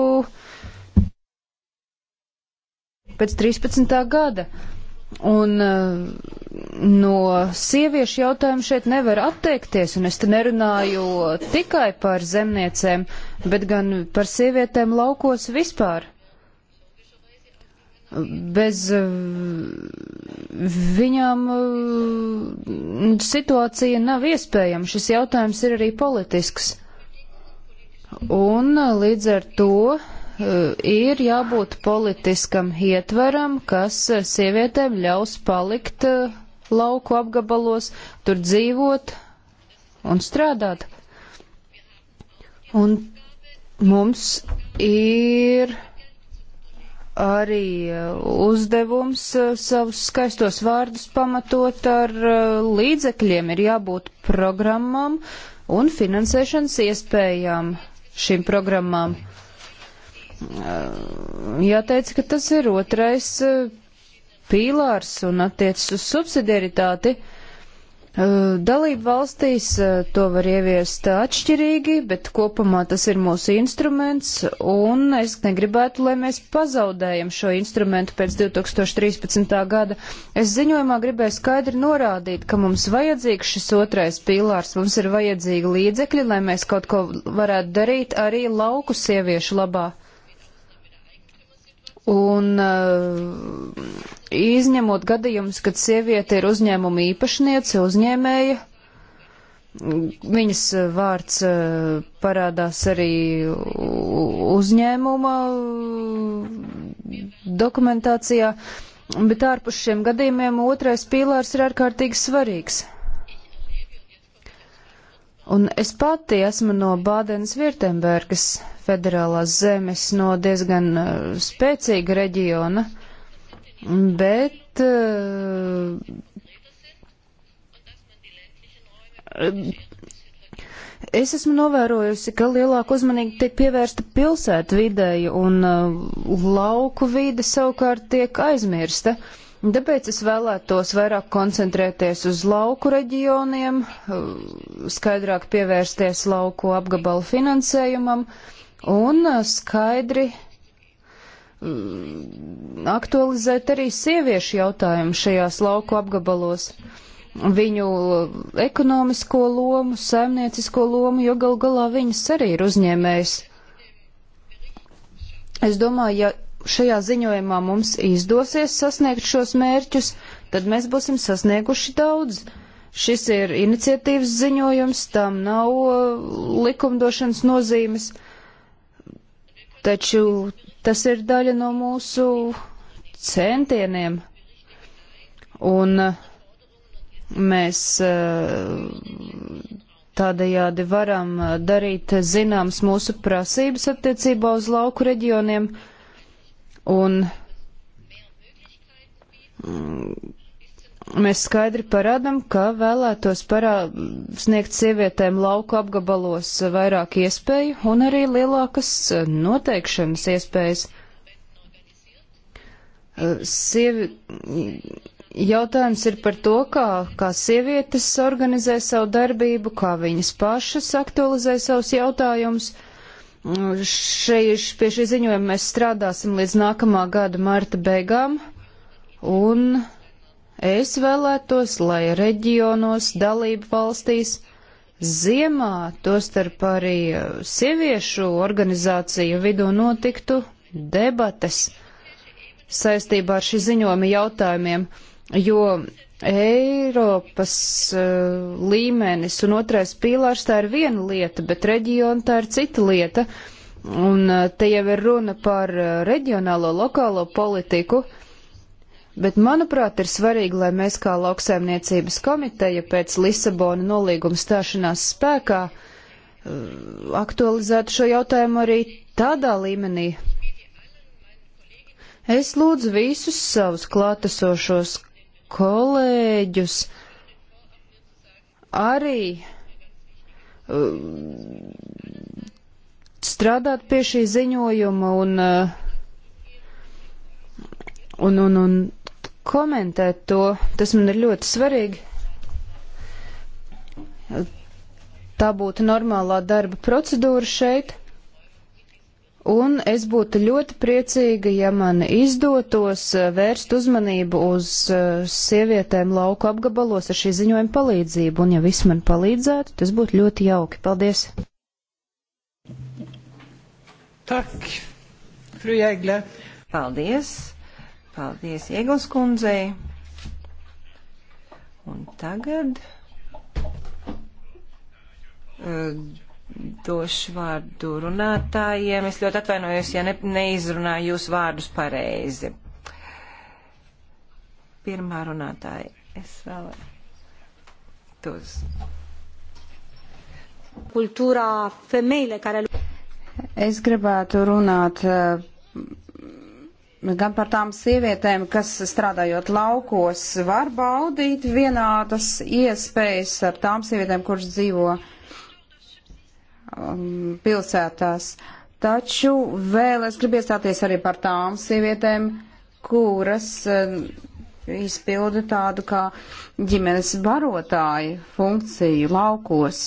pēc 13. gada. Un eh, no sieviešu jautājumu šeit nevar atteikties, un es te nerunāju tikai par zemniecēm, bet gan par sievietēm laukos vispār bez eh, viņām eh, situācija nav iespējama. Šis jautājums ir arī politisks. Un eh, līdz ar to ir jābūt politiskam ietveram, kas sievietēm ļaus palikt lauku apgabalos, tur dzīvot un strādāt. Un mums ir arī eh, uzdevums eh, savus skaistos vārdus pamatot ar eh, līdzekļiem. Ir jābūt programmām un finansēšanas iespējām šīm programmām. Jāteic, ka tas ir otrais pīlārs un attiecas uz subsidiaritāti. Uh, Dalību valstīs to var ieviest atšķirīgi, bet kopumā tas ir mūsu instruments, un es negribētu, lai mēs pazaudējam šo instrumentu pēc 2013. gada. Es ziņojumā gribēju skaidri norādīt, ka mums vajadzīgs šis otrais pīlārs, mums ir vajadzīgi līdzekļi, lai mēs kaut ko varētu darīt arī lauku sieviešu labā. Un uh, izņemot gadījumus, kad sieviete ir uzņēmuma īpašniece, uzņēmēja, viņas vārds eh, parādās arī uzņēmuma eh, dokumentācijā, bet ārpus šiem gadījumiem otrais pīlārs ir ārkārtīgi svarīgs. Un es pati esmu no Bādenes Virtembergas federālās zemes, no diezgan eh, spēcīga reģiona bet eh, Es esmu novērojusi, ka lielāka uzmanība tiek pievērsta pilsētu videi un uh, lauku vide savukārt tiek aizmirsta. Tāpēc es vēlētos vairāk koncentrēties uz lauku reģioniem, uh, skaidrāk pievērsties lauku apgabalu finansējumam un uh, skaidri Mm, aktualizēt arī sieviešu jautājumu šajās lauku apgabalos, viņu ekonomisko lomu, saimniecisko lomu, jo gal galā viņas arī ir uzņēmējas. Es domāju, ja šajā ziņojumā mums izdosies sasniegt šos mērķus, tad mēs būsim sasnieguši daudz. Šis ir iniciatīvas ziņojums, tam nav uh, likumdošanas nozīmes, taču Tas ir daļa no mūsu centieniem. Un uh, mēs uh, tādējādi varam uh, darīt zināms mūsu prasības attiecībā uz lauku reģioniem. Un mm, mēs skaidri parādam, ka vēlētos parā sniegt sievietēm lauku apgabalos vairāk iespēju un arī lielākas eh, noteikšanas iespējas. Eh, sievi... Jautājums ir par to, kā, kā sievietes organizē savu darbību, kā viņas pašas aktualizē savus jautājumus. Eh, Šeit pie šī ziņojuma mēs strādāsim līdz nākamā gada marta beigām, un Es vēlētos, lai reģionos, dalību valstīs, ziemā, tostarp arī uh, sieviešu organizāciju vidū notiktu debates saistībā ar šī ziņojuma jautājumiem, jo Eiropas uh, līmenis un otrais pīlārs tā ir viena lieta, bet reģiona tā ir cita lieta. Un uh, te jau ir runa par uh, reģionālo, lokālo politiku. Uh, bet, manuprāt, ir svarīgi, lai mēs kā lauksaimniecības komiteja pēc Lisabona nolīguma stāšanās spēkā uh, aktualizētu šo jautājumu arī tādā līmenī. Es lūdzu visus savus klātesošos kolēģus arī uh, strādāt pie šī ziņojuma un, uh, un, un, un komentēt to, tas man ir ļoti svarīgi. Tā būtu normālā darba procedūra šeit, un es būtu ļoti priecīga, ja man izdotos eh, vērst uzmanību uz eh, sievietēm lauku apgabalos ar šī ziņojuma palīdzību, un ja viss man palīdzētu, tas būtu ļoti jauki. Paldies! Tak, Fru Jēgle! Paldies! Paldies Iegls kundzei. Un tagad e, došu vārdu runātājiem. Es ļoti atvainojos, ja ne, neizrunāju jūsu vārdus pareizi. Pirmā runātāja. Es vēl tos. Kultūrā femeile, care... Es gribētu runāt e, gan par tām sievietēm, kas strādājot laukos, var baudīt vienādas iespējas ar tām sievietēm, kuras dzīvo um, pilsētās. Taču vēl es gribu iestāties arī par tām sievietēm, kuras um, izpilda tādu kā ģimenes barotāju funkciju laukos.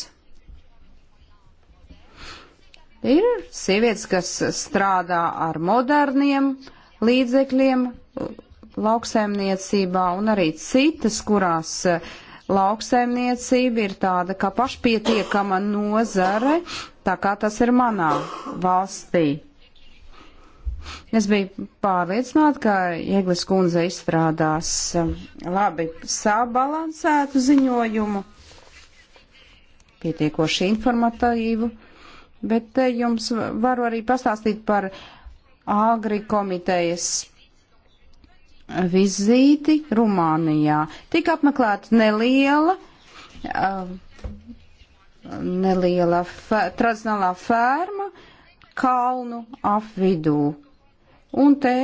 Ir sievietes, kas strādā ar moderniem, uh, līdzekļiem lauksaimniecībā un arī citas, kurās eh, lauksaimniecība ir tāda kā pašpietiekama nozare, tā kā tas ir manā valstī. Es biju pārliecināta, ka Ieglis kundze izstrādās eh, labi sabalansētu ziņojumu, pietiekoši informatīvu, bet eh, jums varu arī pastāstīt par uh, Agri komitejas vizīti Rumānijā. Tika apmeklēta neliela, uh, neliela fē, tradicionālā ferma kalnu apvidū. Un te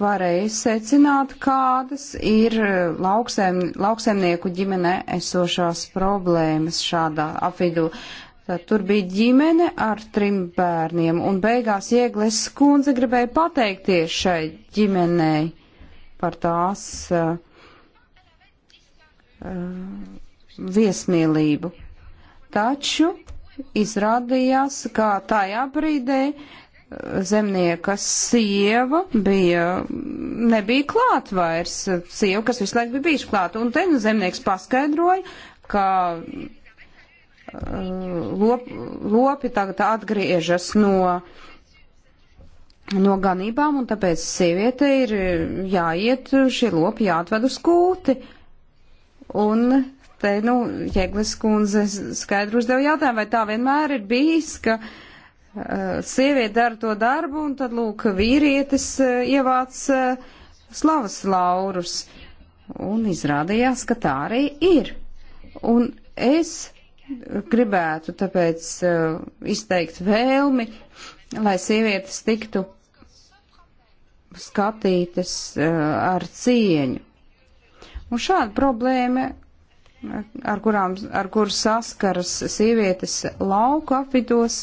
varēja secināt, kādas ir uh, lauksēm, lauksaimnieku ģimene esošās problēmas šādā apvidū. Tad tur bija ģimene ar trim bērniem, un beigās Iegles kundze gribēja pateikties šai ģimenei par tās uh, uh, viesmīlību. Taču izrādījās, ka tajā brīdē eh, zemnieka sieva bija, nebija klāt vairs, sieva, kas visu laiku bija bijuši klāt, un te nu zemnieks paskaidroja, ka lop, lopi tagad atgriežas no, no ganībām, un tāpēc sieviete ir jāiet šie lopi jāatved uz kūti. Un te, nu, Jēglis kundze skaidru uzdev jautājumu, vai tā vienmēr ir bijis, ka uh, sieviete dara to darbu, un tad, lūk, vīrietis uh, ievāc uh, slavas laurus. Un izrādījās, ka tā arī ir. Un es gribētu tāpēc uh, izteikt vēlmi, lai sievietes tiktu skatītas uh, ar cieņu. Un šāda problēma, ar, kurām, ar kur saskaras sievietes lauku apvidos,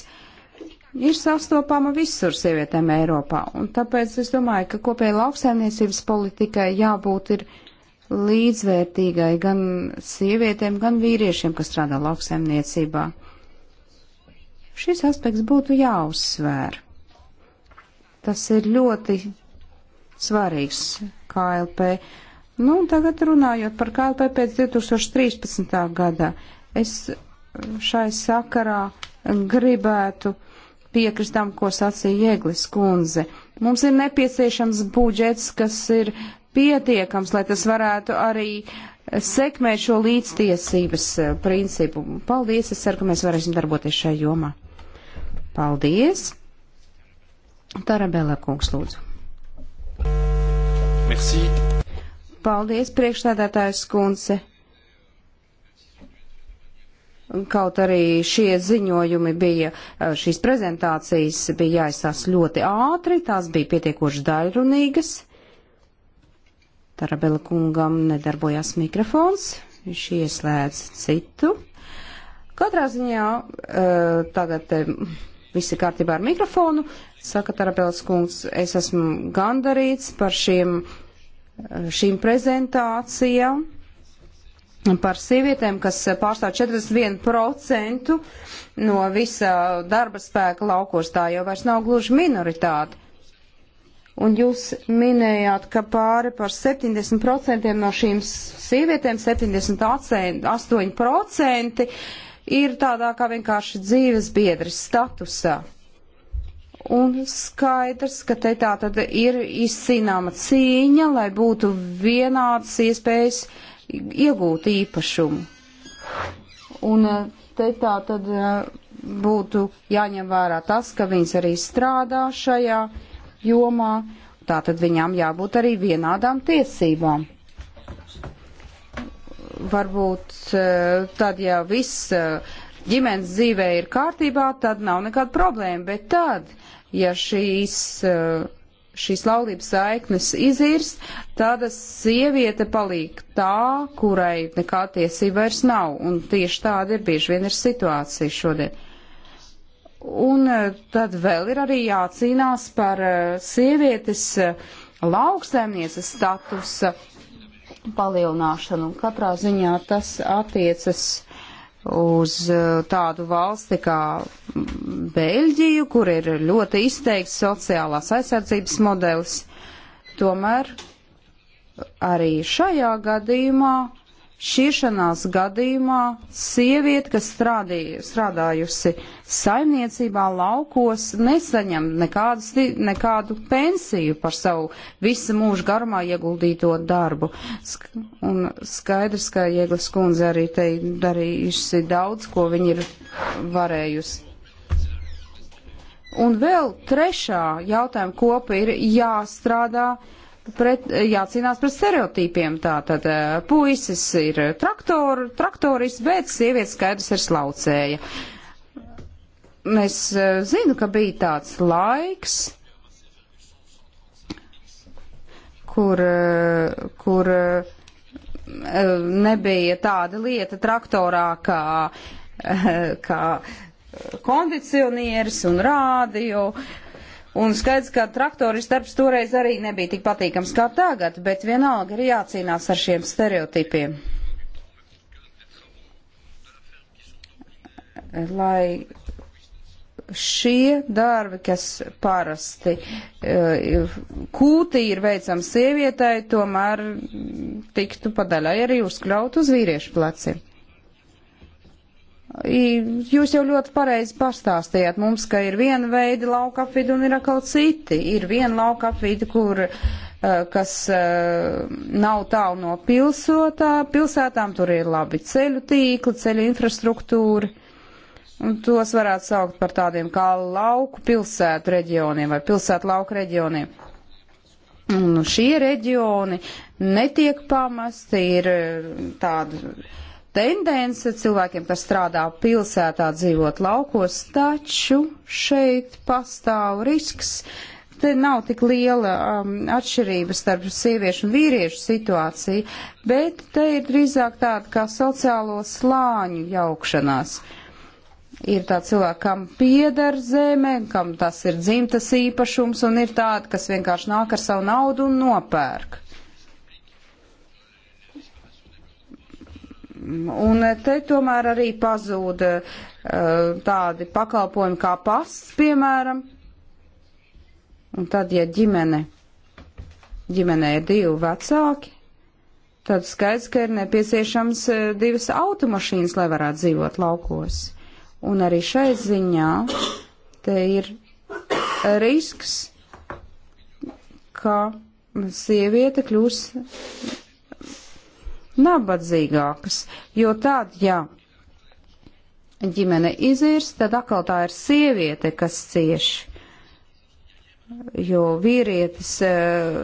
ir sastopama visur sievietēm Eiropā. Un tāpēc es domāju, ka kopēja lauksaimniecības politikai jābūt ir. Uh, līdzvērtīgai gan sievietēm, gan vīriešiem, kas strādā lauksaimniecībā. Šis aspekts būtu jāuzsvēr. Tas ir ļoti svarīgs KLP. Nu, tagad runājot par KLP pēc 2013. gada, es šai sakarā gribētu piekrist tam, ko sacīja Jēglis kundze. Mums ir nepieciešams budžets, kas ir pietiekams, lai tas varētu arī sekmēt šo līdztiesības eh, principu. Paldies, es ceru, ka mēs varēsim darboties šajā jomā. Paldies! Tarabēlā kungs lūdzu. Merci. Paldies, priekšstādātājs kundze. Kaut arī šie ziņojumi bija, eh, šīs prezentācijas bija jāizsās ļoti ātri, tās bija pietiekoši daļrunīgas. Tarabela kungam nedarbojās mikrofons, viņš ieslēdz citu. Katrā ziņā uh, tagad uh, eh, visi kārtībā ar mikrofonu. Saka Tarabels kungs, es esmu gandarīts par šiem, eh, šīm prezentācijām, par sievietēm, kas pārstāv 41% no visa darba spēka laukos. Tā jau vairs nav gluži minoritāte. Un jūs minējāt, ka pāri par 70% no šīm sievietēm, 78% ir tādā kā vienkārši dzīves biedris statusā. Un skaidrs, ka te tā tad ir izcīnāma cīņa, lai būtu vienādas iespējas iegūt īpašumu. Un eh, te tā tad eh, būtu jāņem vērā tas, ka viņas arī strādā šajā jomā, tātad viņām jābūt arī vienādām tiesībām. Varbūt eh, tad, ja viss eh, ģimenes dzīvē ir kārtībā, tad nav nekāda problēma, bet tad, ja šīs, eh, šīs laulības saiknes izirs, tāda sieviete paliek tā, kurai nekā tiesība vairs nav, un tieši tāda ir bieži vien ir situācija šodien. Un e, tad vēl ir arī jācīnās par e, sievietes e, lauksēmnieces statusa palielināšanu. Katrā ziņā tas attiecas uz tādu valsti kā Beļģiju, kur ir ļoti izteikts sociālās aizsardzības modelis. Tomēr arī šajā gadījumā šķiršanās gadījumā sieviete, kas strādīja, strādājusi saimniecībā laukos, nesaņem nekādas, nekādu pensiju par savu visu mūžu garumā ieguldīto darbu. Sk un skaidrs, ka Ieglas kundze arī te darījusi daudz, ko viņa ir varējusi. Un vēl trešā jautājuma kopa ir jāstrādā. Uh, pret, jācīnās pret stereotīpiem. Tātad eh, puisis ir traktor, traktoris, bet sievietes skaidrs ir slaucēja. Es eh, zinu, ka bija tāds laiks, kur, eh, kur nebija tāda lieta traktorā kā, kā kondicionieris un rādio. Uh, Un skaidrs, ka traktoris darbs toreiz arī nebija tik patīkams kā tagad, bet vienalga ir jācīnās ar šiem stereotipiem. Lai šie darbi, kas parasti eh, kūti ir veicams sievietai, tomēr tiktu padaļai arī uzkļaut uz vīriešu pleciem. Jūs jau ļoti pareizi pastāstījāt mums, ka ir viena veida lauka apvidi un ir atkal citi. Ir viena lauka apvidi, kur, eh, kas eh, nav tālu no pilsotā, pilsētām, tur ir labi ceļu tīkli, ceļu infrastruktūra. Un tos varētu saukt par tādiem kā lauku pilsētu reģioniem vai pilsētu lauku reģioniem. Un šie reģioni netiek pamasti, ir eh, tādi tendence cilvēkiem, kas strādā pilsētā, dzīvot laukos, taču šeit pastāv risks. Te nav tik liela um, atšķirība starp sieviešu un vīriešu situāciju, bet te ir drīzāk tāda kā sociālo slāņu jaukšanās. Ir tā cilvēka, kam pieder zeme, kam tas ir dzimtas īpašums, un ir tāda, kas vienkārši nāk ar savu naudu un nopērk. Un te tomēr arī pazūd uh, tādi pakalpojumi kā pasts, piemēram. Un tad, ja ģimene, ģimenē ir divi vecāki, tad skaidrs, ka ir nepieciešams eh, divas automašīnas, lai varētu dzīvot laukos. Un arī šai ziņā te ir risks, ka sieviete kļūs nabadzīgākas, jo tad, ja ģimene izirs, tad atkal tā ir sieviete, kas cieš, jo vīrietis eh,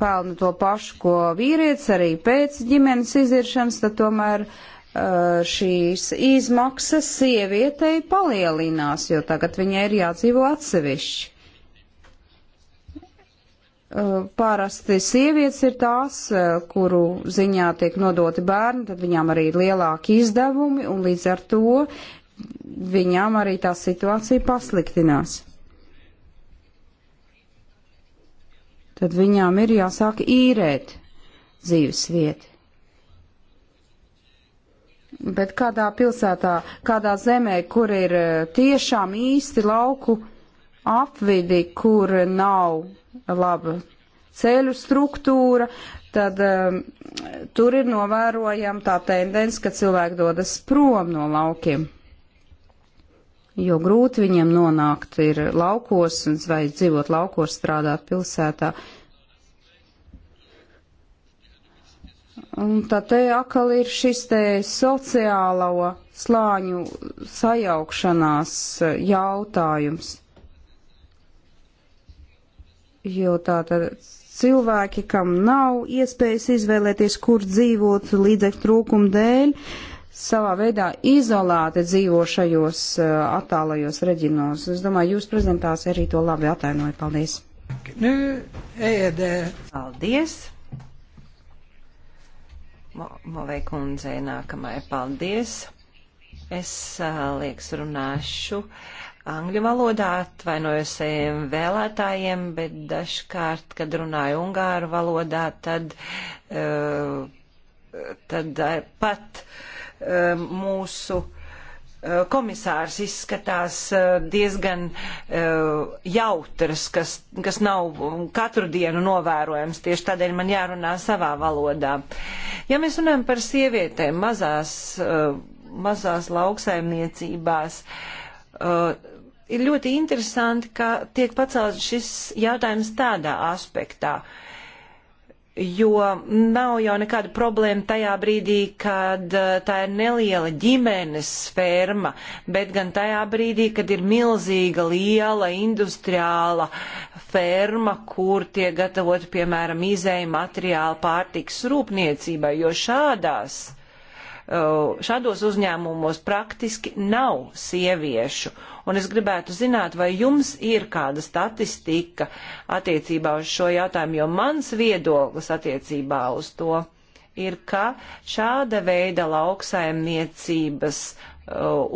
pelna to pašu, ko vīrietis arī pēc ģimenes iziršanas, tad tomēr eh, šīs izmaksas sievietei palielinās, jo tagad viņai ir jādzīvo atsevišķi. Eh, parasti sievietes ir tās, eh, kuru ziņā tiek nodoti bērni, tad viņām arī ir lielāki izdevumi, un līdz ar to viņām arī tā situācija pasliktinās. Tad viņām ir jāsāk īrēt dzīves vietu. Bet kādā pilsētā, kādā zemē, kur ir eh, tiešām īsti lauku apvidi, kur nav laba ceļu struktūra, tad um, tur ir novērojama tā tendence, ka cilvēki dodas prom no laukiem. Jo grūti viņiem nonākt ir laukos vai dzīvot laukos, strādāt pilsētā. Un tad te atkal ir šis te sociālo slāņu sajaukšanās uh, jautājums jo tātad cilvēki, kam nav iespējas izvēlēties, kur dzīvot līdzekļu trūkuma dēļ, savā veidā izolēti dzīvo šajos uh, attālajos reģionos. Es domāju, jūs prezentācija arī to labi atainoja. Paldies! Nu, ēd. E e paldies! Mo, Movei kundzei nākamai paldies. Es, uh, eh, liekas, runāšu. Uh, angļu valodā, atvainojos saviem vēlētājiem, bet dažkārt, kad runāju ungāru valodā, tad, eh, tad eh, pat eh, mūsu komisārs izskatās diezgan jautrs, kas, kas nav katru dienu novērojams. Tieši tādēļ man jārunā savā valodā. Ja mēs runājam par sievietēm mazās, mazās lauksaimniecībās, Ir ļoti interesanti, ka tiek pacelts šis jautājums tādā aspektā, jo nav jau nekāda problēma tajā brīdī, kad eh, tā ir neliela ģimenes ferma, bet gan tajā brīdī, kad ir milzīga, liela industriāla ferma, kur tiek gatavot, piemēram, izēja materiāli pārtiks rūpniecībai, jo šādās eh, šādos uzņēmumos praktiski nav sieviešu. Un es gribētu zināt, vai jums ir kāda statistika attiecībā uz šo jautājumu, jo mans viedoklis attiecībā uz to ir, ka šāda veida lauksaimniecības uh,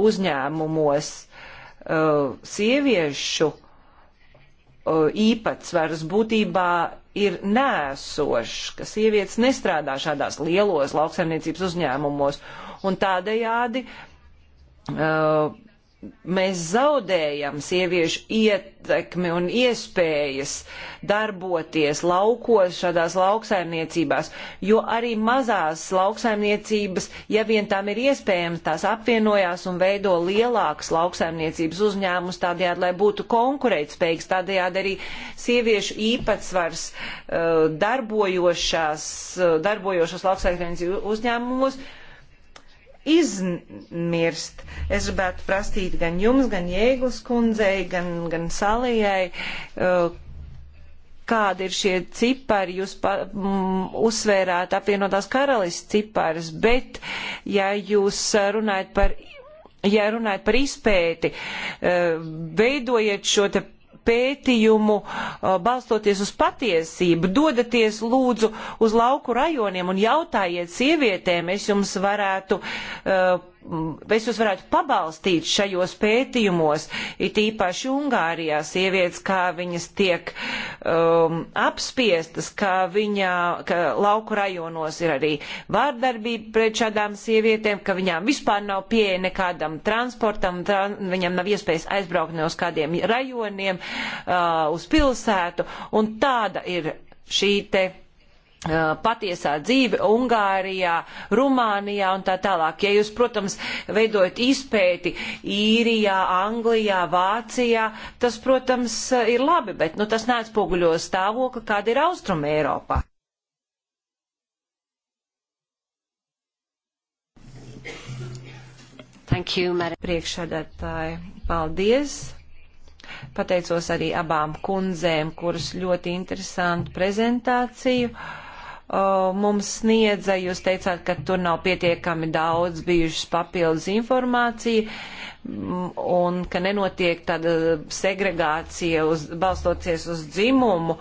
uzņēmumos uh, sieviešu uh, īpatsvars būtībā ir nēsošs, ka sievietes nestrādā šādās lielos lauksaimniecības uzņēmumos un tādējādi uh, mēs zaudējam sieviešu ietekmi un iespējas darboties laukos, šādās lauksaimniecībās, jo arī mazās lauksaimniecības, ja vien tām ir iespējams, tās apvienojās un veido lielākas lauksaimniecības uzņēmumus tādējādi, lai būtu konkurētspējīgs, tādējādi arī sieviešu īpatsvars eh, darbojošās, eh, darbojošos lauksaimniecības uzņēmumos izmirst. Es gribētu prasīt gan jums, gan Jēglas kundzei, gan, gan Salijai, uh, kādi ir šie cipari, jūs pa, m, mm, uzsvērāt apvienotās karalists ciparus, bet ja jūs uh, runājat par. Ja runājat par izpēti, uh, veidojiet šo te pētījumu uh, balstoties uz patiesību. Dodaties lūdzu uz lauku rajoniem un jautājiet sievietēm, es jums varētu uh, vai mm, jūs varētu pabalstīt šajos pētījumos, it īpaši Ungārijā sievietes, kā viņas tiek um, apspiestas, ka viņa, ka lauku rajonos ir arī vārdarbība pret šādām sievietēm, ka viņām vispār nav pieeja nekādam transportam, tran viņam nav iespējas aizbraukt ne uz kādiem rajoniem, uh, uz pilsētu, un tāda ir šī te patiesā dzīve Ungārijā, Rumānijā un tā tālāk. Ja jūs, protams, veidojat izpēti Īrijā, Anglijā, Vācijā, tas, protams, ir labi, bet nu, tas neatspoguļo stāvokli, kāda ir Austrum Eiropā. Thank you, Mary. Priekšādātāji, paldies. Pateicos arī abām kundzēm, kuras ļoti interesantu prezentāciju. Uh, mums sniedza. Jūs teicāt, ka tur nav pietiekami daudz bijušas papildus informācija, un ka nenotiek tāda segregācija uz, balstoties uz dzimumu,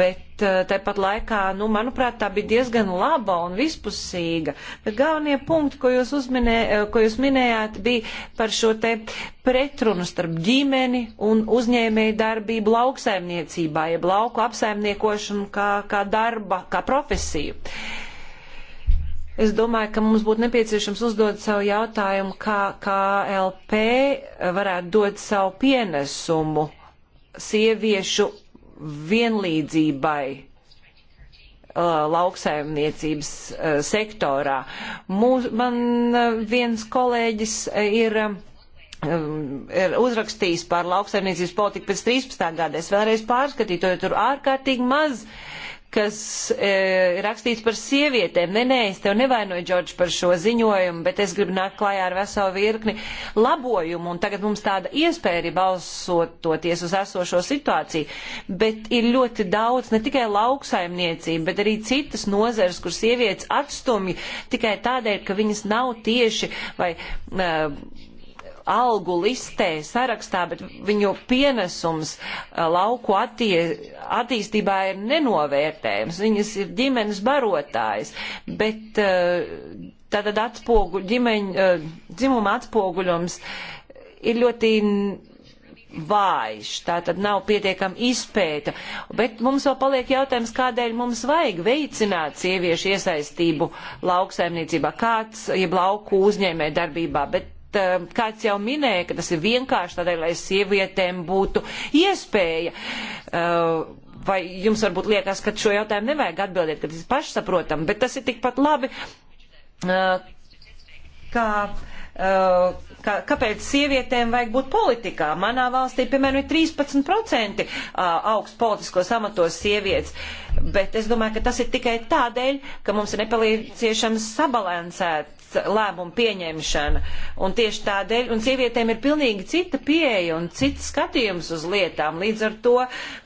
bet eh, tepat laikā, nu, manuprāt, tā bija diezgan laba un vispusīga. Bet galvenie punkti, ko jūs, uzminē, eh, ko jūs minējāt, bija par šo te pretrunu starp ģimeni un uzņēmēju darbību lauksaimniecībā, jeb lauku apsaimniekošanu kā, kā darba, kā profesiju. Uh, Es domāju, ka mums būtu nepieciešams uzdot savu jautājumu, kā KLP varētu dot savu pienesumu sieviešu vienlīdzībai uh, lauksaimniecības uh, sektorā. Mūs, man uh, viens kolēģis ir um, ir uzrakstījis par lauksaimniecības politiku pēc 13. gada. Es vēlreiz pārskatīju, jo tur ārkārtīgi maz kas e, rakstīts par sievietēm. Nē, nē, es tev nevainoju, Džordž, par šo ziņojumu, bet es gribu nākt klājā ar veselu virkni labojumu, un tagad mums tāda iespēja ir balsototies uz esošo situāciju. Bet ir ļoti daudz, ne tikai lauksaimniecība, bet arī citas nozeres, kur sievietes atstumj tikai tādēļ, ka viņas nav tieši vai. E, algu listē, sarakstā, bet viņu pienesums eh, lauku attie, attīstībā ir nenovērtējams. Viņas ir ģimenes barotājs, bet eh, tātad atspoguļ, ģimeņa, eh, dzimuma atspoguļums ir ļoti vājš, tā tad nav pietiekama izpēta. Bet mums vēl paliek jautājums, kādēļ mums vajag veicināt sieviešu iesaistību lauksaimniecībā, kāds jeb lauku uzņēmē darbībā, bet Eh, kāds jau minēja, ka tas ir vienkārši tādēļ, lai sievietēm būtu iespēja. Eh, vai jums varbūt liekas, ka šo jautājumu nevajag atbildēt, ka tas ir pašsaprotam, bet tas ir tikpat labi, eh, kā kā, kāpēc sievietēm vajag būt politikā. Manā valstī, piemēram, ir 13% augsts politiskos amatos sievietes, bet es domāju, ka tas ir tikai tādēļ, ka mums ir nepalīdziešams sabalansēt lēmumu pieņemšana. Un tieši tādēļ, un sievietēm ir pilnīgi cita pieeja un cits skatījums uz lietām. Līdz ar to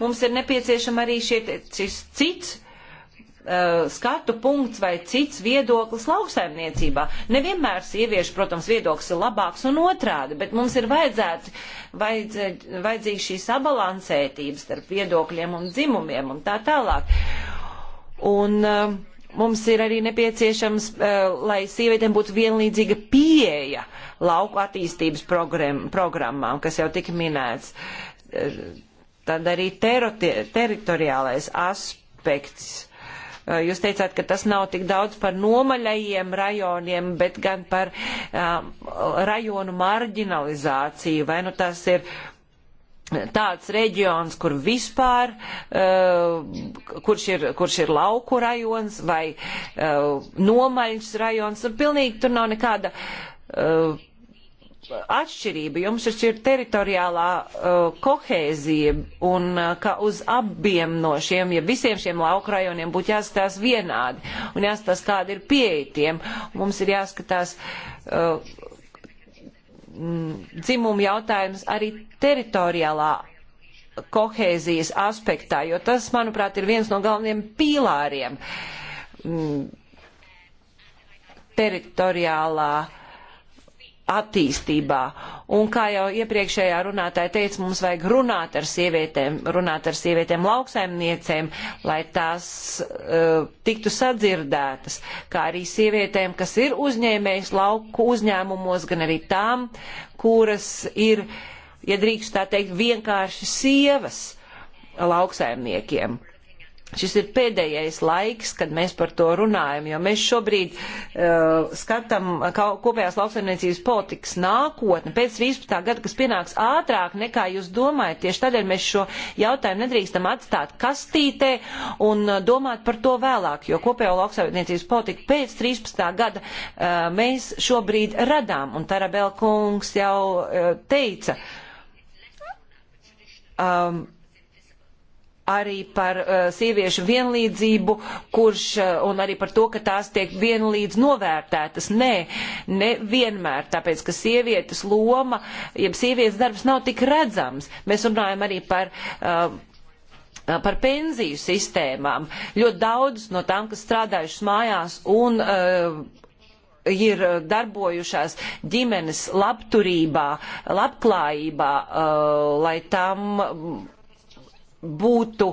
mums ir nepieciešama arī šie, šis cits uh, skatu punkts vai cits viedoklis lauksaimniecībā. Nevienmēr sieviešu, protams, viedoklis ir labāks un otrādi, bet mums ir vajadzētu, vajadz, vajadzīga šī sabalansētība starp viedokļiem un dzimumiem un tā tālāk. Un, uh, Mums ir arī nepieciešams, eh, lai sievietēm būtu vienlīdzīga pieeja lauku attīstības programmām, kas jau tika minēts. Eh, tad arī teritoriālais aspekts. Eh, jūs teicāt, ka tas nav tik daudz par nomaļajiem rajoniem, bet gan par um, rajonu marginalizāciju. Vai nu tas ir tāds reģions, kur vispār, uh, kurš, ir, kurš ir lauku rajons vai uh, eh, nomaļs rajons, tur pilnīgi tur nav nekāda uh, atšķirība. Jums taču ir teritoriālā uh, kohēzija un uh, ka uz abiem no šiem, ja visiem šiem lauku rajoniem būtu jāskatās vienādi un jāskatās, kāda ir pieeja tiem. Mums ir jāskatās. Uh, Mm, dzimumu jautājums arī teritoriālā kohēzijas aspektā, jo tas, manuprāt, ir viens no galvenajiem pīlāriem mm, teritoriālā attīstībā. Un kā jau iepriekšējā runātāja teica, mums vajag runāt ar sievietēm, runāt ar sievietēm lauksaimniecēm, lai tās uh, tiktu sadzirdētas, kā arī sievietēm, kas ir uzņēmējas lauku uzņēmumos, gan arī tām, kuras ir, ja drīkst tā teikt, vienkārši sievas lauksaimniekiem. Šis ir pēdējais laiks, kad mēs par to runājam, jo mēs šobrīd uh, skatām kopējās lauksaimniecības politikas nākotni pēc 13. gada, kas pienāks ātrāk nekā jūs domājat. Tieši tādēļ mēs šo jautājumu nedrīkstam atstāt kastītē un uh, domāt par to vēlāk, jo kopējo lauksaimniecības politiku pēc 13. gada uh, mēs šobrīd radām, un Tarabel kungs jau uh, teica. Um, arī par uh, sieviešu vienlīdzību, kurš uh, un arī par to, ka tās tiek vienlīdz novērtētas. Nē, ne vienmēr, tāpēc, ka sievietes loma, jeb sievietes darbs nav tik redzams. Mēs runājam arī par. Uh, par pensiju sistēmām. Ļoti daudz no tām, kas strādājušas mājās un uh, ir darbojušās ģimenes labturībā, labklājībā, uh, lai tam būtu,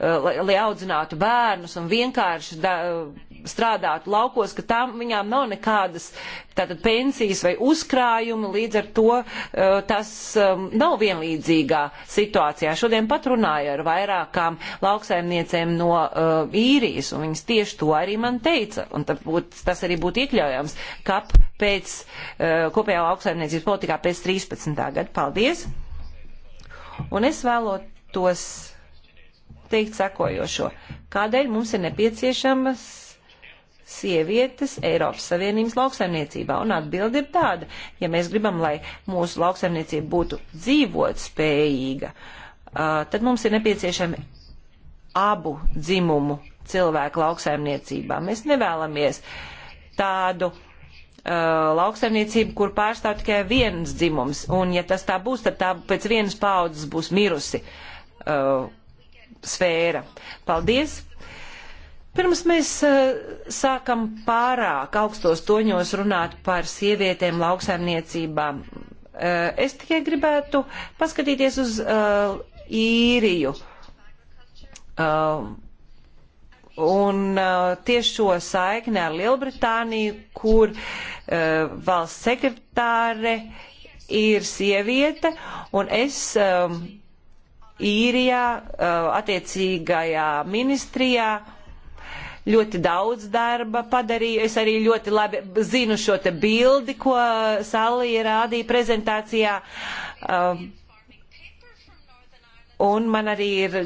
eh, lai, lai audzinātu bērnus un vienkārši da, strādātu laukos, ka tam viņām nav nekādas tātad, pensijas vai uzkrājumi, līdz ar to eh, tas um, nav vienlīdzīgā situācijā. Šodien pat runāju ar vairākām lauksaimniecēm no uh, īrijas, un viņas tieši to arī man teica, un būt, tas arī būtu iekļaujams, kap pēc uh, kopējā lauksaimniecības politikā pēc 13. gada. Paldies! Un es vēlot tos teikt sekojošo. Kādēļ mums ir nepieciešamas sievietes Eiropas Savienības lauksaimniecībā? Un atbildi ir tāda, ja mēs gribam, lai mūsu lauksaimniecība būtu dzīvot spējīga, tad mums ir nepieciešami abu dzimumu cilvēku lauksaimniecībā. Mēs nevēlamies tādu Uh, lauksaimniecību, kur pārstāv tikai viens dzimums. Un, ja tas tā būs, tad tā pēc vienas paudzes būs mirusi. Uh, sfēra. Paldies! Pirms mēs eh, sākam pārāk augstos toņos runāt par sievietēm lauksaimniecībām, eh, es tikai gribētu paskatīties uz uh, īriju. Uh, un uh, tieši šo saikni ar Lielbritāniju, kur uh, valsts sekretāre ir sieviete, un es. Uh, īrijā, attiecīgajā ministrijā. Ļoti daudz darba padarīju. Es arī ļoti labi zinu šo te bildi, ko Sallija rādīja prezentācijā. Un man arī ir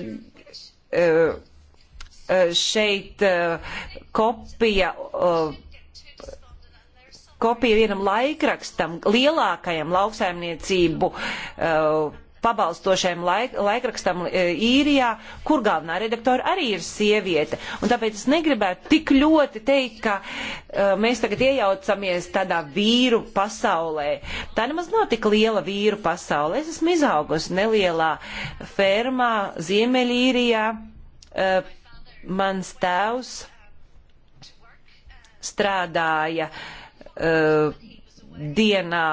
šeit kopija kopija vienam laikrakstam, lielākajam lauksaimniecību uh, pabalstošiem laik, laikrakstam e, īrijā, kur galvenā redaktora arī ir sieviete. Un tāpēc es negribētu tik ļoti teikt, ka uh, mēs tagad iejaucamies tādā vīru pasaulē. Tā nemaz nav tik liela vīru pasaule. Es esmu izaugusi nelielā fermā Ziemeļīrijā. Uh, mans tēvs strādāja uh, dienā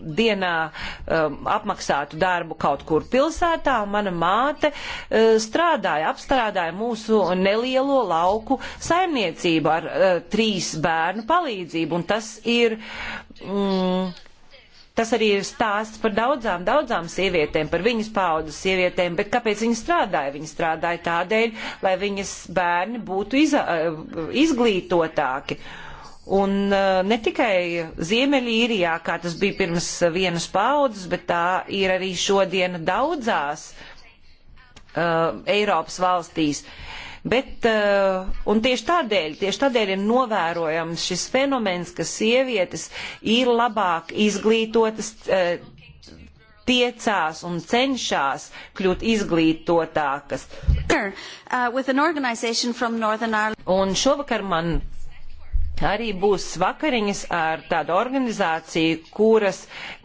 dienā um, apmaksātu darbu kaut kur pilsētā, un mana māte uh, strādāja, apstrādāja mūsu nelielo lauku saimniecību ar uh, trīs bērnu palīdzību, un tas ir. Mm, Tas arī ir stāsts par daudzām, daudzām sievietēm, par viņas paudas sievietēm, bet kāpēc viņas strādāja? Viņas strādāja tādēļ, lai viņas bērni būtu iza, uh, izglītotāki. Uh, Un eh, ne tikai Ziemeļīrijā, kā tas bija pirms eh, vienas paudzes, bet tā ir arī šodien daudzās uh, Eiropas valstīs. Bet, uh, un tieši tādēļ, tieši tādēļ ir novērojams šis fenomens, ka sievietes ir labāk izglītotas, uh, tiecās un cenšas kļūt izglītotākas. Uh, un šovakar man arī būs vakariņas ar tādu organizāciju, kuras,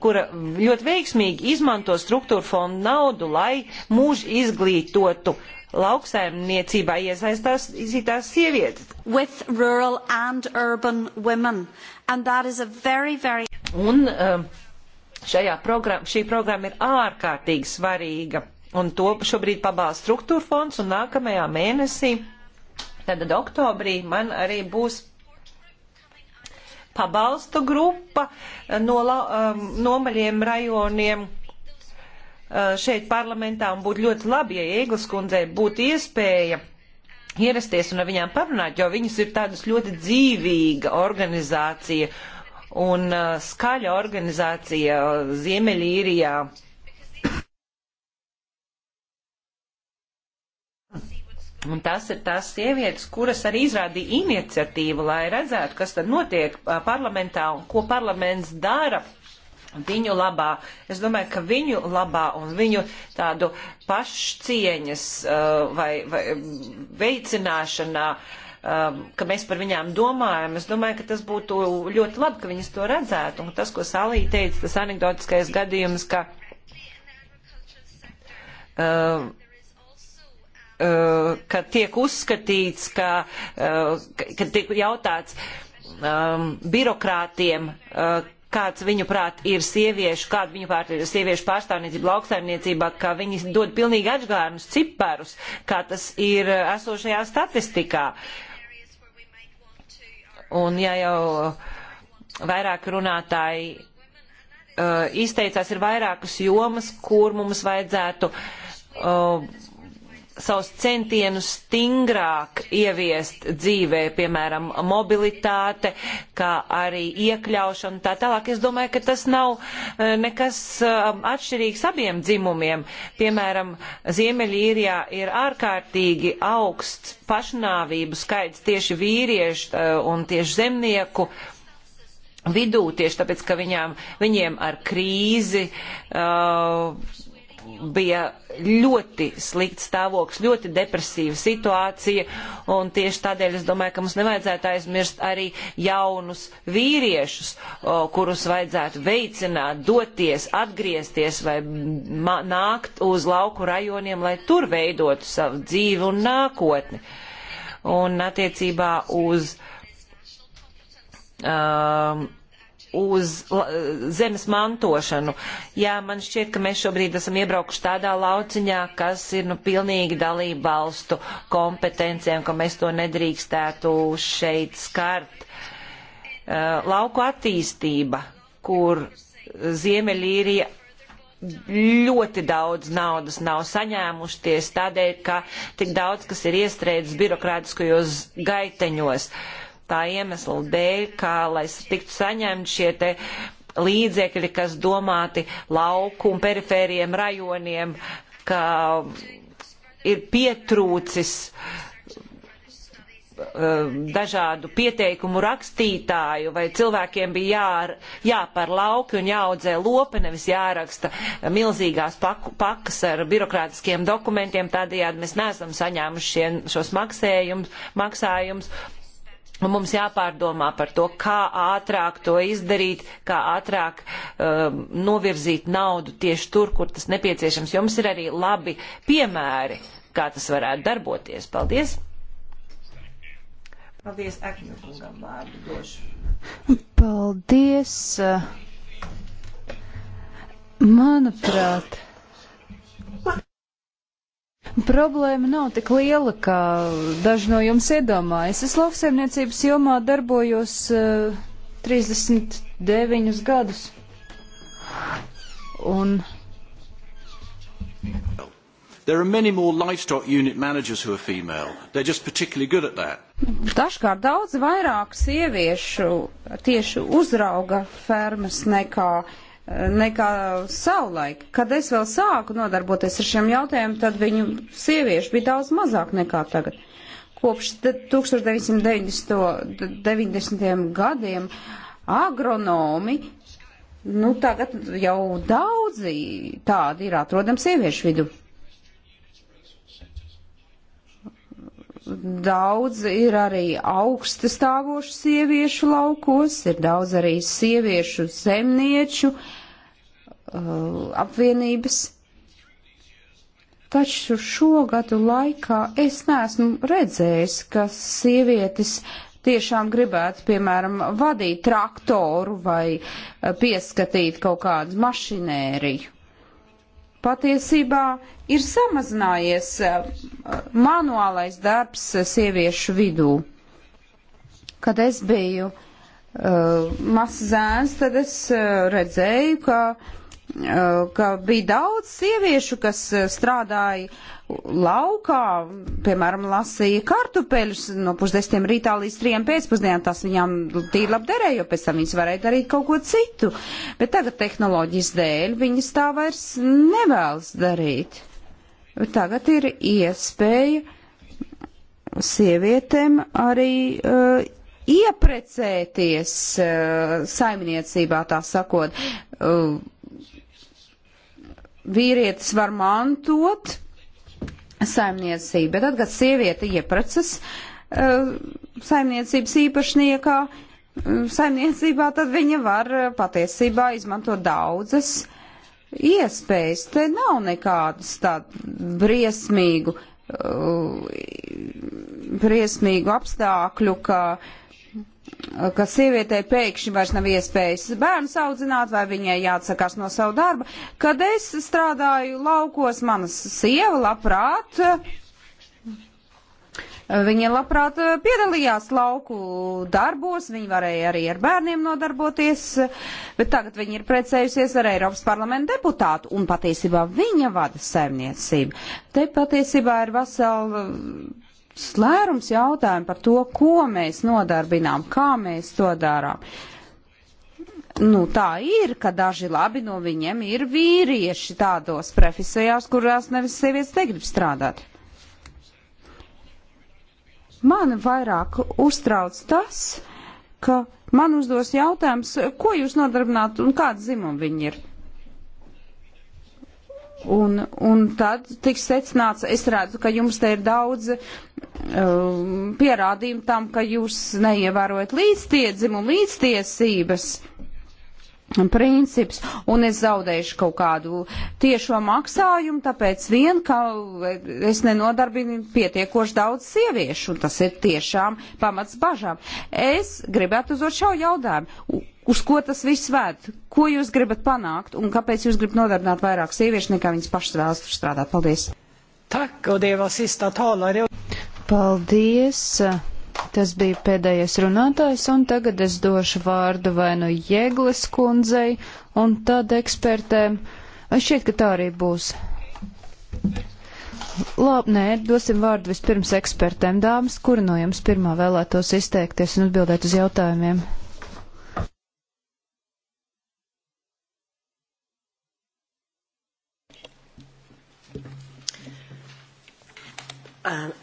kura ļoti veiksmīgi izmanto struktūra fondu naudu, lai mūžu izglītotu lauksaimniecībā iesaistās izitās sievietes. With rural and urban women. And that is a very, very... Un um, šajā programma, šī programma ir ārkārtīgi svarīga. Un to šobrīd pabalsta struktūra fonds un nākamajā mēnesī, tad oktobrī, man arī būs pabalstu grupa eh, no um, nomaļiem rajoniem eh, šeit parlamentā un būtu ļoti labi, ja Ieglas kundzei būtu iespēja ierasties un ar viņām parunāt, jo viņas ir tādas ļoti dzīvīga organizācija un skaļa organizācija Ziemeļīrijā. Uh, Un tas ir tās sievietes, kuras arī izrādīja iniciatīvu, lai redzētu, kas tad notiek parlamentā un ko parlaments dara viņu labā. Es domāju, ka viņu labā un viņu tādu pašcieņas vai, vai veicināšanā, ka mēs par viņām domājam, es domāju, ka tas būtu ļoti labi, ka viņas to redzētu. Un tas, ko Salī teica, tas anegdotiskais gadījums, ka. Uh, Eh, ka tiek uzskatīts, ka, eh, ka tiek jautāts um, birokrātiem, uh, kāds viņu prāt ir sieviešu, kāda viņu prāt ir sieviešu pārstāvniecība lauksaimniecībā, ka viņi dod pilnīgi atžgārnus ciparus, kā tas ir esošajā statistikā. Un ja jau vairāk runātāji uh, izteicās, ir vairākas jomas, kur mums vajadzētu uh, savus centienus stingrāk ieviest dzīvē, piemēram, mobilitāte, kā arī iekļaušana tā tālāk. Es domāju, ka tas nav e, nekas e, atšķirīgs abiem dzimumiem. Piemēram, Ziemeļīrijā ir ārkārtīgi augsts pašnāvību skaits tieši vīriešu e, un tieši zemnieku vidū, tieši tāpēc, ka viņām, viņiem ar krīzi uh, bija ļoti slikts stāvoklis, ļoti depresīva situācija, un tieši tādēļ es domāju, ka mums nevajadzētu aizmirst arī jaunus vīriešus, o, kurus vajadzētu veicināt, doties, atgriezties vai nākt uz lauku rajoniem, lai tur veidotu savu dzīvi un nākotni. Un attiecībā uz. Um, uz zemes mantošanu. Jā, man šķiet, ka mēs šobrīd esam iebraukuši tādā lauciņā, kas ir nu pilnīgi dalība valstu kompetencijām, ka mēs to nedrīkstētu šeit skart. Uh, lauku attīstība, kur Ziemeļīrija ļoti daudz naudas nav saņēmušies tādēļ, ka tik daudz, kas ir iestrēdzis birokrātiskajos gaiteņos. Uh, tā iemesla dēļ, kā lai tiktu saņemti šie te līdzekļi, kas domāti lauku un perifēriem rajoniem, ka ir pietrūcis e, dažādu pieteikumu rakstītāju, vai cilvēkiem bija jā, jāpar lauki un jāaudzē lopi, nevis jāraksta milzīgās paku, pakas ar birokrātiskiem dokumentiem. Tādējādi mēs neesam saņēmuši šie, šos maksējumus, maksājumus, Mums jāpārdomā par to, kā ātrāk to izdarīt, kā ātrāk um, novirzīt naudu tieši tur, kur tas nepieciešams. Jums ir arī labi piemēri, kā tas varētu darboties. Paldies! Paldies, Akņu kungam vārdu došu. Paldies! Manuprāt. Problēma nav tik liela, kā daži no jums iedomājas. Es lauksaimniecības jomā darbojos uh, eh, 39 gadus. Un There are many more livestock unit managers who are female. They're just particularly good at that. Dažkārt daudz vairāk sieviešu tieši uzrauga fermas nekā uh, nekā savulaik. Kad es vēl sāku nodarboties ar šiem jautājumiem, tad viņu sieviešu bija daudz mazāk nekā tagad. Kopš 1990. gadiem agronomi, nu tagad jau daudzi tādi ir atrodami sieviešu vidu. daudz ir arī augsti stāvošu sieviešu laukos, ir daudz arī sieviešu zemnieču uh, apvienības. Taču šo gadu laikā es neesmu redzējis, ka sievietes tiešām gribētu, piemēram, vadīt traktoru vai uh, pieskatīt kaut kādu mašinēriju patiesībā ir samazinājies eh, manuālais darbs eh, sieviešu vidū. Kad es biju uh, mazs zēns, tad es uh, redzēju, ka Eh, ka bija daudz sieviešu, kas eh, strādāja laukā, piemēram, lasīja kartupeļus no pusdesmitiem rītā līdz trijiem pēcpusdienām. Tas viņām tīri labi derēja, jo pēc tam viņas varēja darīt kaut ko citu. Bet tagad tehnoloģijas dēļ viņas tā vairs nevēlas darīt. Tagad ir iespēja sievietēm arī. Uh, Ieprecēties uh, saimniecībā, tā sakot, uh, vīrietis var mantot saimniecību, bet tad, kad sieviete ieprecas uh, eh, saimniecības īpašniekā, eh, saimniecībā, tad viņa var eh, patiesībā izmantot daudzas iespējas. Te nav nekādas tādu briesmīgu, uh, briesmīgu apstākļu, ka uh, ka sievietei pēkšņi vairs nav iespējas bērnu audzināt, vai viņai jāatsakās no savu darbu. Kad es strādāju laukos, mana sieva labprāt. Viņa labprāt piedalījās lauku darbos, viņa varēja arī ar bērniem nodarboties, bet tagad viņa ir precējusies ar Eiropas parlamentu deputātu, un patiesībā viņa vada saimniecību. Te patiesībā ir vesela slērums jautājumu par to, ko mēs nodarbinām, kā mēs to darām. Nu, tā ir, ka daži labi no viņiem ir vīrieši tādos profesijās, kurās nevis sievietes negrib strādāt. Man vairāk uztrauc tas, ka man uzdos jautājums, ko jūs nodarbināt un kādu zimumu viņi ir. Un, un tad tiks secināts, es redzu, ka jums te ir daudz uh, pierādījumu tam, ka jūs neievērojat līdztiedzību un līdztiesības. Uh, princips, un es zaudēšu kaut kādu tiešo maksājumu, tāpēc vien, ka es nenodarbinu pietiekoši daudz sieviešu, un tas ir tiešām pamats bažām. Es gribētu uzdot šo jautājumu. Uz ko tas viss vēd? Ko jūs gribat panākt, un kāpēc jūs gribat nodarbināt vairāk sieviešu, nekā viņas pašas vēlas tur strādāt? Paldies! Tak, Paldies! Tas bija pēdējais runātājs, un tagad es došu vārdu vai nu no Jēglas kundzei un tad ekspertēm. Šķiet, ka tā arī būs. Labi, nē, dosim vārdu vispirms ekspertēm. Dāmas, kura no jums pirmā vēlētos izteikties un atbildēt uz jautājumiem? Um,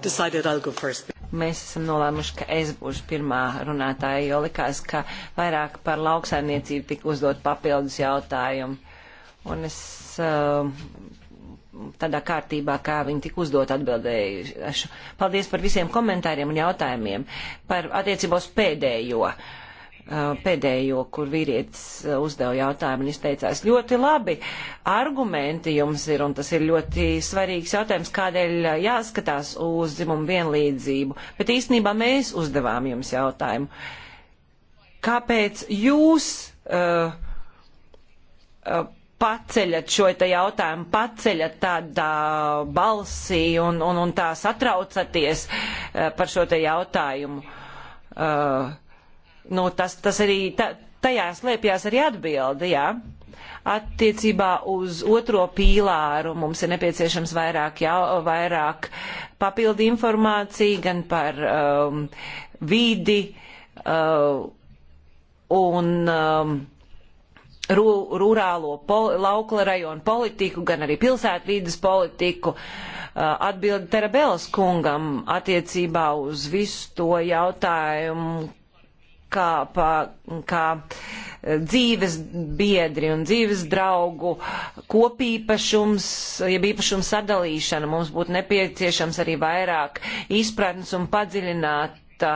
decided I'll go first mēs esam nolēmuši, ka es būšu pirmā runātāja, jo likās, ka vairāk par lauksaimniecību tika uzdot papildus jautājumu. Un es uh, tādā kārtībā, kā viņi tika uzdot atbildējuši. Paldies par visiem komentāriem un jautājumiem par attiecībā uz pēdējo. Uh, Eh, pēdējo, kur vīrietis eh, uzdeva jautājumu un izteicās ļoti labi. Argumenti jums ir, un tas ir ļoti svarīgs jautājums, kādēļ eh, jāskatās uz dzimumu vienlīdzību. Bet īstenībā mēs uzdevām jums jautājumu. Kāpēc jūs uh, uh, paceļat šo jautājumu, paceļat tādā balsī un, un, un tā satraucaties uh, par šo jautājumu? Uh, nu, tas, tas arī ta, tajā slēpjas arī atbildi. Jā. Attiecībā uz otro pīlāru mums ir nepieciešams vairāk, jau, vairāk papildi informācija gan par um, vidi uh, un um, rū, rurālo pol, laukla rajonu politiku, gan arī pilsētvidas politiku. Uh, Atbildi Terabēlas kungam attiecībā uz visu to jautājumu, kā, pa, kā eh, dzīves biedri un dzīves draugu kopīpašums, jeb īpašums sadalīšana. Mums būtu nepieciešams arī vairāk izpratnes un padziļināta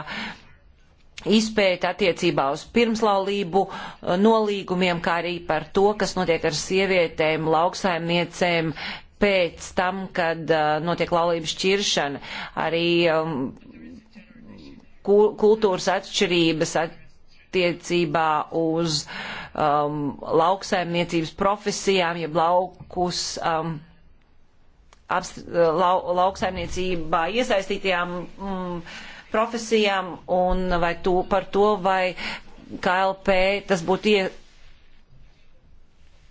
izpēta attiecībā uz pirmslaulību eh, nolīgumiem, kā arī par to, kas notiek ar sievietēm, lauksaimniecēm, pēc tam, kad uh, notiek laulības šķiršana, arī um, kultūras atšķirības attiecībā uz um, lauksaimniecības profesijām, jeb laukus. Um, lau, lauksaimniecībā iesaistītajām mm, profesijām un vai tu par to, vai KLP tas būtu ie,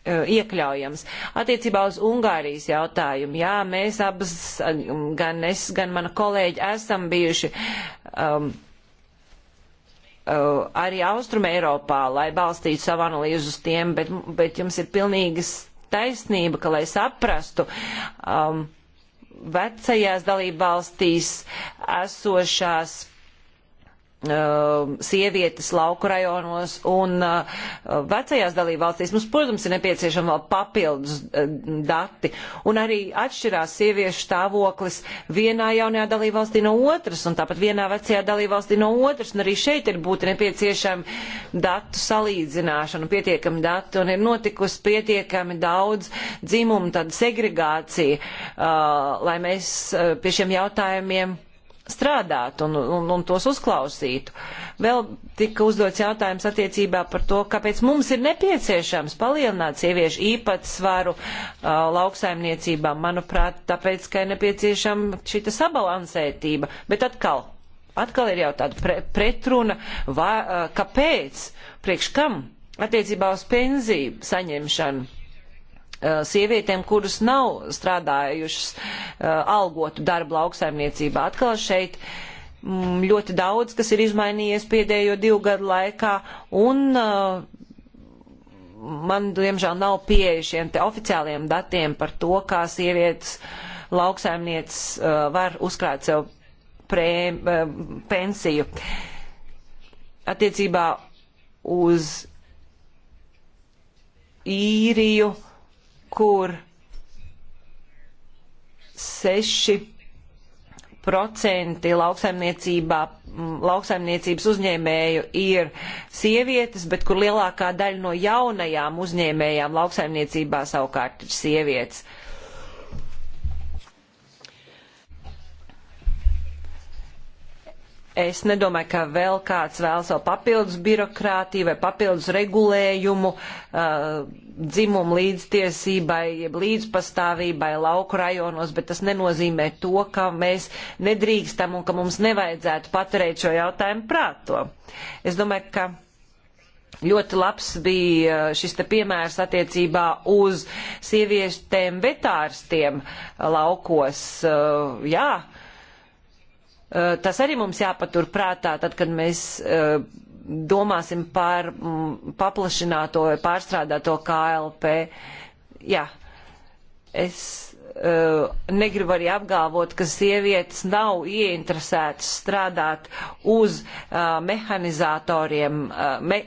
Eh, iekļaujams. Attiecībā uz Ungārijas jautājumu, jā, mēs abas, eh, gan es, gan mana kolēģi, esam bijuši um, uh, arī Austrum Eiropā, lai balstītu savu analīzu uz tiem, bet, bet jums ir pilnīga taisnība, ka, lai saprastu, um, vecajās dalībvalstīs esošās Um, sievietes lauku rajonos un uh, vecajās dalībvalstīs. Mums, protams, ir nepieciešama vēl papildus uh, dati. Un arī atšķirās sieviešu stāvoklis vienā jaunajā dalībvalstī no otras un tāpat vienā vecajā dalībvalstī no otras. Un arī šeit ir būti nepieciešama datu salīdzināšana, pietiekami dati un ir notikusi pietiekami daudz dzimumu, tāda segregācija, uh, lai mēs uh, pie šiem jautājumiem strādāt un, un, un tos uzklausītu. Vēl tika uzdots jautājums attiecībā par to, kāpēc mums ir nepieciešams palielināt sieviešu īpatsvaru uh, lauksaimniecībā. Manuprāt, tāpēc, ka ir nepieciešama šita sabalansētība. Bet atkal, atkal ir jau tāda pre, pretruna, va, uh, kāpēc, priekš kam attiecībā uz pensiju saņemšanu Eh, sievietēm, kuras nav strādājušas eh, algotu darbu lauksaimniecībā. Atkal šeit mm, ļoti daudz, kas ir izmainījies pēdējo divu gadu laikā, un eh, man, diemžēl, nav pieeja šiem te oficiāliem datiem par to, kā sievietes lauksaimnieces var uzkrāt sev prē, pensiju. Attiecībā uz īriju kur 6% lauksaimniecībā, lauksaimniecības uzņēmēju ir sievietes, bet kur lielākā daļa no jaunajām uzņēmējām lauksaimniecībā savukārt ir sievietes. Es nedomāju, ka vēl kāds vēlas vēl papildus birokrātiju vai papildus regulējumu. Uh, dzimumu līdztiesībai, jeb līdzpastāvībai lauku rajonos, bet tas nenozīmē to, ka mēs nedrīkstam un ka mums nevajadzētu paturēt šo jautājumu prāto. Es domāju, ka ļoti labs bija uh, šis te piemērs attiecībā uz sievietēm vetārstiem laukos. Uh, jā, uh, tas arī mums jāpatur prātā, tad, kad mēs domāsim par m, mm, paplašināto vai pārstrādāto KLP. Jā, es uh, negribu arī apgalvot, ka sievietes nav ieinteresētas strādāt uz uh, mehanizatoriem, uh, me,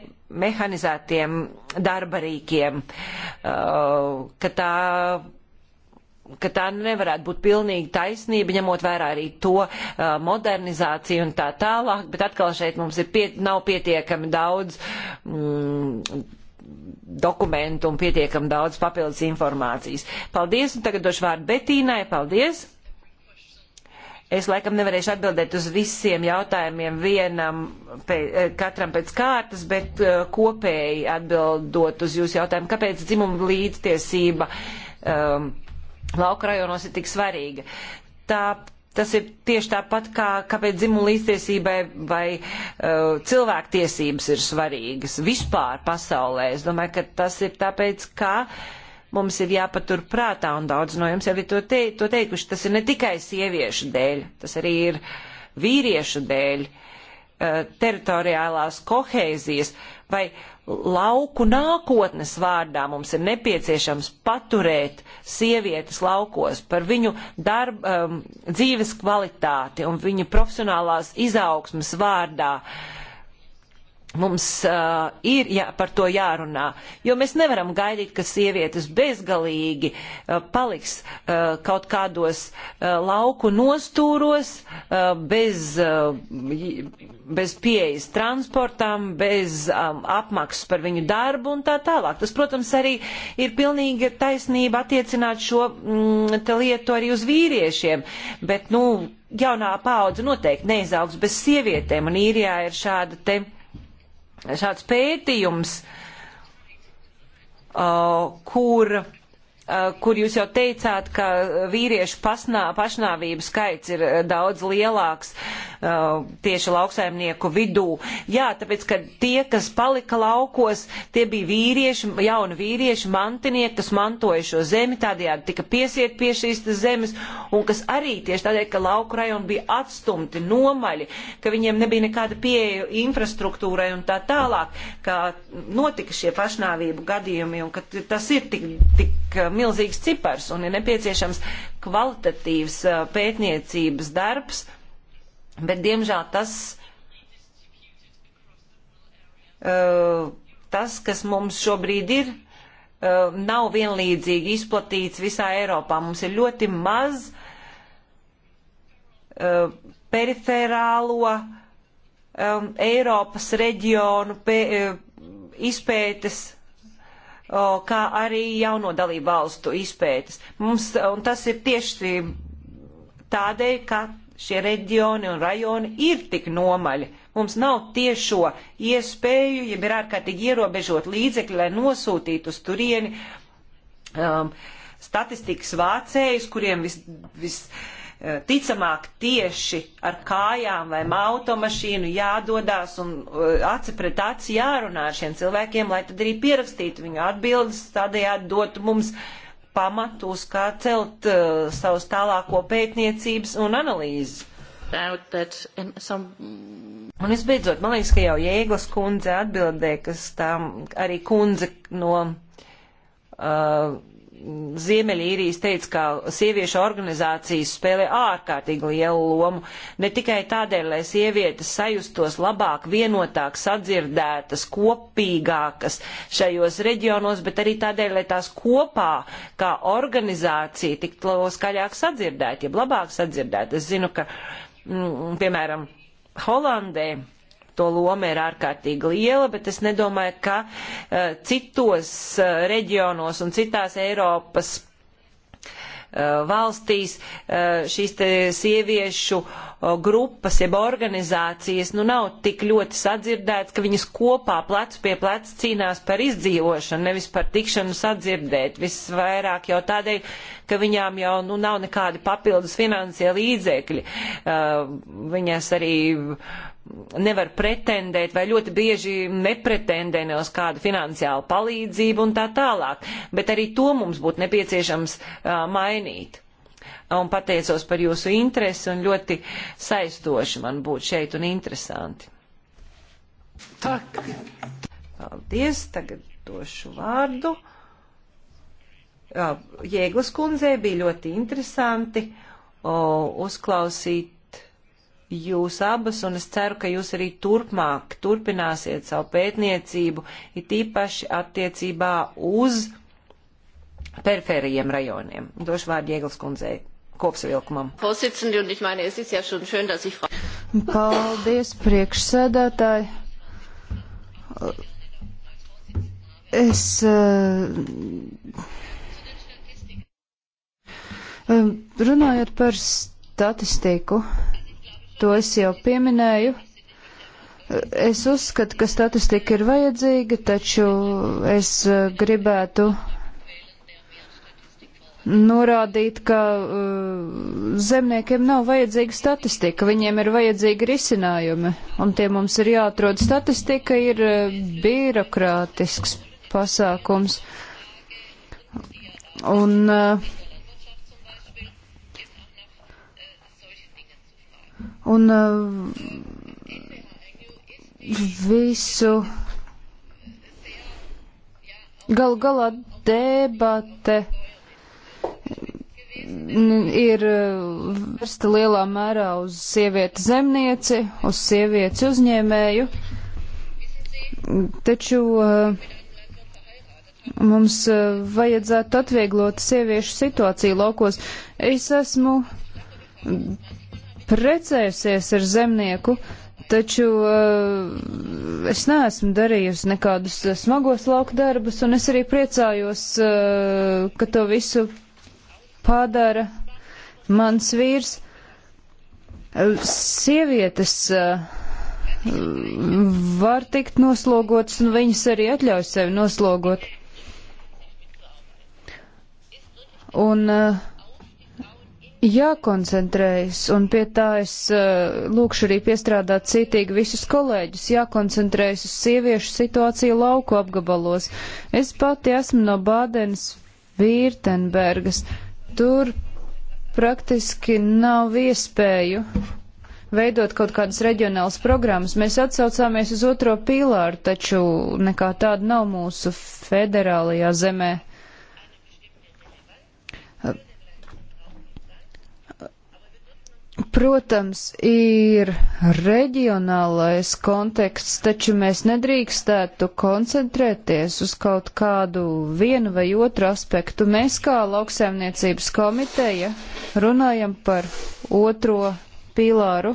mehanizētiem darbarīkiem, uh, ka tā ka tā nevarētu būt pilnīgi taisnība, ņemot vērā arī to uh, modernizāciju un tā tālāk, bet atkal šeit mums ir piet, nav pietiekami daudz mm, dokumentu un pietiekami daudz papildus informācijas. Paldies, un tagad došu vārdu Betīnai. Paldies! Es laikam nevarēšu atbildēt uz visiem jautājumiem vienam, pē, eh, katram pēc kārtas, bet uh, kopēji atbildot uz jūsu jautājumu, kāpēc dzimuma līdztiesība um, uh, lauka rajonos ir tik svarīga. Tā Tas ir tieši tāpat kā kāpēc dzimuma līdztiesībai vai uh, cilvēktiesības ir svarīgas vispār pasaulē. Es domāju, ka tas ir tāpēc, ka mums ir jāpatur prātā, un daudz no jums jau ir to, te, to teikuši, tas ir ne tikai sieviešu dēļ, tas arī ir vīriešu dēļ, uh, teritoriālās kohēzijas vai lauku nākotnes vārdā mums ir nepieciešams paturēt sievietes laukos par viņu darba, um, dzīves kvalitāti un viņu profesionālās izaugsmas vārdā. Uh, Mums uh, ir jā, par to jārunā, jo mēs nevaram gaidīt, ka sievietes bezgalīgi uh, paliks uh, kaut kādos uh, lauku nostūros, uh, bez, uh, bez pieejas transportam, bez um, apmaksas par viņu darbu un tā tālāk. Tas, protams, arī ir pilnīgi taisnība attiecināt šo mm, lietu arī uz vīriešiem, bet, nu, jaunā paudze noteikti neizaugs bez sievietēm, un īrijā ir šāda te šāds pētījums, uh, kur Eh, kur jūs jau teicāt, ka vīriešu pasnā, pašnāvību skaits ir eh, daudz lielāks eh, tieši lauksaimnieku vidū. Jā, tāpēc, ka tie, kas palika laukos, tie bija vīrieši, jauni vīrieši, mantinieki, kas mantoja šo zemi, tādējādi tika piesiet pie šīs zemes, un kas arī tieši tādēļ, ka lauku rajoni bija atstumti, nomaļi, ka viņiem nebija nekāda pieeja infrastruktūrai un tā tālāk, ka notika šie pašnāvību gadījumi, un ka tas ir tik, tik Eh, milzīgs cipars un ir nepieciešams kvalitatīvs eh, pētniecības darbs, bet diemžēl tas, eh, tas kas mums šobrīd ir, nav vienlīdzīgi izplatīts visā Eiropā. Mums ir ļoti maz periferālo Eiropas reģionu izpētes kā arī jauno dalību valstu izpētes. Mums, un tas ir tieši tādēļ, ka šie reģioni un rajoni ir tik nomaļi. Mums nav tiešo iespēju, ja ir ārkārtīgi ierobežot līdzekļi, lai nosūtītu uz turieni um, statistikas vācējus, kuriem vis, vis, uh, Eh, ticamāk tieši ar kājām vai automašīnu jādodās un eh, aci pret aci jārunā ar šiem cilvēkiem, lai tad arī pierakstītu viņu atbildes, tādējādi dotu mums pamatu uz kā celt uh, eh, savus tālāko pētniecības un analīzes. Some... Un visbeidzot, man liekas, ka jau Jēglas kundze atbildē, kas tam arī kundze no uh, Ziemeļīrijas teica, ka sieviešu organizācijas spēlē ārkārtīgi lielu lomu, ne tikai tādēļ, lai sievietes sajustos labāk, vienotāk, sadzirdētas, kopīgākas šajos reģionos, bet arī tādēļ, lai tās kopā kā organizācija tiktu skaļāk sadzirdēt, jeb labāk sadzirdēt. Es zinu, ka, mm, piemēram, Holandē to loma ir ārkārtīgi liela, bet es nedomāju, ka uh, citos uh, reģionos un citās Eiropas eh, valstīs šīs sieviešu grupas, jeb organizācijas, nu nav tik ļoti sadzirdētas, ka viņas kopā plecu pie pleca cīnās par izdzīvošanu, nevis par tikšanu sadzirdēt. Visvairāk jau tādēļ, ka viņām jau nu, nav nekādi papildus finansiāli līdzekļi. Viņas arī nevar pretendēt vai ļoti bieži nepretendē ne uz kādu finansiālu palīdzību un tā tālāk. Bet arī to mums būtu nepieciešams uh, mainīt. Un pateicos par jūsu interesi un ļoti saistoši man būt šeit un interesanti. Tak. Paldies, tagad došu vārdu. Jēglas kundzei bija ļoti interesanti o, uzklausīt jūs abas, un es ceru, ka jūs arī turpmāk turpināsiet savu pētniecību, it īpaši attiecībā uz perifērajiem rajoniem. Došu vārdu Jēglas kundzei kopsavilkumam. Paldies, priekšsēdētāji. Es. Uh, runājot par statistiku, to es jau pieminēju. Es uzskatu, ka statistika ir vajadzīga, taču es eh, gribētu norādīt, ka uh, zemniekiem nav vajadzīga statistika, viņiem ir vajadzīgi risinājumi, un tie mums ir jāatrod. Statistika ir uh, birokrātisks pasākums. Un, uh, un uh, visu. Galu galā debate ir uh, vērsta lielā mērā uz sievieti zemnieci, uz sievieti uzņēmēju. Taču uh, mums vajadzētu atvieglot sieviešu situāciju laukos. Es esmu precējusies ar zemnieku, taču uh, es neesmu darījusi nekādus smagos lauka darbus, un es arī priecājos, uh, ka to visu padara mans vīrs. Sievietes uh, var tikt noslogotas, un viņas arī atļauj sevi noslogot. Un uh, jākoncentrējas, un pie tā es uh, lūkšu arī piestrādāt cītīgi visus kolēģus, jākoncentrējas uz sieviešu situāciju lauku apgabalos. Es pati esmu no Bādenes Vīrtenbergas. Tur praktiski nav iespēju veidot kaut kādas reģionālas programmas. Mēs atsaucāmies uz otro pīlāru, taču nekā tāda nav mūsu federālajā zemē. Uh, Protams, ir reģionālais konteksts, taču mēs nedrīkstētu koncentrēties uz kaut kādu vienu vai otru aspektu. Mēs kā lauksēmniecības komiteja runājam par otro pīlāru.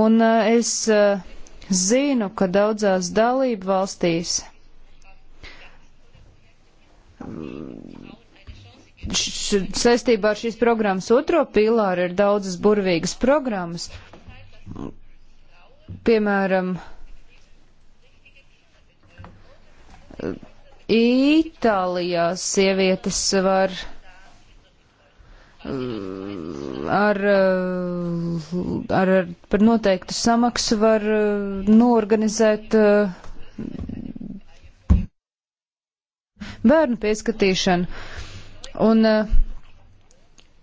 Un eh, es eh, zinu, ka daudzās dalību valstīs saistībā ar šīs programmas otro pilāru ir daudzas burvīgas programmas. Piemēram, Itālijā sievietes var ar, ar, ar par noteiktu samaksu var uh, norganizēt uh, bērnu pieskatīšanu. Un uh,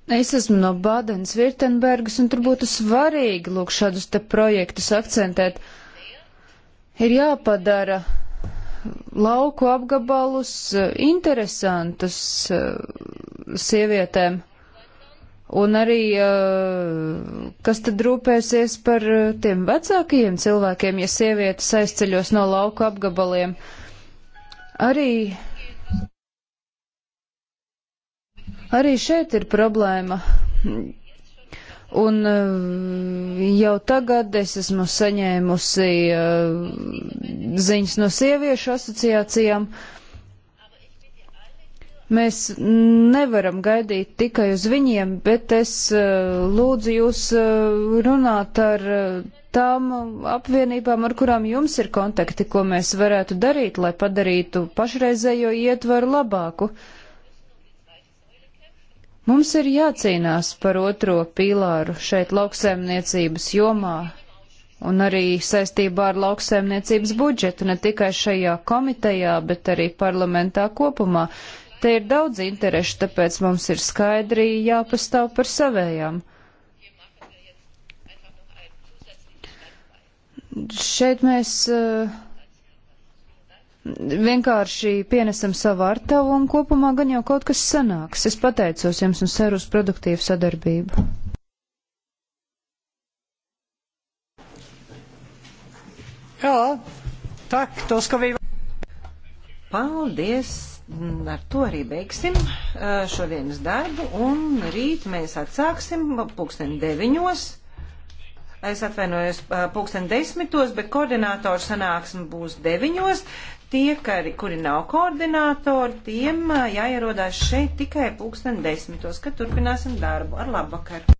es esmu no Badenas Virtenbergas, un tur būtu svarīgi, lūk, šādus te projektus akcentēt. Ir jāpadara lauku apgabalus eh, interesantus eh, sievietēm. Un arī, kas tad rūpēsies par tiem vecākajiem cilvēkiem, ja sievietes aizceļos no lauku apgabaliem? Arī Arī šeit ir problēma. Un eh, jau tagad es esmu saņēmusi eh, ziņas no sieviešu asociācijām. Mēs nevaram gaidīt tikai uz viņiem, bet es eh, lūdzu jūs runāt ar tām apvienībām, ar kurām jums ir kontakti, ko mēs varētu darīt, lai padarītu pašreizējo ietvaru labāku. Uh, Mums ir jācīnās par otro pīlāru šeit lauksaimniecības jomā un arī saistībā ar lauksaimniecības budžetu ne tikai šajā komitejā, bet arī parlamentā kopumā. Te ir daudz interešu, tāpēc mums ir skaidri jāpastāv par savējām. Šeit mēs uh, vienkārši pienesam savu artavu un kopumā gan jau kaut kas sanāks. Es pateicos jums un ceru uz produktīvu sadarbību. Jā, tak, to skavīju. Paldies! Ar to arī beigsim šodienas darbu un rīt mēs atsāksim pulksten deviņos. Es atvainojos pulksten desmitos, bet koordinātoru sanāksme būs deviņos. Tie, kari, kuri nav koordinātori, tiem jāierodās šeit tikai pulksten desmitos, kad turpināsim darbu. Ar labvakaru!